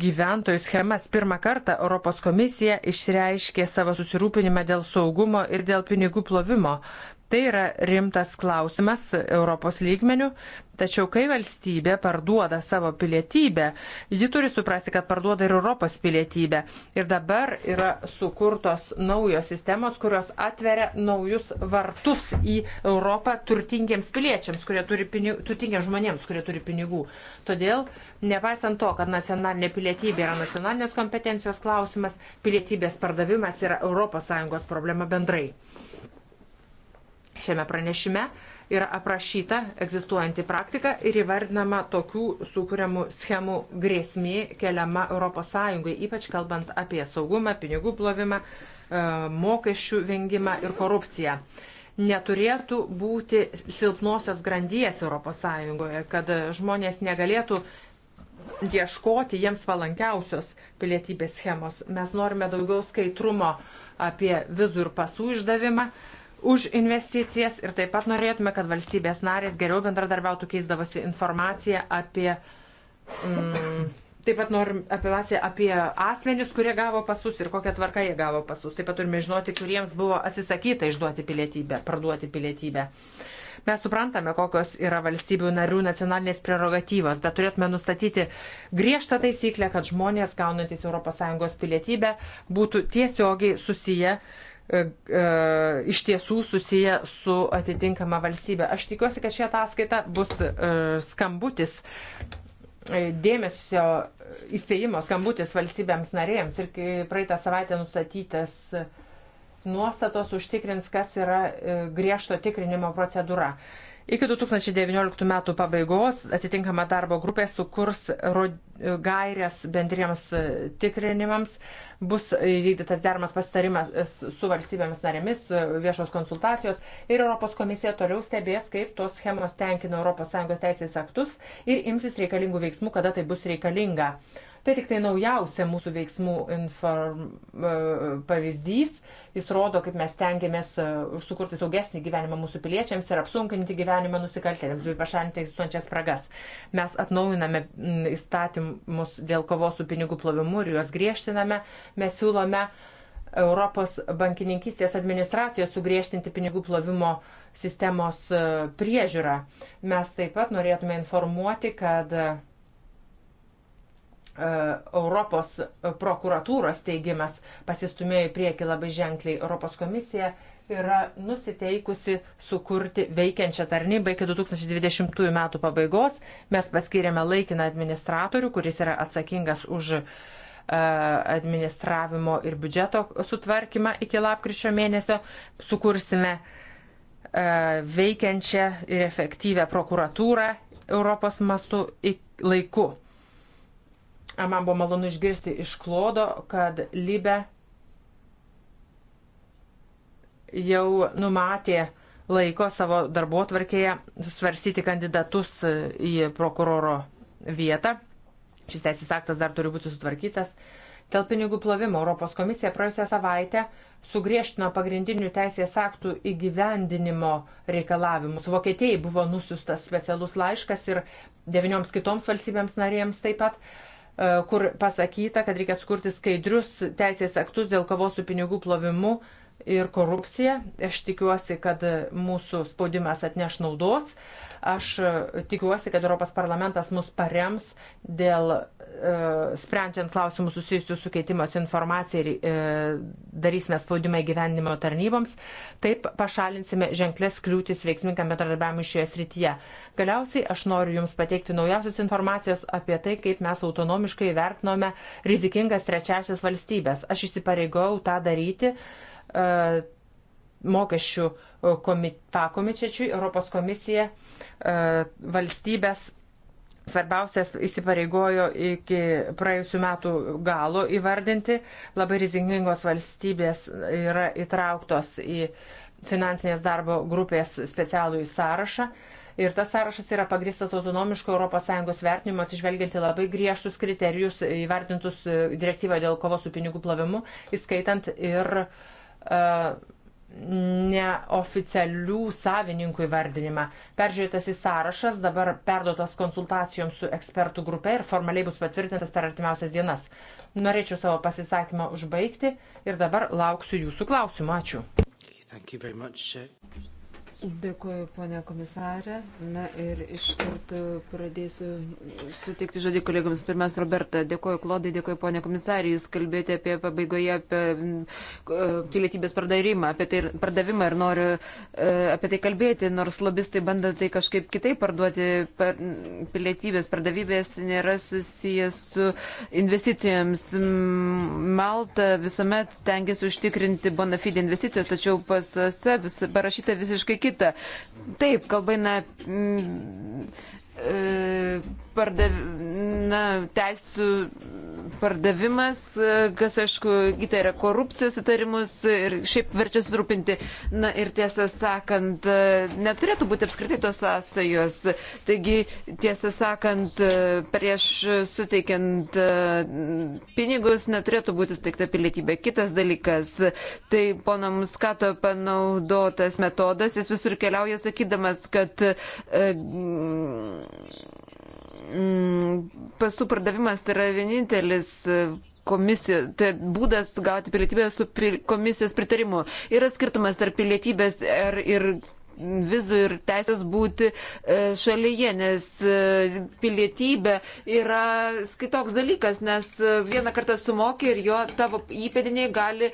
gyventojų schemas. Pirmą kartą Europos komisija išreiškė savo susirūpinimą dėl saugumo ir dėl pinigų plovimo Tai yra rimtas klausimas Europos lygmenių, tačiau kai valstybė parduoda savo pilietybę, ji turi suprasti, kad parduoda ir Europos pilietybę. Ir dabar yra sukurtos naujos sistemos, kurios atveria naujus vartus į Europą turtingiems piliečiams, kurie turi pinigų, turtingiems žmonėms, kurie turi pinigų. Todėl, nepaisant to, kad nacionalinė pilietybė yra nacionalinės kompetencijos klausimas, pilietybės pardavimas yra ES problema bendrai. Šiame pranešime yra aprašyta egzistuojanti praktika ir įvardinama tokių sukūriamų schemų grėsmė keliama ES, ypač kalbant apie saugumą, pinigų plovimą, e, mokesčių vengimą ir korupciją. Neturėtų būti silpnosios grandies ES, kad žmonės negalėtų ieškoti jiems palankiausios pilietybės schemos. Mes norime daugiau skaidrumo apie vizų ir pasų išdavimą. Uh, už investicijas ir taip pat norėtume, kad valstybės narės geriau bendradarbiautų keisdavosi informaciją apie. Mm, Taip pat norim apelaciją apie asmenis, kurie gavo pasus ir kokią tvarką jie gavo pasus. Taip pat turime žinoti, kuriems buvo atsisakyta išduoti pilietybę, parduoti pilietybę. Mes suprantame, kokios yra valstybių narių nacionalinės prerogatyvos, bet turėtume nustatyti griežtą taisyklę, kad žmonės gaunantis ES pilietybę būtų tiesiogiai susiję E, e, iš tiesų susiję su atitinkama valstybė. Aš tikiuosi, kad ši ataskaita bus e, skambutis dėmesio įspėjimo skambutis valstybėms narėjams ir kai praeitą savaitę nustatytas nuostatos užtikrins, kas yra griežto tikrinimo procedūra. Iki 2019 metų pabaigos atitinkama darbo grupė sukurs gairias bendriems e, tikrinimams, bus įvykdytas dermas pastarimas e, su valstybėmis narėmis, e, viešos konsultacijos ir Europos komisija toliau stebės, kaip tos schemos tenkina ES teisės aktus ir imsis reikalingų veiksmų, kada tai bus reikalinga. Tai tik tai naujausia mūsų veiksmų inform, e, pavyzdys. Jis rodo, kaip mes tengiamės e, sukurti saugesnį gyvenimą mūsų piliečiams ir apsunkinti gyvenimą nusikaltėliams bei pašalinti egzistuojančias spragas. Mes atnaujiname įstatymus dėl kovos su pinigų plovimu ir juos griežtiname. Mes siūlome Europos bankininkystės administracija sugriežtinti pinigų plovimo sistemos e, priežiūrą. Mes taip pat norėtume informuoti, kad E, Europos prokuratūros teigimas pasistumėjo į priekį labai ženkliai. Europos komisija yra nusiteikusi sukurti veikiančią tarnybą iki 2020 metų pabaigos. Mes paskyrėme laikiną administratorių, kuris yra atsakingas už e, administravimo ir biudžeto sutvarkymą iki lapkričio mėnesio. Sukursime e, veikiančią ir efektyvę prokuratūrą Europos mastu laiku Man buvo malonu išgirsti iš klodo, kad Libe jau numatė laiko savo darbo tvarkėje svarstyti kandidatus į prokuroro vietą. Šis teisės aktas dar turi būti sutvarkytas. Dėl pinigų plovimo Europos komisija praėjusią savaitę sugriežtino pagrindinių teisės aktų įgyvendinimo reikalavimus. Vokietijai buvo nusiustas specialus laiškas ir devinioms kitoms valstybėms narėms taip pat. E, kur pasakyta, kad reikia skurti skaidrius teisės aktus dėl kovos su pinigų plovimu ir korupcija. Aš tikiuosi, kad mūsų spaudimas atneš naudos. Aš e, tikiuosi, kad Europos parlamentas mus parems dėl e, sprendžiant klausimus susijusius su keitimas informacija ir e, darysime spaudimą įgyvendimo tarnyboms. Taip pašalinsime ženklės kliūtis veiksmingam bendradarbiavimui šioje srityje. Galiausiai aš noriu Jums pateikti naujausios informacijos apie tai, kaip mes autonomiškai vertinome rizikingas trečiasias valstybės. Aš įsipareigojau tą daryti. E, E, mokesčių pakomitečiui Europos komisija e, valstybės svarbiausias įsipareigojo iki praėjusių metų galo įvardinti. Labai rizikingos valstybės yra įtrauktos į finansinės darbo grupės specialų į sąrašą. Ir tas sąrašas yra pagristas autonomiško ES vertinimo atsižvelgianti labai griežtus kriterijus įvertintus direktyvą dėl kovos su pinigų plovimu, įskaitant ir uh, neoficialių savininkų įvardinimą. Peržiūrėtas į sąrašas, dabar perduotas konsultacijoms su ekspertų grupe ir formaliai bus patvirtintas per artimiausias dienas. Norėčiau savo pasisakymą užbaigti ir dabar lauksiu jūsų klausimų. Ačiū. Dėkuoju, ponia komisarė. Na ir iš karto pradėsiu sutikti žodį kolegams. Pirmiausia, Roberta, dėkuoju, Klodai, dėkuoju, ponia komisarė. Jūs kalbėjote apie pabaigoje, apie pilietybės pardavimą, apie tai pardavimą ir noriu e, apie tai kalbėti, nors lobistai bando tai kažkaip kitaip parduoti. Par, pilietybės pardavybės nėra susijęs su investicijoms. Malta visuomet stengiasi užtikrinti bonafide investicijas, tačiau pasuose parašyta visiškai kitaip kitą. Taip, kalba eina. Mm, e, pardav, na, teisų pardavimas, kas, aišku, įtaria korupcijos įtarimus ir šiaip verčia surūpinti. Na ir tiesą sakant, neturėtų būti apskritai tos sąsajos. Taigi, tiesą sakant, prieš suteikiant e, pinigus neturėtų būti suteikta pilietybė. Kitas dalykas, tai pono Muskato panaudotas metodas, jis visur keliauja sakydamas, kad e, Mm, pasų pardavimas yra vienintelis e, komisijų, tai būdas gauti pilietybę su komisijos pritarimu. Yra skirtumas tarp pilietybės er ir, ir vizų ir teisės būti e, šalyje, nes e, pilietybė yra kitoks dalykas, nes e, vieną kartą sumokė ir jo tavo įpėdiniai gali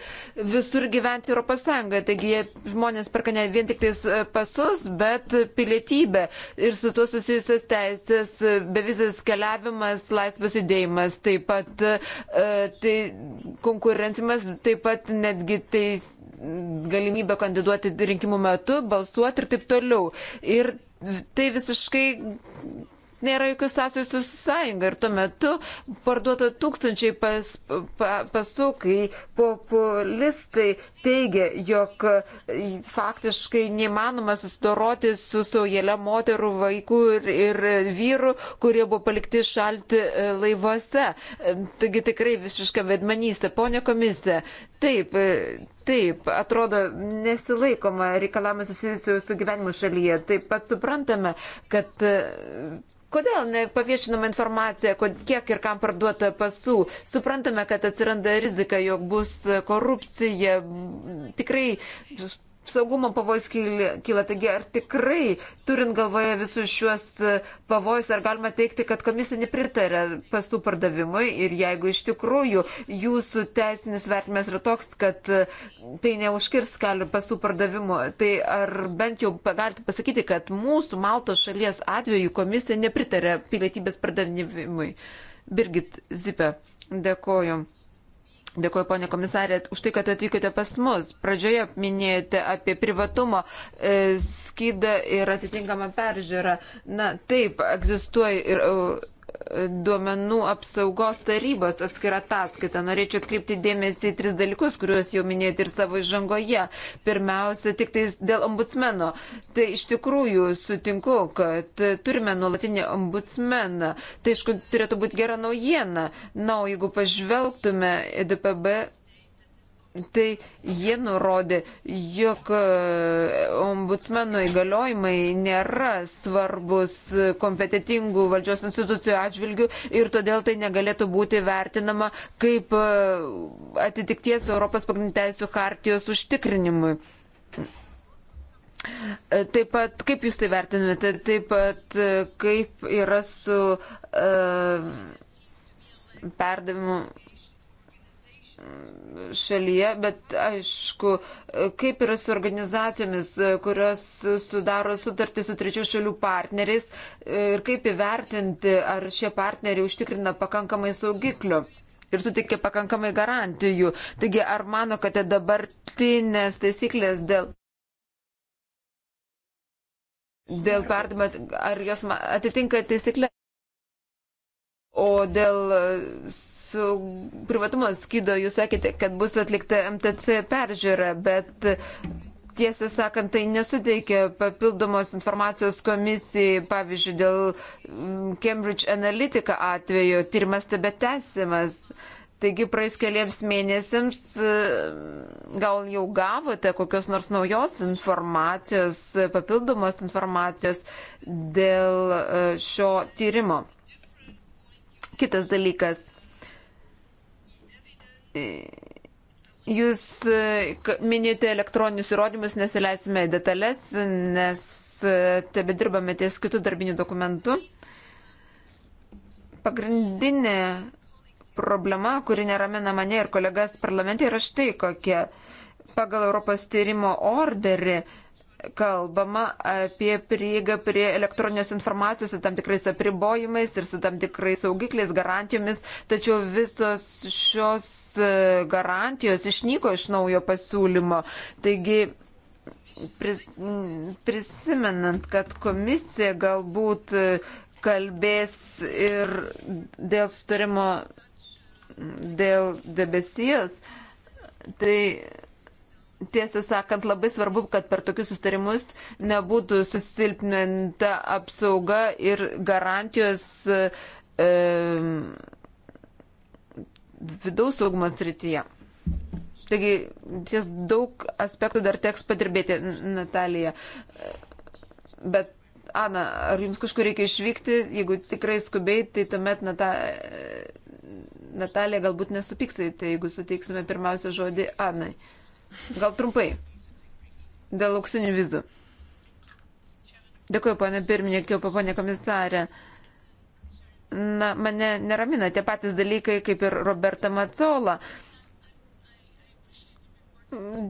visur gyventi Europos Sąjungoje. Taigi žmonės perka ne vien tik tais pasus, bet pilietybę ir su tuo susijusios teisės, bevizas keliavimas, laisvas judėjimas, taip pat tai konkurencimas, taip pat netgi teis, galimybę kandiduoti rinkimų metu, balsuoti ir taip toliau. Ir tai visiškai nėra jokių sąsajų su sąjunga. Ir tuo metu parduota tūkstančiai pas, pa, pasų, kai populistai teigia, jog faktiškai neįmanoma susidoroti su saujelė moterų, vaikų ir, ir vyrų, kurie buvo palikti šalti e, laivuose. E, taigi tikrai visiška vedmanystė. Pone komisija, Taip, e, taip, atrodo nesilaikoma reikalavimai susijusiu su gyvenimu šalyje. Taip pat suprantame, kad Kodėl nepaviešinama informacija, kiek ir kam parduota pasų? Suprantame, kad atsiranda rizika, jog bus korupcija, tikrai saugumo pavojus kyla. Taigi, ar tikrai, turint galvoje visus šiuos e, pavojus, ar galima teikti, kad komisija nepritarė pasų pardavimui ir jeigu iš tikrųjų jūsų teisinis vertimas yra toks, kad e, tai neužkirs kelių pasų pardavimu, tai ar bent jau galite pasakyti, kad mūsų Maltos šalies atveju komisija nepritarė pilietybės pardavinimui. Birgit Zipe, dėkoju. Dėkuoju, ponė komisarė, už tai, kad atvykote pas mus. Pradžioje minėjote apie privatumo e, skydą ir atitinkamą peržiūrą. Na, taip, egzistuoja ir e, duomenų apsaugos tarybos atskira ataskaita. Norėčiau atkreipti dėmesį į tris dalykus, kuriuos jau minėjote ir savo žangoje. Pirmiausia, tik tais dėl ombudsmeno. Tai iš tikrųjų sutinku, kad turime nuolatinį ombudsmeną. Tai aišku, turėtų būti gera naujiena. Na, o jeigu pažvelgtume EDPB Tai jie nurodė, jog e, ombudsmeno įgaliojimai nėra svarbus kompetitingų valdžios institucijų atžvilgių ir todėl tai negalėtų būti vertinama kaip e, atitikties Europos pagrindinių teisų hartijos užtikrinimui. E, taip pat, kaip jūs tai vertinate, taip pat kaip yra su uh, perdavimu šalyje, bet aišku, kaip yra su organizacijomis, kurios sudaro sutartį su trečių šalių partneriais ir kaip įvertinti, ar šie partneriai užtikrina pakankamai saugiklių ir sutikė pakankamai garantijų. Taigi, ar mano, kad dabartinės taisyklės dėl. Dėl perdimo, ar jos atitinka taisyklę? O dėl e, su privatumo skydo jūs sakėte, kad bus atlikta MTC peržiūra, bet tiesą sakant, tai nesuteikia papildomos informacijos komisijai, pavyzdžiui, dėl Cambridge Analytica atveju tyrimas tebe tęsimas. Taigi praeis keliams mėnesiams e, gal jau gavote kokios nors naujos informacijos, papildomos informacijos dėl e, šio tyrimo. Kitas dalykas. Jūs e, minėjote elektroninius įrodymus, nesileisime į detalės, nes e, tebe dirbame ties kitų darbinių dokumentų. Pagrindinė problema, kuri neramina mane ir kolegas parlamente, yra štai kokia. Pagal Europos tyrimo orderį kalbama apie prieigą prie elektroninės informacijos su tam tikrais apribojimais ir su tam tikrais saugikliais, garantijomis, tačiau visos šios e, garantijos išnyko iš naujo pasiūlymo. Taigi, prisimenant, kad komisija galbūt e, kalbės ir dėl sutarimo dėl debesijos, tai Tiesą sakant, labai svarbu, kad per tokius sustarimus nebūtų susilpninta apsauga ir garantijos e, vidaus saugumo srityje. Taigi, ties daug aspektų dar teks padirbėti, Natalija. Bet, Ana, ar jums kažkur reikia išvykti? Jeigu tikrai skubiai, tai tuomet Nata... Natalija galbūt nesupiksite, tai jeigu suteiksime pirmiausia žodį Anai. Uh, Gal trumpai. Dėl auksinių vizų. Dėkuoju, ponė pirmininkė, ponė komisarė. Na, mane neramina tie patys dalykai, kaip ir Roberta Macola.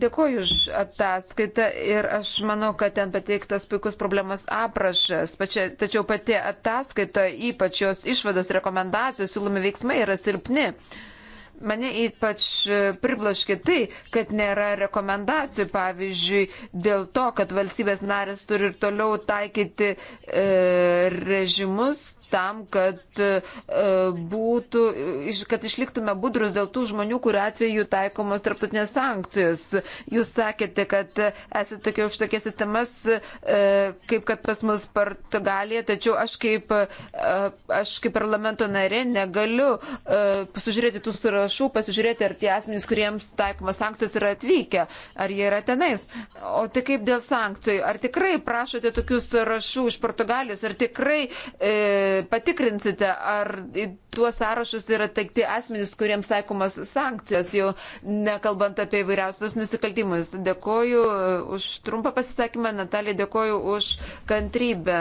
Dėkuoju už ataskaitą ir aš manau, kad ten pateiktas puikus problemos aprašas. Pačia, tačiau pati ataskaita, ypač jos išvados rekomendacijos, siūlomi veiksmai yra silpni. Uh, mane ypač e, pribloškė tai, kad nėra rekomendacijų, pavyzdžiui, dėl to, kad valstybės narės turi ir toliau taikyti e, režimus, tam, kad, e, būtų, kad išliktume budrus dėl tų žmonių, kurių atveju taikomos tarptautinės sankcijos. Jūs sakėte, kad esate tokie už tokias sistemas, e, kaip kad pas mus Portugalija, tačiau aš kaip, e, aš kaip parlamento narė negaliu pasižiūrėti tų sąrašų, pasižiūrėti, ar tie asmenys, kuriems taikomos sankcijos yra atvykę, ar jie yra tenais. O tai kaip dėl sankcijų? Ar tikrai prašote tokių sąrašų iš Portugalijos? Ar tikrai e, patikrinsite, ar tuos sąrašus yra taikti asmenys, kuriems taikomas sankcijos, jau nekalbant apie įvairiausius nusikaltimus. Dėkoju uh, už trumpą pasisakymą, Natalija, dėkoju už kantrybę.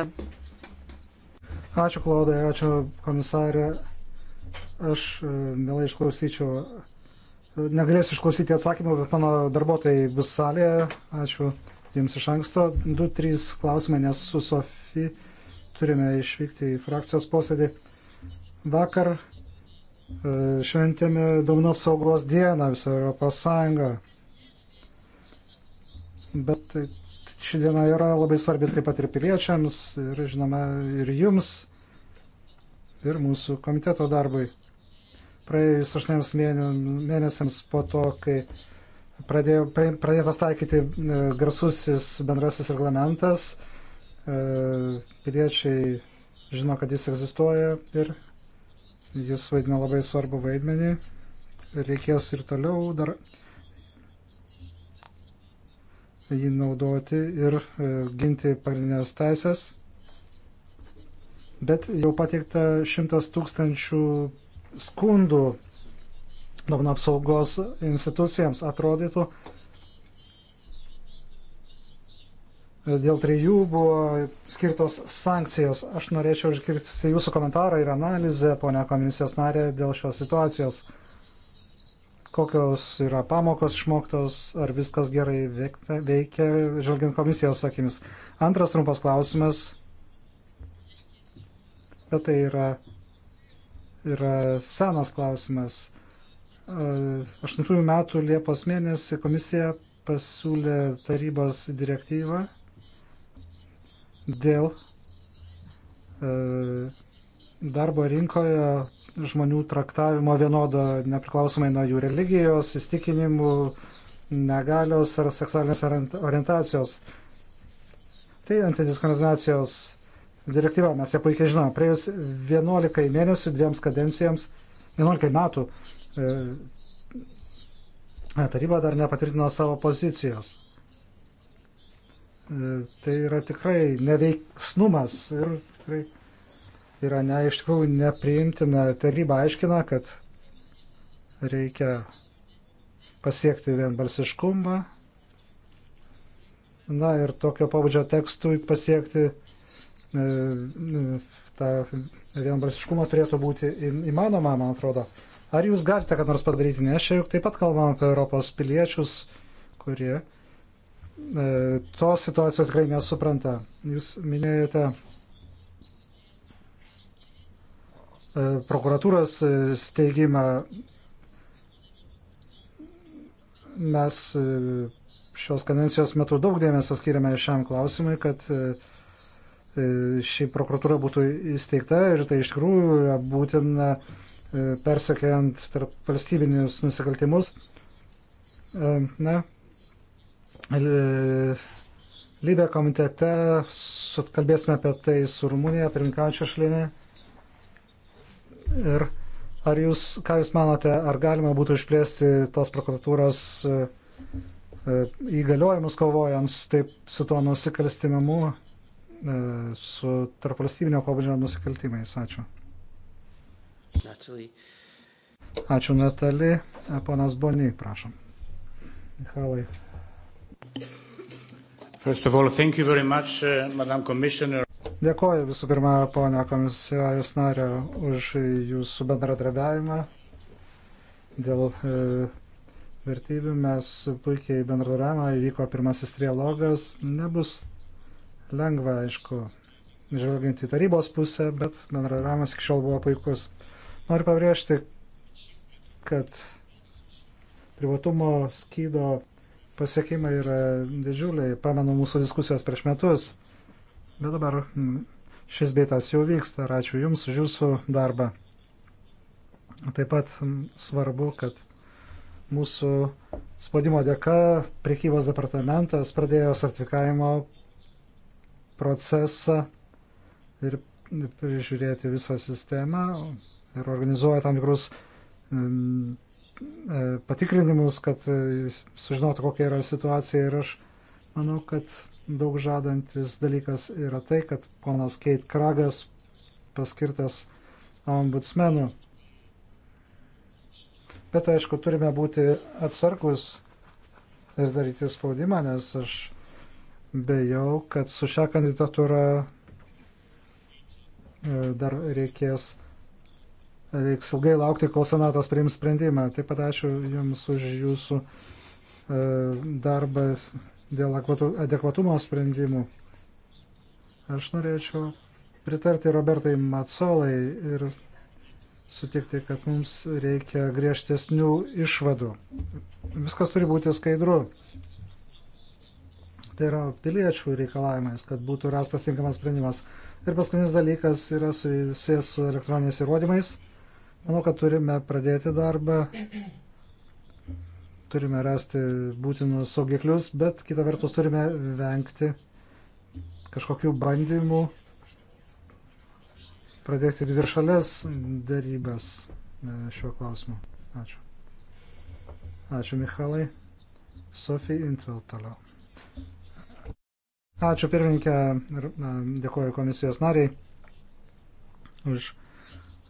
Ačiū, Klaudai, ačiū, komisarė. Aš uh, mielai išklausyčiau. Negalėsiu išklausyti atsakymų, bet mano darbuotojai bus salėje. Ačiū Jums iš anksto. Du, trys klausimai, nes su Sofija turime išvykti į frakcijos posėdį. Vakar e, šventėme duomenų apsaugos dieną visą Europos Sąjungą. Bet tai ši diena yra labai svarbi taip pat ir piliečiams, ir žinoma, ir jums, ir mūsų komiteto darbui. Praėjus aštuoniams mėnesiams po to, kai pradėjo, pradėtas taikyti e, garsusis bendrasis reglamentas, e, piliečiai žino, kad jis egzistuoja ir jis vaidina labai svarbu vaidmenį. Reikės ir toliau dar jį naudoti ir e, ginti pagrindinės teisės. Bet jau pateikta šimtas tūkstančių skundų duomenų apsaugos institucijams atrodytų, Dėl trijų buvo skirtos sankcijos. Aš norėčiau išgirsti jūsų komentarą ir analizę, ponia komisijos narė, dėl šios situacijos. Kokios yra pamokos išmoktos, ar viskas gerai veikia, žvelgiant komisijos akimis. Antras trumpas klausimas, bet tai yra, yra senas klausimas. 8 metų Liepos mėnesį komisija pasiūlė tarybos direktyvą dėl e, darbo rinkoje žmonių traktavimo vienodo nepriklausomai nuo jų religijos, įstikinimų, negalios ar seksualinės orientacijos. Tai antidiskriminacijos direktyva, mes ją puikiai žinome, praėjus 11 mėnesių, dviems kadencijoms, 11 metų e, taryba dar nepatvirtino savo pozicijos tai yra tikrai neveiksnumas ir tikrai yra ne, iš tikrųjų nepriimtina. Taryba aiškina, kad reikia pasiekti vienbalsiškumą. Na ir tokio pabudžio tekstų pasiekti e, e, tą vienbalsiškumą turėtų būti įmanoma, man atrodo. Ar jūs galite ką nors padaryti? Nes čia juk taip pat kalbam apie Europos piliečius, kurie uh, E, tos situacijos tikrai nesupranta. Jūs minėjote e, prokuratūros e, steigimą. Mes šios kadencijos metu daug dėmesio skiriame šiam klausimui, kad ši prokuratūra būtų įsteigta ir tai iš tikrųjų yra būtina persekiant tarp valstybinius nusikaltimus. Na, Lybė komitete kalbėsime apie tai su Rumunija, pirminkaujančia šalimi. Ir ar jūs, ką jūs manote, ar galima būtų išplėsti tos prokuratūros e, e, įgaliojimus kovojant taip su tuo nusikalstimimu, e, su tarpvalstybinio pobūdžio nusikaltimais? Ačiū. Natalie. Ačiū, Natali. Ponas Boni, prašom. Michalai. First of all, thank you very much, uh, Madam Commissioner. Dėkoju visų pirma, ponia komisijos nario, už jūsų bendradarbiavimą. Dėl e, vertybių mes puikiai bendradarbiavimą, įvyko pirmasis trialogas. Nebus lengva, aišku, žvelgiant į tarybos pusę, bet bendradarbiavimas iki šiol buvo puikus. Noriu pabrėžti, kad privatumo skydo pasiekimai yra didžiuliai. Pamenu mūsų diskusijos prieš metus, bet dabar mm, šis beitas jau vyksta ir ačiū Jums už Jūsų darbą. Taip pat mm, svarbu, kad mūsų spaudimo dėka priekybos departamentas pradėjo sertifikavimo procesą ir prižiūrėti visą sistemą ir organizuoja tam tikrus mm, E, patikrinimus, kad e, sužinotų, kokia yra situacija. Ir aš manau, kad daug žadantis dalykas yra tai, kad ponas Keit Kragas paskirtas ombudsmenu. Bet aišku, turime būti atsargus ir daryti spaudimą, nes aš bejau, kad su šią kandidatūrą e, dar reikės reiks ilgai laukti, kol senatas priims sprendimą. Taip pat ačiū Jums už Jūsų e, darbą dėl adekvatumo sprendimų. Aš norėčiau pritarti Robertai Matsolai ir sutikti, kad mums reikia griežtesnių išvadų. Viskas turi būti skaidru. Tai yra piliečių reikalavimais, kad būtų rastas tinkamas sprendimas. Ir paskutinis dalykas yra susijęs su elektroniniais įrodymais. Manau, kad turime pradėti darbą, turime rasti būtinus saugiklius, bet kitą vertus turime vengti kažkokių bandymų pradėti dviršalės darybas e, šiuo klausimu. Ačiū. Ačiū, Michalai. Sofija Intvel toliau. Ačiū pirmininkė ir na, dėkuoju komisijos nariai už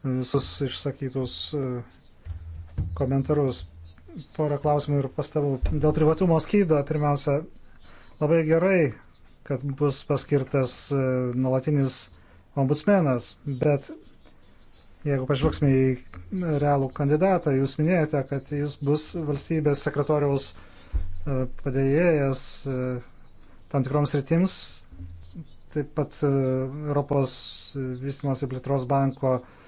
visus išsakytus e, komentarus. Porą klausimų ir pastabų. Dėl privatumo skydo, pirmiausia, labai gerai, kad bus paskirtas e, nuolatinis ombudsmenas, bet jeigu pažvelgsime į realų kandidatą, jūs minėjote, kad jis bus valstybės sekretoriaus e, padėjėjas tam tikroms rytims, taip pat Europos vystimosi plėtros banko uh,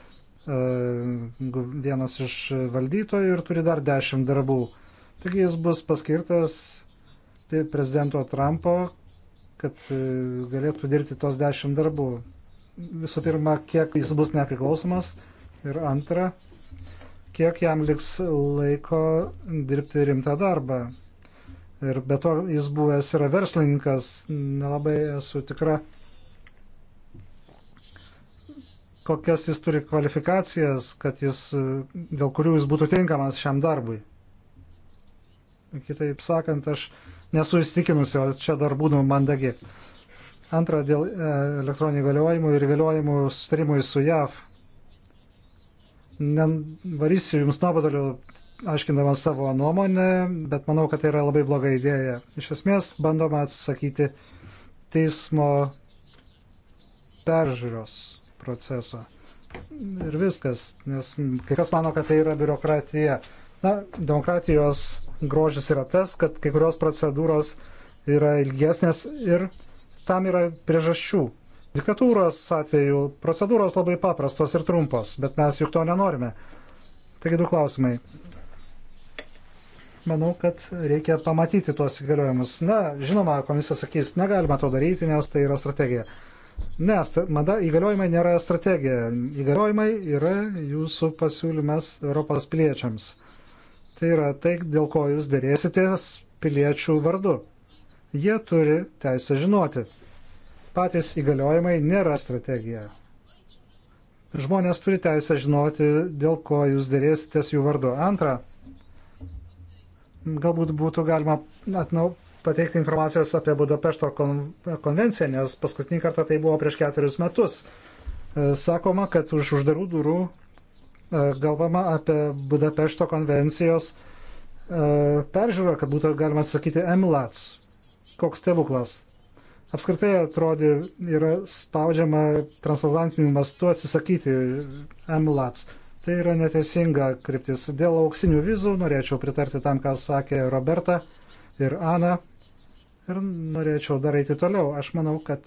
vienas iš valdytojų ir turi dar dešimt darbų. Taigi jis bus paskirtas prezidento Trumpo, kad e, galėtų dirbti tos dešimt darbų. Visų pirma, kiek jis bus nepriklausomas ir antra, kiek jam liks laiko dirbti rimtą darbą. Ir be to jis buvęs yra verslininkas, nelabai esu tikra, kokias jis turi kvalifikacijas, kad jis, dėl kurių jis būtų tinkamas šiam darbui. Kitaip sakant, aš nesu įstikinusi, o čia dar būnu mandagi. Antra, dėl e, elektroninių galiojimų ir galiojimų sustarimui su JAV. Nevarysiu jums nuobodalių, aiškindamas savo nuomonę, bet manau, kad tai yra labai bloga idėja. Iš esmės, bandoma atsisakyti teismo peržiūros proceso. Ir viskas, nes kai kas mano, kad tai yra biurokratija. Na, demokratijos grožis yra tas, kad kai kurios procedūros yra ilgesnės ir tam yra priežasčių. Diktatūros atveju procedūros labai paprastos ir trumpos, bet mes juk to nenorime. Taigi du klausimai. Manau, kad reikia pamatyti tuos įgaliojimus. Na, žinoma, komisija sakys, negalima to daryti, nes tai yra strategija. Nes mada įgaliojimai nėra strategija. Įgaliojimai yra jūsų pasiūlymas Europos piliečiams. Tai yra tai, dėl ko jūs dėrėsitės piliečių vardu. Jie turi teisę žinoti. Patys įgaliojimai nėra strategija. Žmonės turi teisę žinoti, dėl ko jūs dėrėsitės jų vardu. Antra, galbūt būtų galima atnau, pateikti informacijos apie Budapešto konvenciją, nes paskutinį kartą tai buvo prieš ketverius metus. E, sakoma, kad už uždarų durų e, galvama apie Budapešto konvencijos e, peržiūrą, kad būtų galima atsakyti MLATS. Koks stebuklas. Apskritai atrodė, yra spaudžiama transatlantiniu mastu atsisakyti MLATS. Tai yra neteisinga kryptis. Dėl auksinių vizų norėčiau pritarti tam, ką sakė Roberta ir Ana. Ir norėčiau dar eiti toliau. Aš manau, kad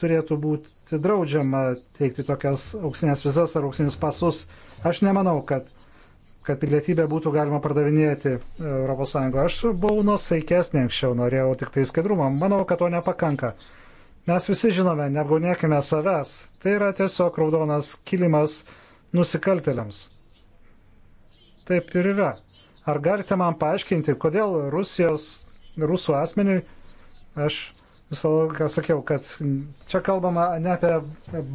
turėtų būti draudžiama teikti tokias auksinės vizas ar auksinius pasus. Aš nemanau, kad, kad pilietybę būtų galima pardavinėti ES. Aš buvau nusaikesnė anksčiau, norėjau tik tai skaidrumą. Manau, kad to nepakanka. Mes visi žinome, neapgaunėkime savęs. Tai yra tiesiog raudonas kilimas nusikaltėliams. Taip ir yra. Ar galite man paaiškinti, kodėl Rusijos, rusų asmeniui Aš visą laiką sakiau, kad čia kalbama ne apie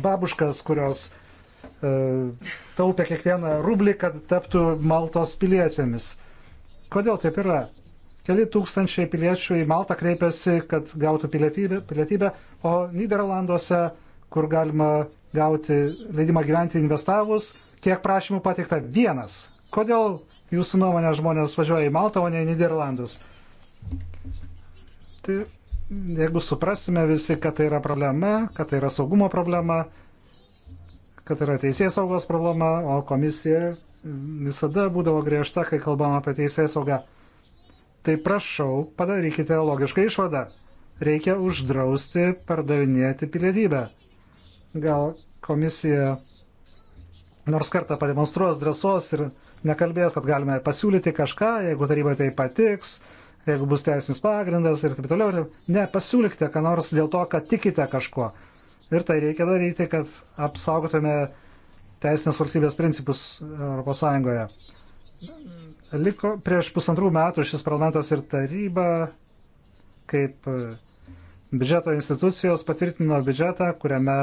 babuškas, kurios e, taupė kiekvieną rublį, kad taptų Maltos piliečiamis. Kodėl taip yra? Keli tūkstančiai piliečių į Maltą kreipiasi, kad gautų pilietybę, pilietybę o Niderlanduose, kur galima gauti leidimą gyventi investavus, kiek prašymų pateikta? Vienas. Kodėl jūsų nuomonė žmonės važiuoja į Maltą, o ne į Niderlandus? Tai jeigu suprasime visi, kad tai yra problema, kad tai yra saugumo problema, kad tai yra teisės saugos problema, o komisija visada būdavo griežta, kai kalbam apie teisės saugą, tai prašau, padarykite logišką išvadą. Reikia uždrausti pardavinėti pilietybę. Gal komisija nors kartą pademonstruos drąsos ir nekalbės, kad galime pasiūlyti kažką, jeigu taryba tai patiks, jeigu bus teisinis pagrindas ir taip toliau. Ne, pasiūlykite, ką nors dėl to, kad tikite kažkuo. Ir tai reikia daryti, kad apsaugotume teisinės valstybės principus ES. Liko prieš pusantrų metų šis parlamentas ir taryba kaip e, biudžeto institucijos patvirtino biudžetą, kuriame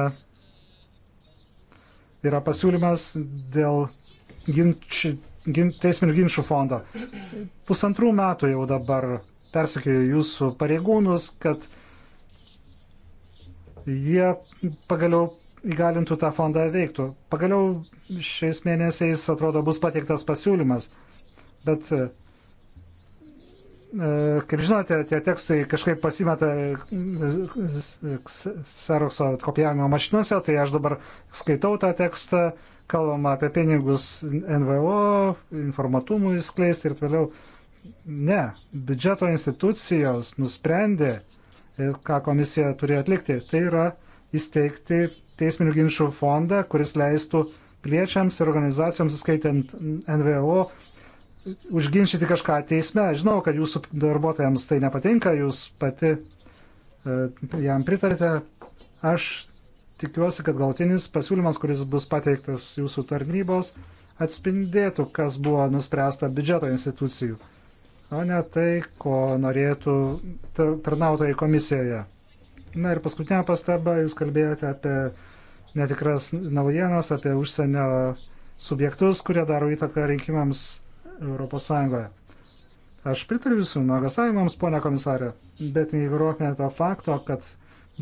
yra pasiūlymas dėl ginčių teisminių ginčių fondo. Pusantrų metų jau dabar persikėjau jūsų pareigūnus, kad jie pagaliau įgalintų tą fondą veiktų. Pagaliau šiais mėnesiais, atrodo, bus pateiktas pasiūlymas. Bet, kaip žinote, tie tekstai kažkaip pasimeta Xeroxo kopijavimo mašinose, tai aš dabar skaitau tą tekstą, kalbama apie pinigus NVO, informatumui skleisti ir toliau. Ne, biudžeto institucijos nusprendė, e, ką komisija turėjo atlikti. Tai yra įsteigti teisminių ginčių fondą, kuris leistų piliečiams ir organizacijoms, skaitant NVO, užginčyti kažką teisme. Žinau, kad jūsų darbuotojams tai nepatinka, jūs pati e, jam pritarėte. Aš tikiuosi, kad galtinis pasiūlymas, kuris bus pateiktas jūsų tarnybos, atspindėtų, kas buvo nuspręsta biudžeto institucijų, o ne tai, ko norėtų tarnautojai komisijoje. Na ir paskutinė pastaba, jūs kalbėjote apie netikras naujienas, apie užsienio subjektus, kurie daro įtaką rinkimams ES. Aš pritariu jūsų nuogastavimams, ponia komisarė, bet neįgruokime to fakto, kad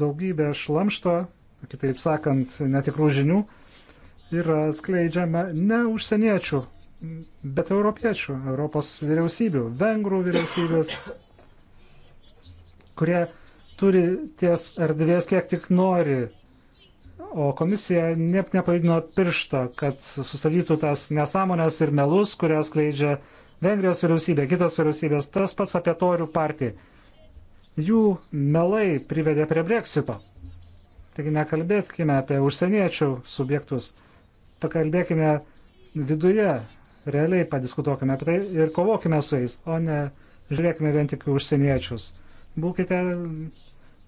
daugybė šlamšto kitaip sakant, netikrų žinių, yra skleidžiama ne užsieniečių, bet europiečių, Europos vyriausybių, vengrų vyriausybės, kurie turi ties erdvės kiek tik nori. O komisija ne, nepajudino piršto, kad sustabdytų tas nesąmonės ir melus, kurias skleidžia Vengrijos vyriausybė, kitos vyriausybės, tas pats apie torių partiją. Jų melai privedė prie breksito. Taigi nekalbėkime apie užsieniečių subjektus, pakalbėkime viduje, realiai padiskutuokime apie tai ir kovokime su jais, o ne žiūrėkime vien tik užsieniečius. Būkite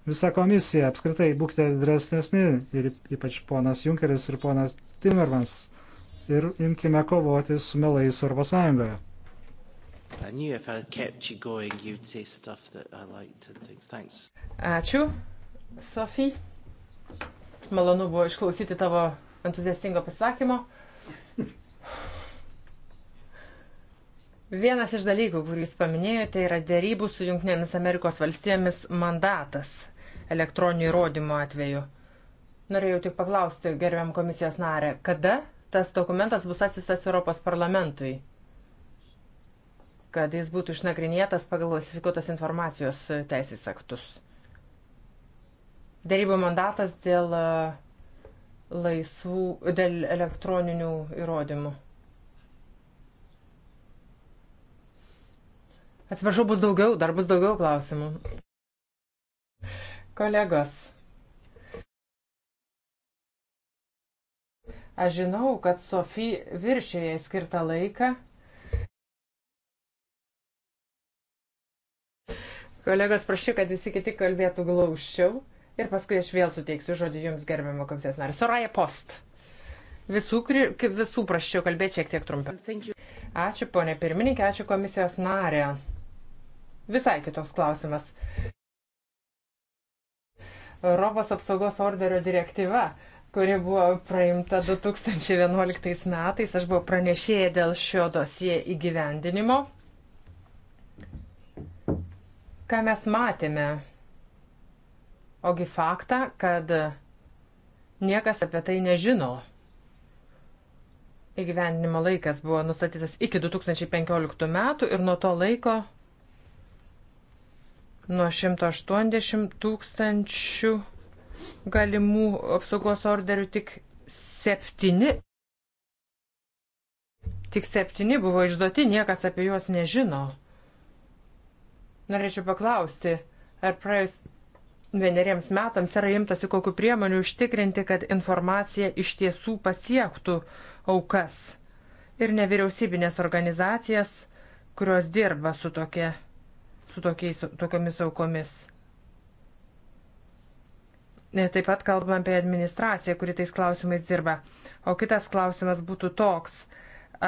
visą komisiją, apskritai būkite drąsnesni ir ypač ponas Junkeris ir ponas Timmermansas ir imkime kovoti su melais Europos Sąjungoje. Ačiū, Sofija. Malonu buvo išklausyti tavo entuziastingo pasakymo. Vienas iš dalykų, kurį jūs paminėjote, yra dėrybų su Junktinėmis Amerikos valstijomis mandatas elektroninių įrodymų atveju. Norėjau tik paklausti, gerbiam komisijos narė, kada tas dokumentas bus atsiustas Europos parlamentui, kad jis būtų išnagrinėtas pagal klasifikuotos informacijos teisės aktus. Dėrybo mandatas dėl e, laisvų, dėl elektroninių įrodymų. Atsiprašau, bus daugiau, dar bus daugiau klausimų. Kolegos. Aš žinau, kad Sofija viršėje skirtą laiką. Kolegos, prašau, kad visi kiti kalbėtų glaušiau. Ir paskui aš vėl suteiksiu žodį jums gerbiamo komisijos narį. Soraja Post. Visų, visų praščiau kalbėti šiek tiek trumpiau. Ačiū, ponė pirmininkė, ačiū komisijos narė. Visai kitoks klausimas. Europos apsaugos orderio direktyva, kuri buvo praimta 2011 metais, aš buvau pranešėję dėl šio dosie įgyvendinimo. Ką mes matėme? ogi faktą, kad niekas apie tai nežino. Įgyvendinimo laikas buvo nustatytas iki 2015 metų ir nuo to laiko nuo 180 tūkstančių galimų apsaugos orderių tik septyni. Tik septyni buvo išduoti, niekas apie juos nežino. Norėčiau paklausti, ar praėjus vieneriems metams yra imtasi kokiu priemoniu užtikrinti, kad informacija iš tiesų pasiektų aukas ir nevyriausybinės organizacijas, kurios dirba su, tokie, su tokiais, tokiamis aukomis. Taip pat kalbam apie administraciją, kuri tais klausimais dirba. O kitas klausimas būtų toks,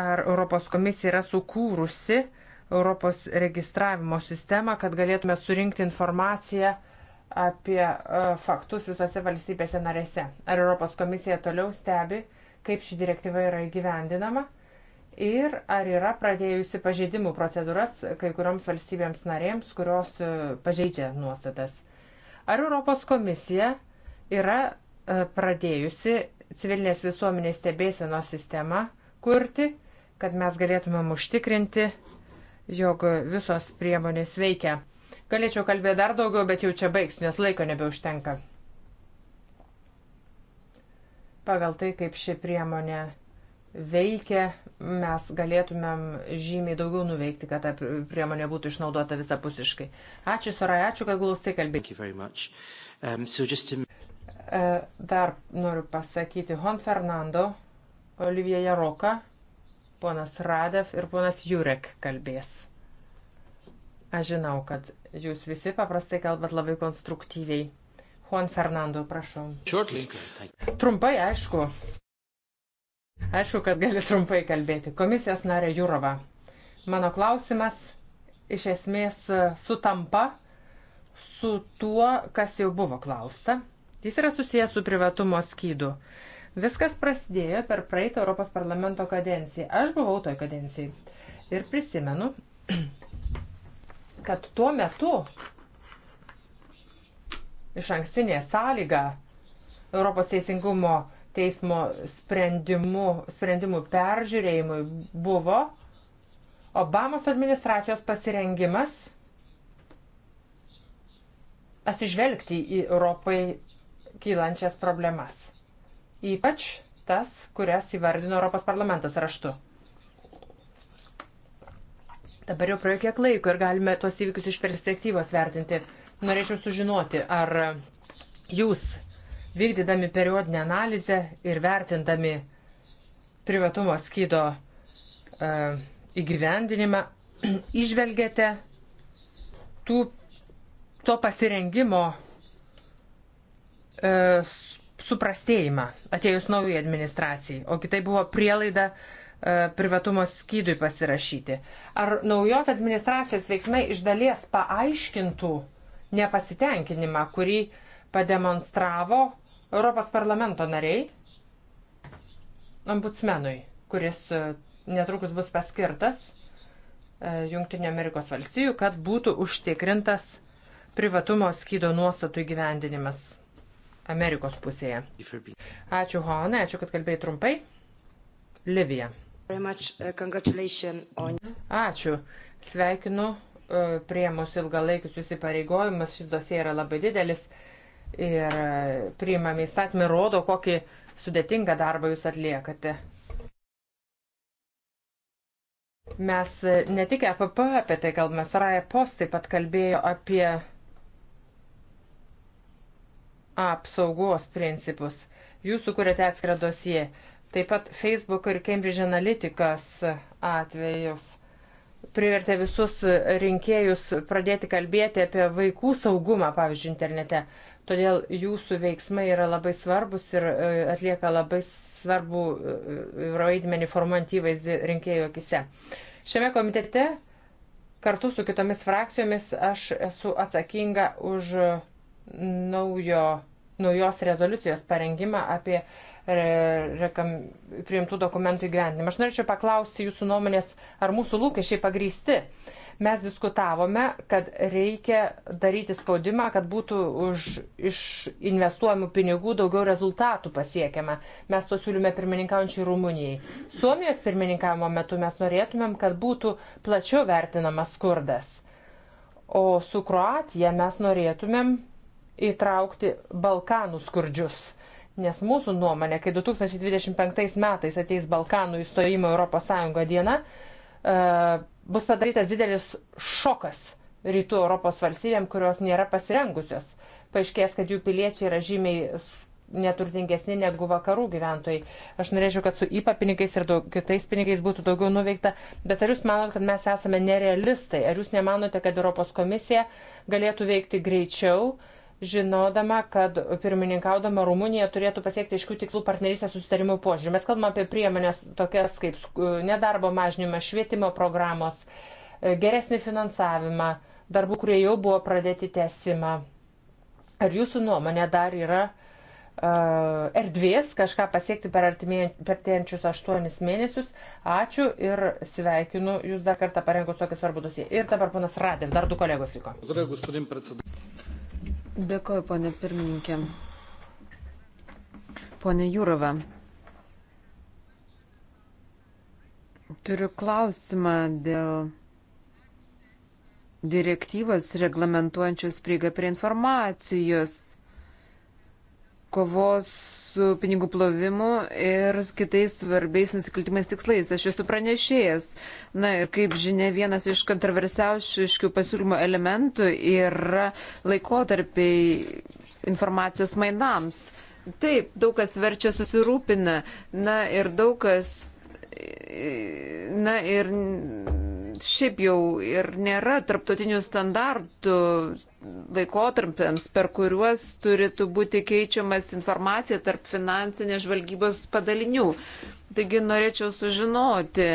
ar Europos komisija yra sukūrusi Europos registravimo sistemą, kad galėtume surinkti informaciją, uh, apie e, faktus visose valstybėse narėse. Ar Europos komisija toliau stebi, kaip ši direktyva yra įgyvendinama ir ar yra pradėjusi pažeidimų procedūras kai kurioms valstybėms narėms, kurios e, pažeidžia nuostatas. Ar Europos komisija yra e, pradėjusi civilinės visuomenės stebėsenos sistemą kurti, kad mes galėtumėm užtikrinti, jog visos priemonės veikia. Galėčiau kalbėti dar daugiau, bet jau čia baigsiu, nes laiko nebeužtenka. Pagal tai, kaip ši priemonė veikia, mes galėtumėm žymiai daugiau nuveikti, kad ta priemonė būtų išnaudota visapusiškai. Ačiū, Sorai, ačiū, kad glaustai kalbėjai. Um, so to... E, dar noriu pasakyti, Hon Fernando, Olivija Jaroka, ponas Radev ir ponas Jurek kalbės. Aš žinau, kad Jūs visi paprastai kalbat labai konstruktyviai. Juan Fernando, prašau. Shortly. Trumpai, aišku. Aišku, kad gali trumpai kalbėti. Komisijos narė Jurova. Mano klausimas iš esmės e, sutampa su tuo, kas jau buvo klausta. Jis yra susijęs su privatumo skydu. Viskas prasidėjo per praeitą Europos parlamento kadenciją. Aš buvau toj kadencijai. Ir prisimenu, kad tuo metu iš ankstinė sąlyga Europos teisingumo teismo sprendimu, sprendimų peržiūrėjimui buvo Obamos administracijos pasirengimas atsižvelgti į Europai kylančias problemas. Ypač tas, kurias įvardino Europos parlamentas raštu. Dabar jau praėjo kiek laiko ir galime tuos įvykius iš perspektyvos vertinti. Norėčiau sužinoti, ar jūs, vykdydami periodinę analizę ir vertindami privatumo skydo e, įgyvendinimą, išvelgėte tų, to pasirengimo e, suprastėjimą atėjus naujai administracijai, o kitai buvo prielaida e, E, privatumo skydui pasirašyti. Ar naujos administracijos veiksmai iš dalies paaiškintų nepasitenkinimą, kurį pademonstravo Europos parlamento nariai ombudsmenui, kuris e, netrukus bus paskirtas e, Junktinio Amerikos valstijų, kad būtų užtikrintas privatumo skydo nuostatų įgyvendinimas Amerikos pusėje. Ačiū, Honai, ačiū, kad kalbėjai trumpai. Livija. Uh, Ačiū. Sveikinu uh, priemus ilgalaikius įsipareigojimus. Šis dosie yra labai didelis ir uh, priimami įstatymai rodo, kokį sudėtingą darbą jūs atliekate. Mes ne tik EPP apie tai kalbame, Saraja Post taip pat kalbėjo apie apsaugos principus. Jūs sukūrėte atskirą dosiją. Taip pat Facebook ir Cambridge Analyticas atvejus privertė visus rinkėjus pradėti kalbėti apie vaikų saugumą, pavyzdžiui, internete. Todėl jūsų veiksmai yra labai svarbus ir e, atlieka labai svarbu e, vaidmenį formuojant įvaizdį rinkėjų akise. Šiame komitete kartu su kitomis frakcijomis aš esu atsakinga už naujo, naujos rezoliucijos parengimą apie uh, rekam, priimtų dokumentų įgyvendinimą. Aš norėčiau paklausti jūsų nuomonės, ar mūsų lūkesčiai pagrysti. Mes diskutavome, kad reikia daryti spaudimą, kad būtų už, iš investuojamų pinigų daugiau rezultatų pasiekiama. Mes to siūlyme pirmininkaujančiai Rumunijai. Suomijos pirmininkavimo metu mes norėtumėm, kad būtų plačiau vertinamas skurdas. O su Kroatija mes norėtumėm įtraukti Balkanų skurdžius Nes mūsų nuomonė, kai 2025 metais ateis Balkanų įstojimo Europos Sąjungo diena, e, bus padarytas didelis šokas rytų Europos valstybėm, kurios nėra pasirengusios. Paaiškės, kad jų piliečiai yra žymiai neturtingesni negu vakarų gyventojai. Aš norėčiau, kad su IPA pinigais ir daug, kitais pinigais būtų daugiau nuveikta, bet ar jūs manote, kad mes esame nerealistai? Ar jūs nemanote, kad Europos komisija galėtų veikti greičiau? Uh, žinodama, kad pirmininkaudama Rumunija turėtų pasiekti iškių tikslų partnerystės susitarimų požiūrį. Mes kalbame apie priemonės tokias kaip nedarbo mažinimas, švietimo programos, e, geresnį finansavimą, darbų, kurie jau buvo pradėti tesimą. Ar jūsų nuomonė dar yra uh, erdvės kažką pasiekti per artėjančius aštuonis mėnesius. Ačiū ir sveikinu Jūs dar kartą parengus tokį svarbų dosiją. Ir dabar panas Radėv, dar du kolegos liko. Dėkoju, ponė pirmininkė. Pone Jūrova, turiu klausimą dėl direktyvos reglamentuojančios prieigą prie informacijos kovos su pinigų plovimu ir kitais svarbiais nusikaltimais tikslais. Aš esu pranešėjas. Na ir kaip žinia, vienas iš kontroversiausių pasiūlymo elementų yra laikotarpiai informacijos mainams. Taip, daug kas verčia susirūpina. Na ir daug kas Na ir šiaip jau ir nėra tarptautinių standartų laikotarpiams, per kuriuos turėtų būti keičiamas informacija tarp finansinės žvalgybos padalinių. Taigi norėčiau sužinoti,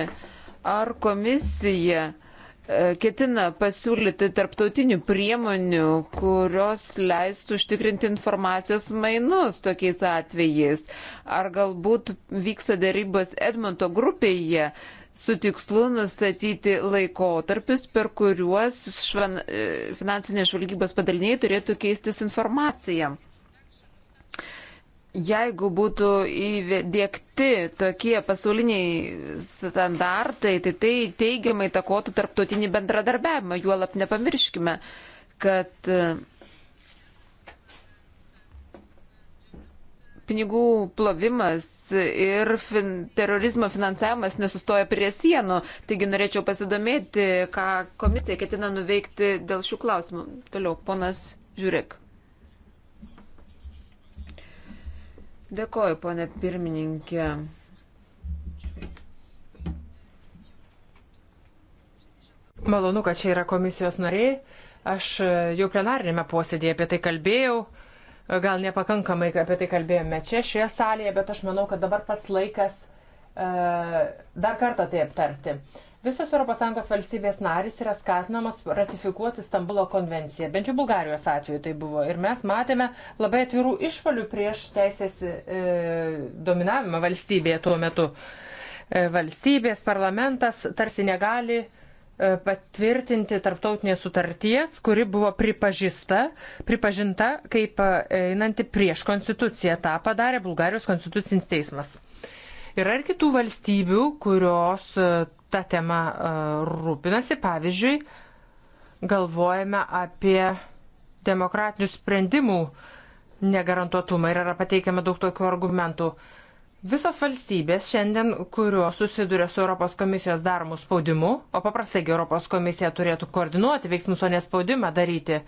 ar komisija uh, E, ketina pasiūlyti tarptautinių priemonių, kurios leistų užtikrinti informacijos mainus tokiais atvejais. Ar galbūt vyksta darybos Edmonto grupėje su tikslu nustatyti laikotarpius, per kuriuos švan, e, finansinės žvalgybos padaliniai turėtų keistis informacijam. Jeigu būtų įdėkti tokie pasauliniai standartai, tai tai teigiamai takotų tarptautinį bendradarbiavimą. Juolap nepamirškime, kad e, pinigų plovimas ir fin, terorizmo finansavimas nesustoja prie sienų. Taigi norėčiau pasidomėti, ką komisija ketina nuveikti dėl šių klausimų. Toliau, ponas Žiūrėk. Dėkoju, ponė pirmininkė. Malonu, kad čia yra komisijos nariai. Aš jau plenarinėme posėdėje apie tai kalbėjau. Gal nepakankamai apie tai kalbėjome čia, šioje salėje, bet aš manau, kad dabar pats laikas uh, dar kartą tai aptarti. Uh, Visos ES valstybės narys yra skatinamos ratifikuoti Stambulo konvenciją. Bent jau Bulgarijos atveju tai buvo. Ir mes matėme labai atvirų išpolių prieš teisės e, dominavimą valstybėje tuo metu. E, valstybės parlamentas tarsi negali e, patvirtinti tarptautinės sutarties, kuri buvo pripažįsta, pripažinta kaip e, einanti prieš konstituciją. Ta padarė Bulgarijos konstitucinis teismas. Yra ir kitų valstybių, kurios e, tą temą e, rūpinasi. Pavyzdžiui, galvojame apie demokratinių sprendimų negarantuotumą ir yra pateikiama daug tokių argumentų. Visos valstybės šiandien, kurios susiduria su Europos komisijos daromu spaudimu, o paprastai Europos komisija turėtų koordinuoti veiksmus, o nespaudimą daryti,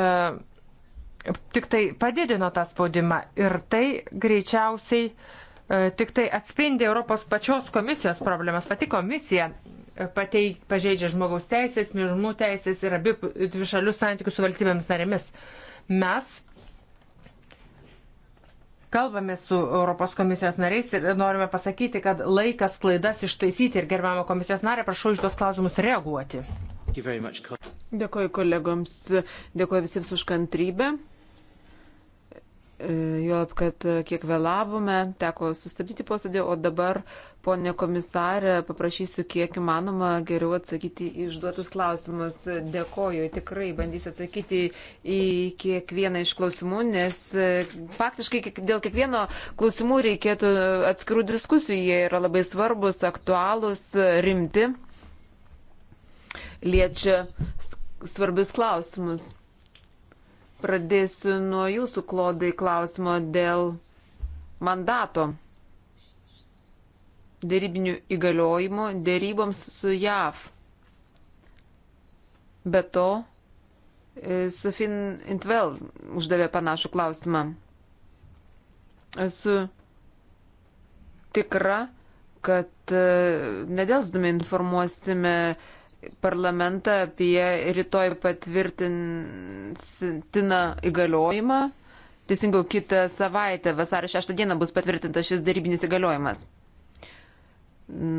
e, tik tai padidino tą spaudimą ir tai greičiausiai e, E, tik tai atspindi Europos pačios komisijos problemas. Pati komisija e, patei, pažeidžia žmogaus teisės, mižmų teisės ir abi dvišalius santykius su valstybėmis narėmis. Mes kalbame su Europos komisijos nariais ir norime pasakyti, kad laikas klaidas ištaisyti ir gerbiamo komisijos narė, prašau iš tuos klausimus reaguoti. Dėkuoju kolegoms, dėkuoju visiems už kantrybę. Juolab, kad e, kiek vėlavome, teko sustabdyti posėdį, o dabar, ponė komisarė, paprašysiu kiek įmanoma geriau atsakyti į išduotus klausimus. Dėkoju, tikrai bandysiu atsakyti į kiekvieną iš klausimų, nes e, faktiškai dėl kiekvieno klausimų reikėtų atskirų diskusijų, jie yra labai svarbus, aktualūs, rimti, liečia svarbius klausimus. Pradėsiu nuo jūsų, Klodai, klausimo dėl mandato dėrybinių įgaliojimų dėryboms su JAV. Be to, e, Sufin Intvel uždavė panašų klausimą. Esu tikra, kad e, nedelsdami informuosime uh, parlamentą apie rytoj patvirtintiną įgaliojimą. Teisingiau, kitą savaitę, vasario 6 dieną bus patvirtintas šis darybinis įgaliojimas.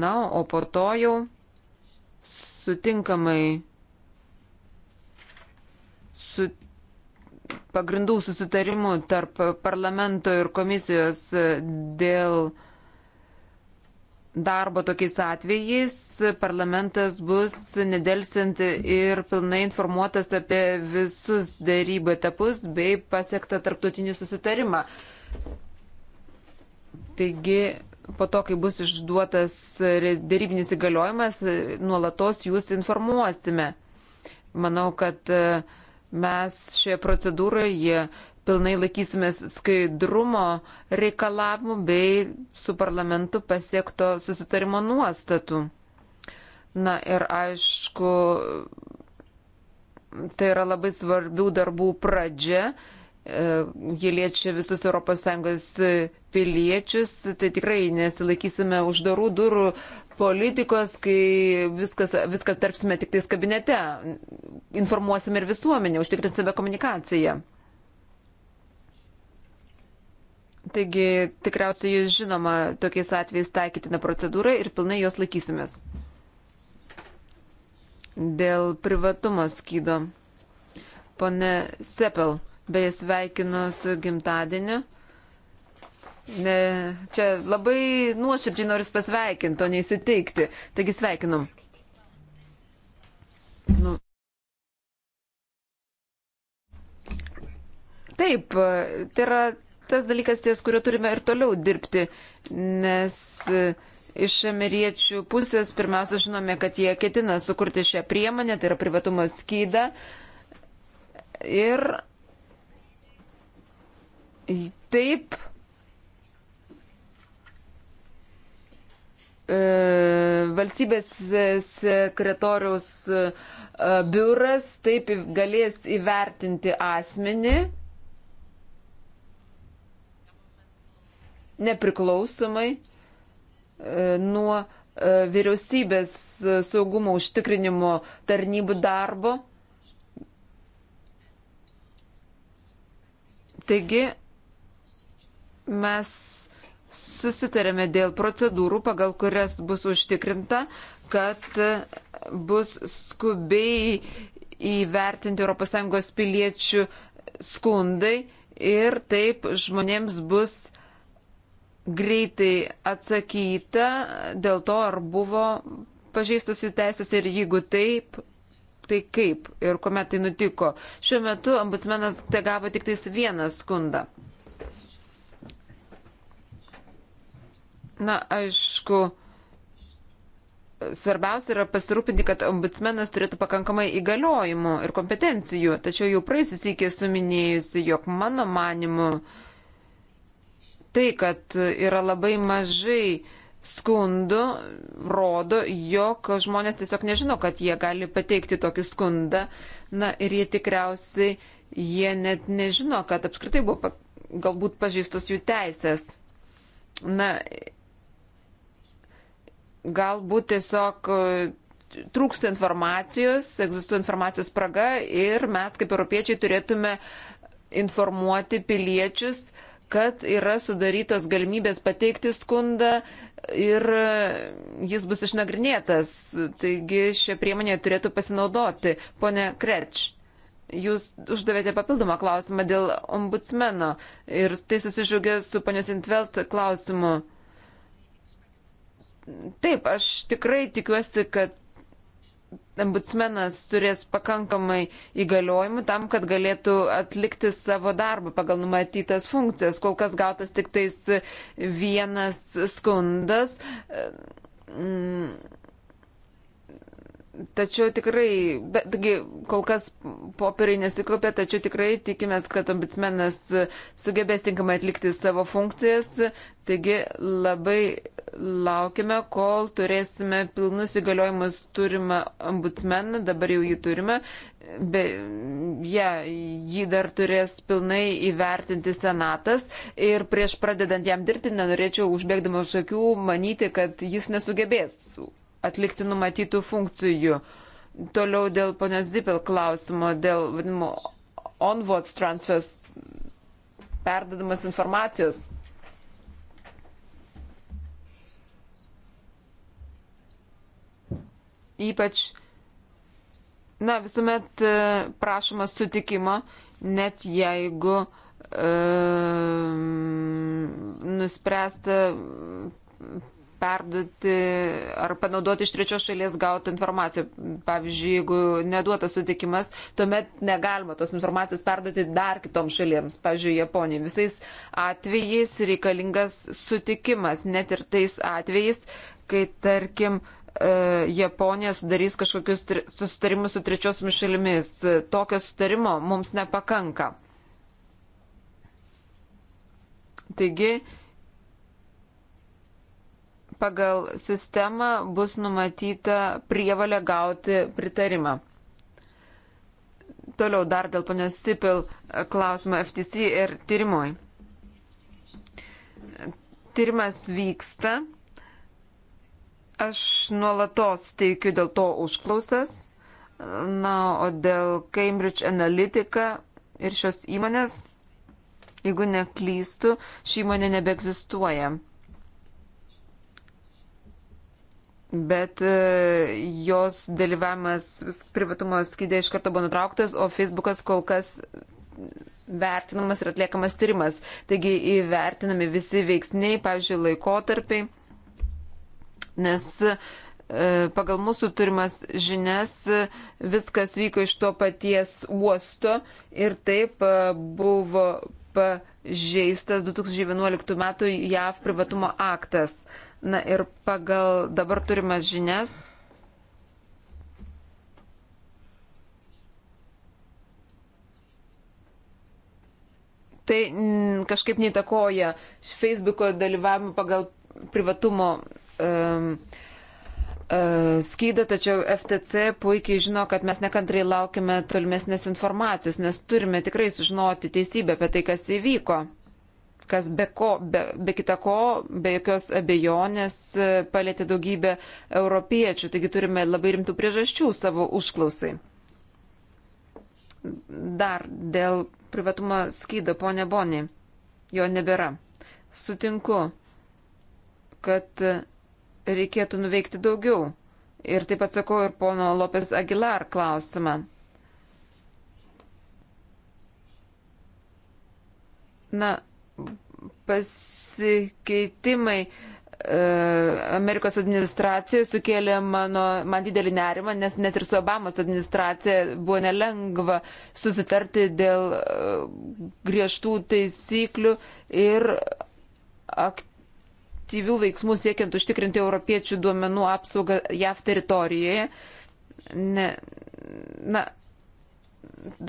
Na, o po to jau sutinkamai su pagrindų susitarimu tarp parlamento ir komisijos dėl uh, darbo tokiais atvejais parlamentas bus nedelsint ir pilnai informuotas apie visus dėrybų etapus bei pasiektą tarptautinį susitarimą. Taigi, po to, kai bus išduotas dėrybinis įgaliojimas, nuolatos jūs informuosime. Manau, kad e, mes šioje procedūroje pilnai laikysimės skaidrumo reikalavimų bei su parlamentu pasiekto susitarimo nuostatų. Na ir aišku, tai yra labai svarbių darbų pradžia. E, jie liečia visus ES piliečius. Tai tikrai nesilaikysime uždarų durų politikos, kai viskas, viską tarpsime tik tais kabinete. Informuosime ir visuomenę, užtikrinsime komunikaciją. Taigi tikriausiai jūs žinoma tokiais atvejais taikytina procedūra ir pilnai jos laikysimės. Dėl privatumo skydo. Pone Sepel, beje sveikinu su gimtadieniu. Ne, čia labai nuoširdžiai noris pasveikinti, o neįsiteikti. Taigi sveikinam. Nu. Taip, tai yra tas dalykas, ties kurio turime ir toliau dirbti, nes e, iš ameriečių pusės pirmiausia žinome, kad jie ketina sukurti šią priemonę, tai yra privatumo skydą. Ir taip. E, valstybės sekretoriaus e, biuras taip galės įvertinti asmenį nepriklausomai e, nuo e, vyriausybės e, saugumo užtikrinimo tarnybų darbo. Taigi mes susitarėme dėl procedūrų, pagal kurias bus užtikrinta, kad bus skubiai įvertinti ES piliečių skundai ir taip žmonėms bus greitai atsakyta dėl to, ar buvo pažeistos jų teisės ir jeigu taip, tai kaip ir kuomet tai nutiko. Šiuo metu ombudsmenas te gavo tik tais vieną skundą. Na, aišku, svarbiausia yra pasirūpinti, kad ombudsmenas turėtų pakankamai įgaliojimų ir kompetencijų, tačiau jau praeisį sėkė suminėjusi, jog mano manimu, uh, tai, kad yra labai mažai skundų, rodo, jog žmonės tiesiog nežino, kad jie gali pateikti tokį skundą. Na ir jie tikriausiai, jie net nežino, kad apskritai buvo galbūt pažįstos jų teisės. Na, galbūt tiesiog e, trūksta informacijos, egzistuoja informacijos spraga ir mes kaip europiečiai turėtume informuoti piliečius, uh, kad yra sudarytos galimybės pateikti skundą ir jis bus išnagrinėtas. Taigi šią priemonę turėtų pasinaudoti. Pone Kreč, jūs uždavėte papildomą klausimą dėl ombudsmeno ir tai susižūgė su ponios Intvelt klausimu. Taip, aš tikrai tikiuosi, kad ombudsmenas turės pakankamai įgaliojimų tam, kad galėtų atlikti savo darbą pagal numatytas funkcijas. Kol kas gautas tik tais vienas skundas. Mm Tačiau tikrai, taigi kol kas popieriai nesikopė, tačiau tikrai tikimės, kad ombudsmenas sugebės tinkamai atlikti savo funkcijas. Taigi labai laukime, kol turėsime pilnus įgaliojimus turimą ombudsmeną, dabar jau jį turime, be, ja, jį dar turės pilnai įvertinti senatas ir prieš pradedant jam dirbti nenorėčiau užbėgdama už akių manyti, kad jis nesugebės atlikti numatytų funkcijų. Toliau dėl ponios Zipel klausimo, dėl vadinimo onwards transfers perdadamas informacijos. Ypač, na, visuomet e, prašoma sutikimo, net jeigu e, nuspręsta perduoti ar panaudoti iš trečios šalies gautą informaciją. Pavyzdžiui, jeigu neduotas sutikimas, tuomet negalima tos informacijos perduoti dar kitoms šalims, pavyzdžiui, Japonijai. Visais atvejais reikalingas sutikimas, net ir tais atvejais, kai tarkim, e, Japonija sudarys kažkokius susitarimus su trečiosiomis šalimis. Tokio susitarimo mums nepakanka. Taigi, pagal sistemą bus numatyta prievalė gauti pritarimą. Toliau dar dėl ponios Sipil klausimo FTC ir tyrimui. Tyrimas vyksta. Aš nuolatos teikiu dėl to užklausas. Na, o dėl Cambridge Analytica ir šios įmonės, jeigu neklystu, ši įmonė nebeegzistuoja. bet e, jos dalyvavimas privatumo skydė iš karto buvo nutrauktas, o Facebookas kol kas vertinamas ir atliekamas tyrimas. Taigi įvertinami visi veiksniai, pavyzdžiui, laikotarpiai, nes e, pagal mūsų turimas žinias e, viskas vyko iš to paties uosto ir taip buvo pažeistas 2011 m. JAV privatumo aktas. Na ir pagal dabar turimas žinias. Tai m, mm, kažkaip neįtakoja Facebook'o dalyvavimą pagal privatumo um, e, E, skydą, tačiau FTC puikiai žino, kad mes nekantrai laukime tolimesnės informacijos, nes turime tikrai sužinoti teisybę apie tai, kas įvyko, kas be, ko, be, be kita ko, be jokios abejonės e, palėtė daugybę europiečių, taigi turime labai rimtų priežasčių savo užklausai. Dar dėl privatumo skydo, ponė Boni, jo nebėra. Sutinku, kad reikėtų nuveikti daugiau. Ir taip atsakau ir pono Lopes Aguilar klausimą. Na, pasikeitimai e, Amerikos administracijoje sukėlė mano, man didelį nerimą, nes net ir su Obamos administracija buvo nelengva susitarti dėl e, griežtų taisyklių ir aktyvių aktyvių veiksmų siekiant užtikrinti europiečių duomenų apsaugą JAV teritorijoje. Ne, na,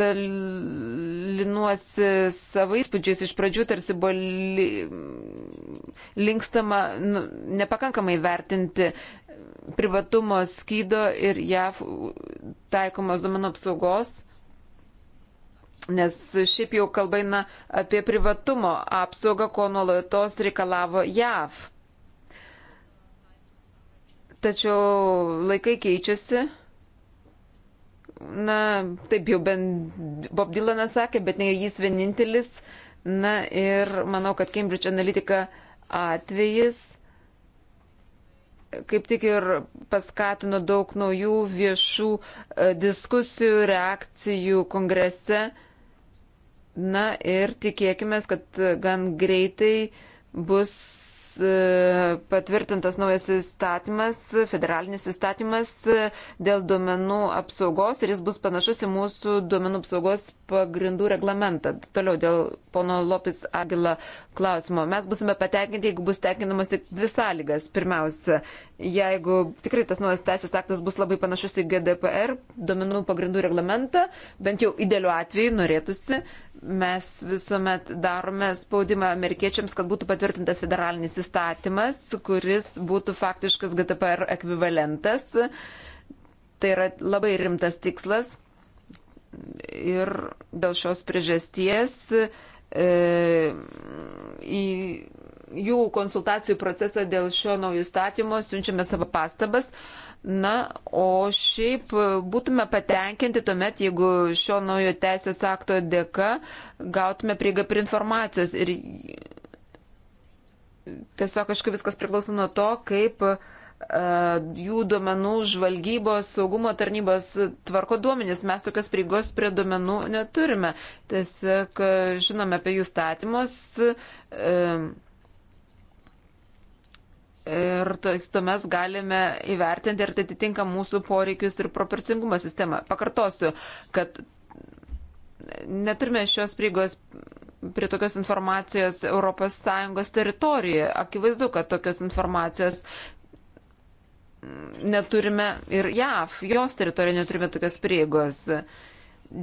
dalinuosi savo įspūdžiais iš pradžių, tarsi buvo li, linkstama nu, nepakankamai vertinti privatumo skydo ir JAV taikomos duomenų apsaugos Nes šiaip jau kalba eina apie privatumo apsaugą, ko nuolatos reikalavo JAV. Tačiau laikai keičiasi. Na, taip jau bent Bob Dylanas sakė, bet ne jis vienintelis. Na ir manau, kad Cambridge Analytica atvejis kaip tik ir paskatino daug naujų viešų e, diskusijų, reakcijų kongrese. Na ir tikėkime, kad gan greitai bus e, patvirtintas naujas įstatymas, federalinis įstatymas e, dėl duomenų apsaugos ir jis bus panašus į mūsų duomenų apsaugos pagrindų reglamentą. Toliau dėl pono Lopis Agila klausimo. Mes busime patenkinti, jeigu bus tenkinamas tik dvi sąlygas. Pirmiausia, jeigu tikrai tas naujas teisės aktas bus labai panašus į GDPR, duomenų pagrindų reglamentą, bent jau idealiu atveju norėtųsi mes visuomet darome spaudimą amerikiečiams, kad būtų patvirtintas federalinis įstatymas, kuris būtų faktiškas GDPR ekvivalentas. Tai yra labai rimtas tikslas. Ir dėl šios priežasties e, į jų konsultacijų procesą dėl šio naujo įstatymo siunčiame savo pastabas. E, Na, o šiaip būtume patenkinti tuomet, jeigu šio naujo teisės akto dėka gautume prieigą prie informacijos. Ir tiesiog kažkaip viskas priklauso nuo to, kaip uh, jų duomenų žvalgybos saugumo tarnybos tvarko duomenys. Mes tokios prieigos prie duomenų neturime. Tiesiog e, žinome apie jų statymus. Uh, Ir tuomet galime įvertinti, ar tai atitinka mūsų poreikius ir proporcingumo sistemą. Pakartosiu, kad neturime šios prieigos prie tokios informacijos ES teritorijoje. Akivaizdu, kad tokios informacijos neturime ir JAV, jos teritorijoje neturime tokios prieigos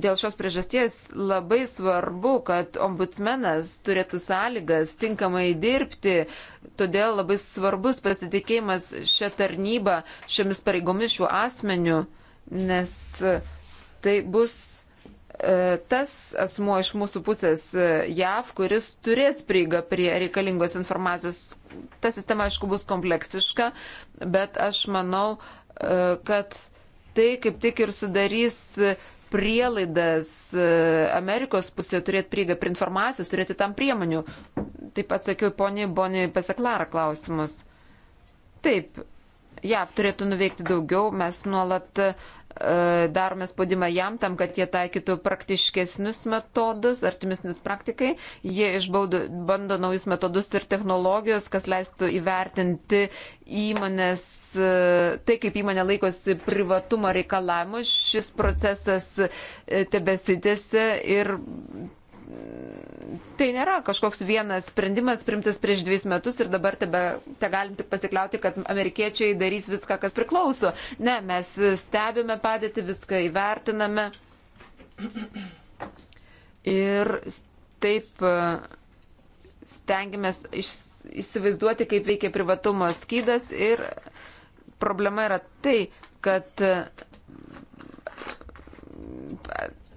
dėl šios priežasties labai svarbu, kad ombudsmenas turėtų sąlygas tinkamai dirbti, todėl labai svarbus pasitikėjimas šią tarnybą, šiomis pareigomis, šiuo asmeniu, nes tai bus e, tas asmuo iš mūsų pusės e, JAV, kuris turės prieigą prie reikalingos informacijos. Ta sistema, aišku, bus kompleksiška, bet aš manau, e, kad tai kaip tik ir sudarys prielaidas e, Amerikos pusė turėti prieigą prie informacijos, turėti tam priemonių. Taip atsakiau poniai Boniai Peseklara klausimus. Taip, JAV turėtų nuveikti daugiau, mes nuolat E, darome spaudimą jam tam, kad jie taikytų praktiškesnius metodus, artimesnius praktikai. Jie išbaudo, bando naujus metodus ir technologijos, kas leistų įvertinti įmonės, e, tai kaip įmonė laikosi privatumo reikalavimus. Šis procesas e, tebesitėsi ir tai nėra kažkoks vienas sprendimas primtas prieš dviejus metus ir dabar tebe, te galim tik pasikliauti, kad amerikiečiai darys viską, kas priklauso. Ne, mes stebime padėtį, viską įvertiname. Ir taip e, stengiamės įsivaizduoti, kaip veikia privatumo skydas ir problema yra tai, kad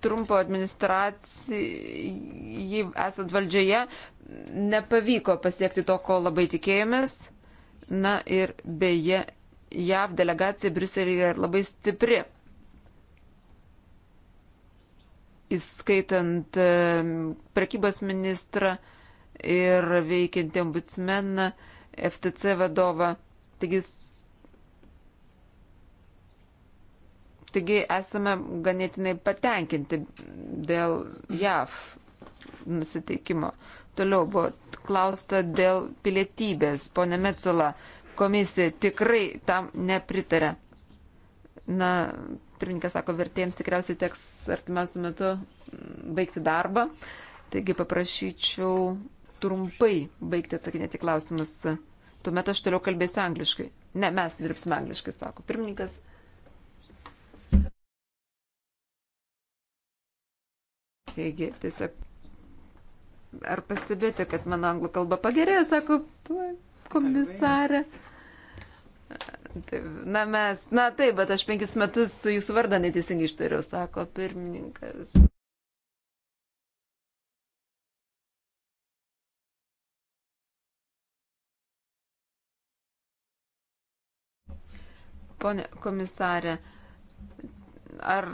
trumpo administracijai esant valdžioje nepavyko pasiekti to, ko labai tikėjomės. Na ir beje, JAV delegacija Briuselėje yra labai stipri. Įskaitant e, prekybos ministrą ir veikiantį ombudsmeną, FTC vadovą. Taigi Taigi esame ganėtinai patenkinti dėl JAV nusiteikimo. Toliau buvo klausta dėl pilietybės. Pone Metsula, komisija tikrai tam nepritarė. Na, pirmininkas sako, vertėjams tikriausiai teks artimiausiu metu baigti darbą. Taigi paprašyčiau trumpai baigti atsakinėti klausimus. Tuomet aš toliau kalbėsiu angliškai. Ne, mes dirbsime angliškai, sako pirmininkas. Taigi, tiesiog, ar pastebėjote, kad mano anglų kalba pagerėjo, sako komisarė. Na, mes, na taip, bet aš penkis metus jūsų vardą neteisingai ištariu, sako pirmininkas. Pone komisarė, ar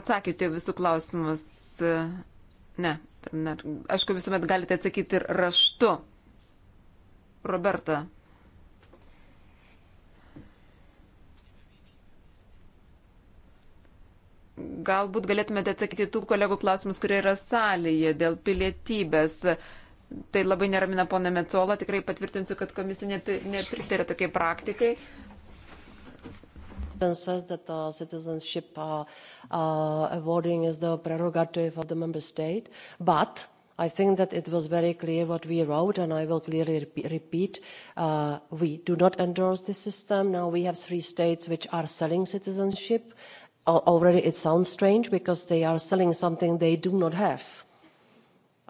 atsakėte visų klausimus? E, ne, ne. Aišku, visuomet galite atsakyti ir raštu. Roberta. Galbūt galėtumėte atsakyti tų kolegų klausimus, kurie yra salėje dėl pilietybės. Tai labai neramina pona Metzola, tikrai patvirtinsiu, kad komisija nepritarė tokiai praktikai competences that citizenship uh, uh, awarding is the prerogative of the member state but i think that it was very clear what we wrote and i will clearly repeat uh, we do not endorse this system. now we have three states which are selling citizenship. already it sounds strange because they are selling something they do not have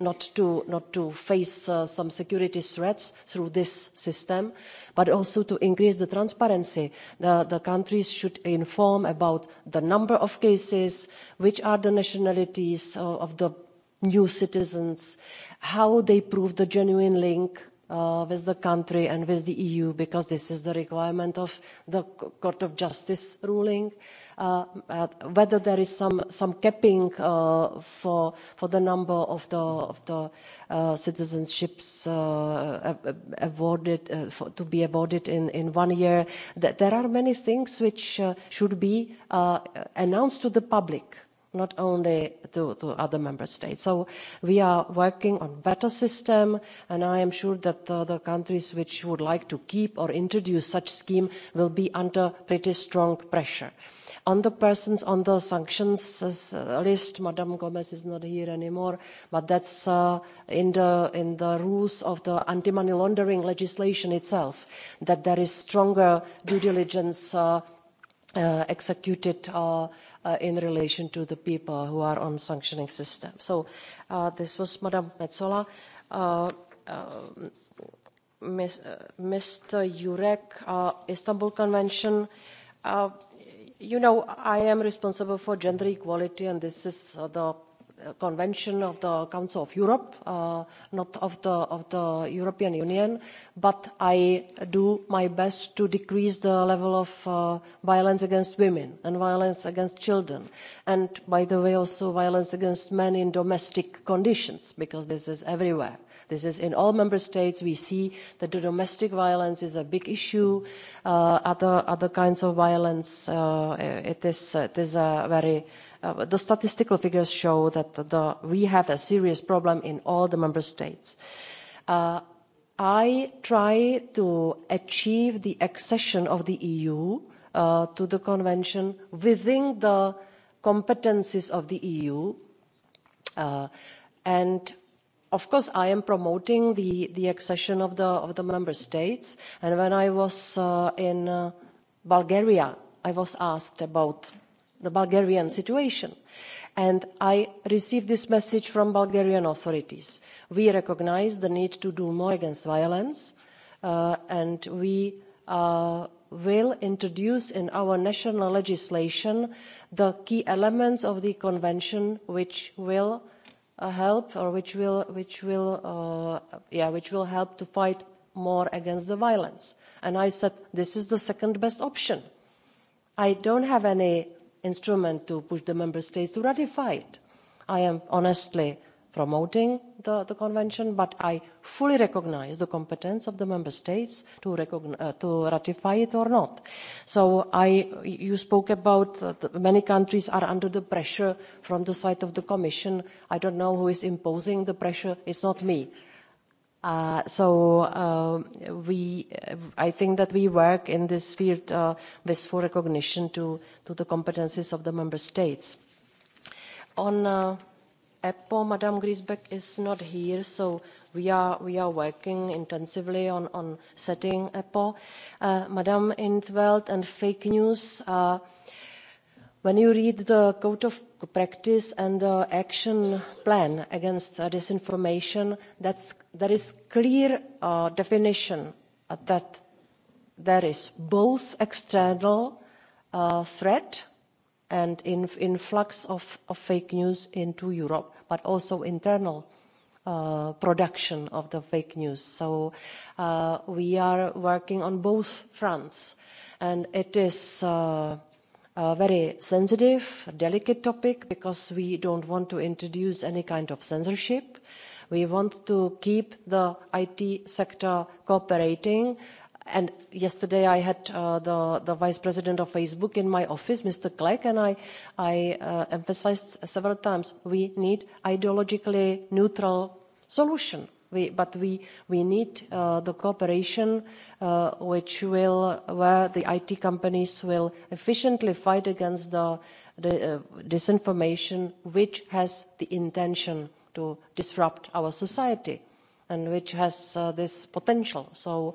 not to, not to face uh, some security threats through this system but also to increase the transparency. The, the countries should inform about the number of cases which are the nationalities uh, of the new citizens how they prove the genuine link uh, with the country and with the eu because this is the requirement of the court of justice ruling and Uh, uh, whether there is some capping uh, for the number of the citizenships to be awarded in one year there are many things which should be announced to the public not only to other member states. so we are working on a better system and i am sure that the countries which would like to keep or introduce such a scheme will be under pretty strong pressure on the persons on uh, the sanctions list ms gomes is not here anymore but that's uh, in the rules of the anti money laundering legislation itself that there is stronger due diligence uh, executed in relation to the people who are on the sanctioning system. so this was ms metsola. mr um, jurek istanbul convention you know i am responsible for gender equality and this is uh, the uh, convention of the council of europe uh, not of the european union but i do my best to decrease the level of violence against women and violence against children and by the way also violence against men in domestic conditions because this is everywhere in all member states we see that domestic violence is a big issue uh, other kinds of violence uh, uh, the statistical figures show that we have a serious problem in all the member states. i try to achieve the accession of the eu to the convention within the competences of the eu and of course i am promoting the accession of the member states and when i was uh, in uh, bulgaria i was asked about the bulgarian situation and i received this message from the bulgarian authorities we recognise the need to do more against violence uh, and we will introduce in our national legislation the key elements of the convention which will uh, help or which will, which will, uh, yeah, which will help to fight more against the violence. And I said, this is the second best option. I don't have any instrument to push the member states to ratify it. I am honestly promoting the convention but i fully recognise the competence of the member states to uh, ratify it or not. you spoke about many countries are under the pressure from the side of the commission. i don't know who is imposing the pressure it's not me. Uh, so uh, i think that we work in this field with full recognition of the competences of the member states eppo ms griesbeck is not here so we are working intensively on setting eppo. Uh, ms in 't veld and fake news when you read the code of practice and the action plan against disinformation there is a clear uh, definition that there is both an external uh, threat and influx of fake news into europe but also internal uh, production of the fake news. so uh, we are working on both fronts and it is uh, a very sensitive delicate topic because we don't want to introduce any kind of censorship. we want to keep the it sector cooperating and yesterday i had uh, the the vice president of facebook in my office mr clegg and i uh, emphasised several times we need an ideologically neutral solution but we need uh, the cooperation where the it companies will efficiently fight against the disinformation which has the intention to disrupt our society and which has this potential. so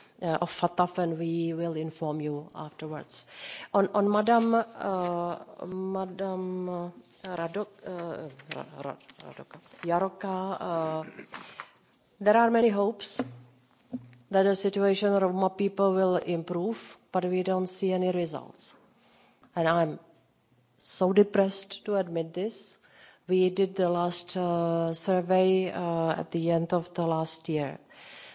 Uh, of fatf and we will inform you afterwards. on ms jrka uh, uh, there are many hopes that the situation of roma people will improve but we don't see any results and i'm so depressed to admit this. we did the last survey at the end of last year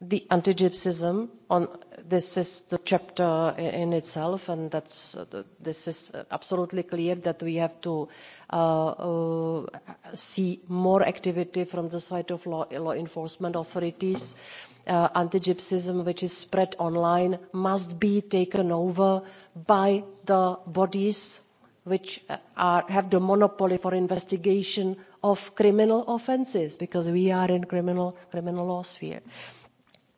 the anti gypsyism on this is the chapter in itself and that's uh, this is uh, absolutely clear that we have to uh, uh, see more activity from the side of law, law enforcement authorities. Uh, anti gypsyism which is spread online must be taken over by the bodies which are, have the monopoly for investigation of criminal offences because we are in the criminal, criminal law sphere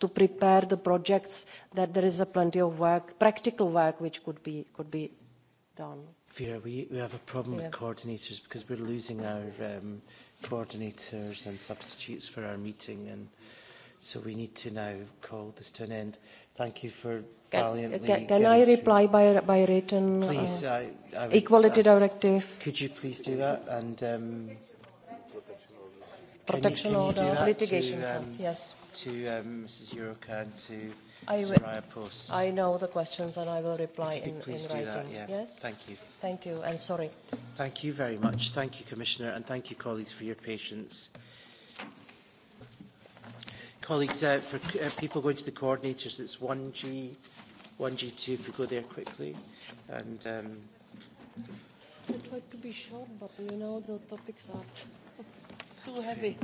to prepare the projects that there is plenty of work practical work which could be could be done. Vera, we, we have a problem yeah. with coordinators because we're losing our um, coordinators and substitutes for our meeting and so we need to now call this to an end. Thank you for can, valiantly Can, can I reply through. by, by written? Uh, please. Uh, I, I equality ask, directive. Could you please do that? And um, Protection can you, can order. You do that litigation. To, um, yes to um, Mrs. Yuruka and to I Soraya Post. I know the questions and I will reply Could in, please in do writing. That, yeah. Yes? Thank you. Thank you and sorry. Thank you very much. Thank you, Commissioner, and thank you, colleagues, for your patience. Colleagues, uh, for uh, people going to the coordinators, it's 1G, 1G2, if we go there quickly. And, um, I tried to be short, but you know the topics are too heavy.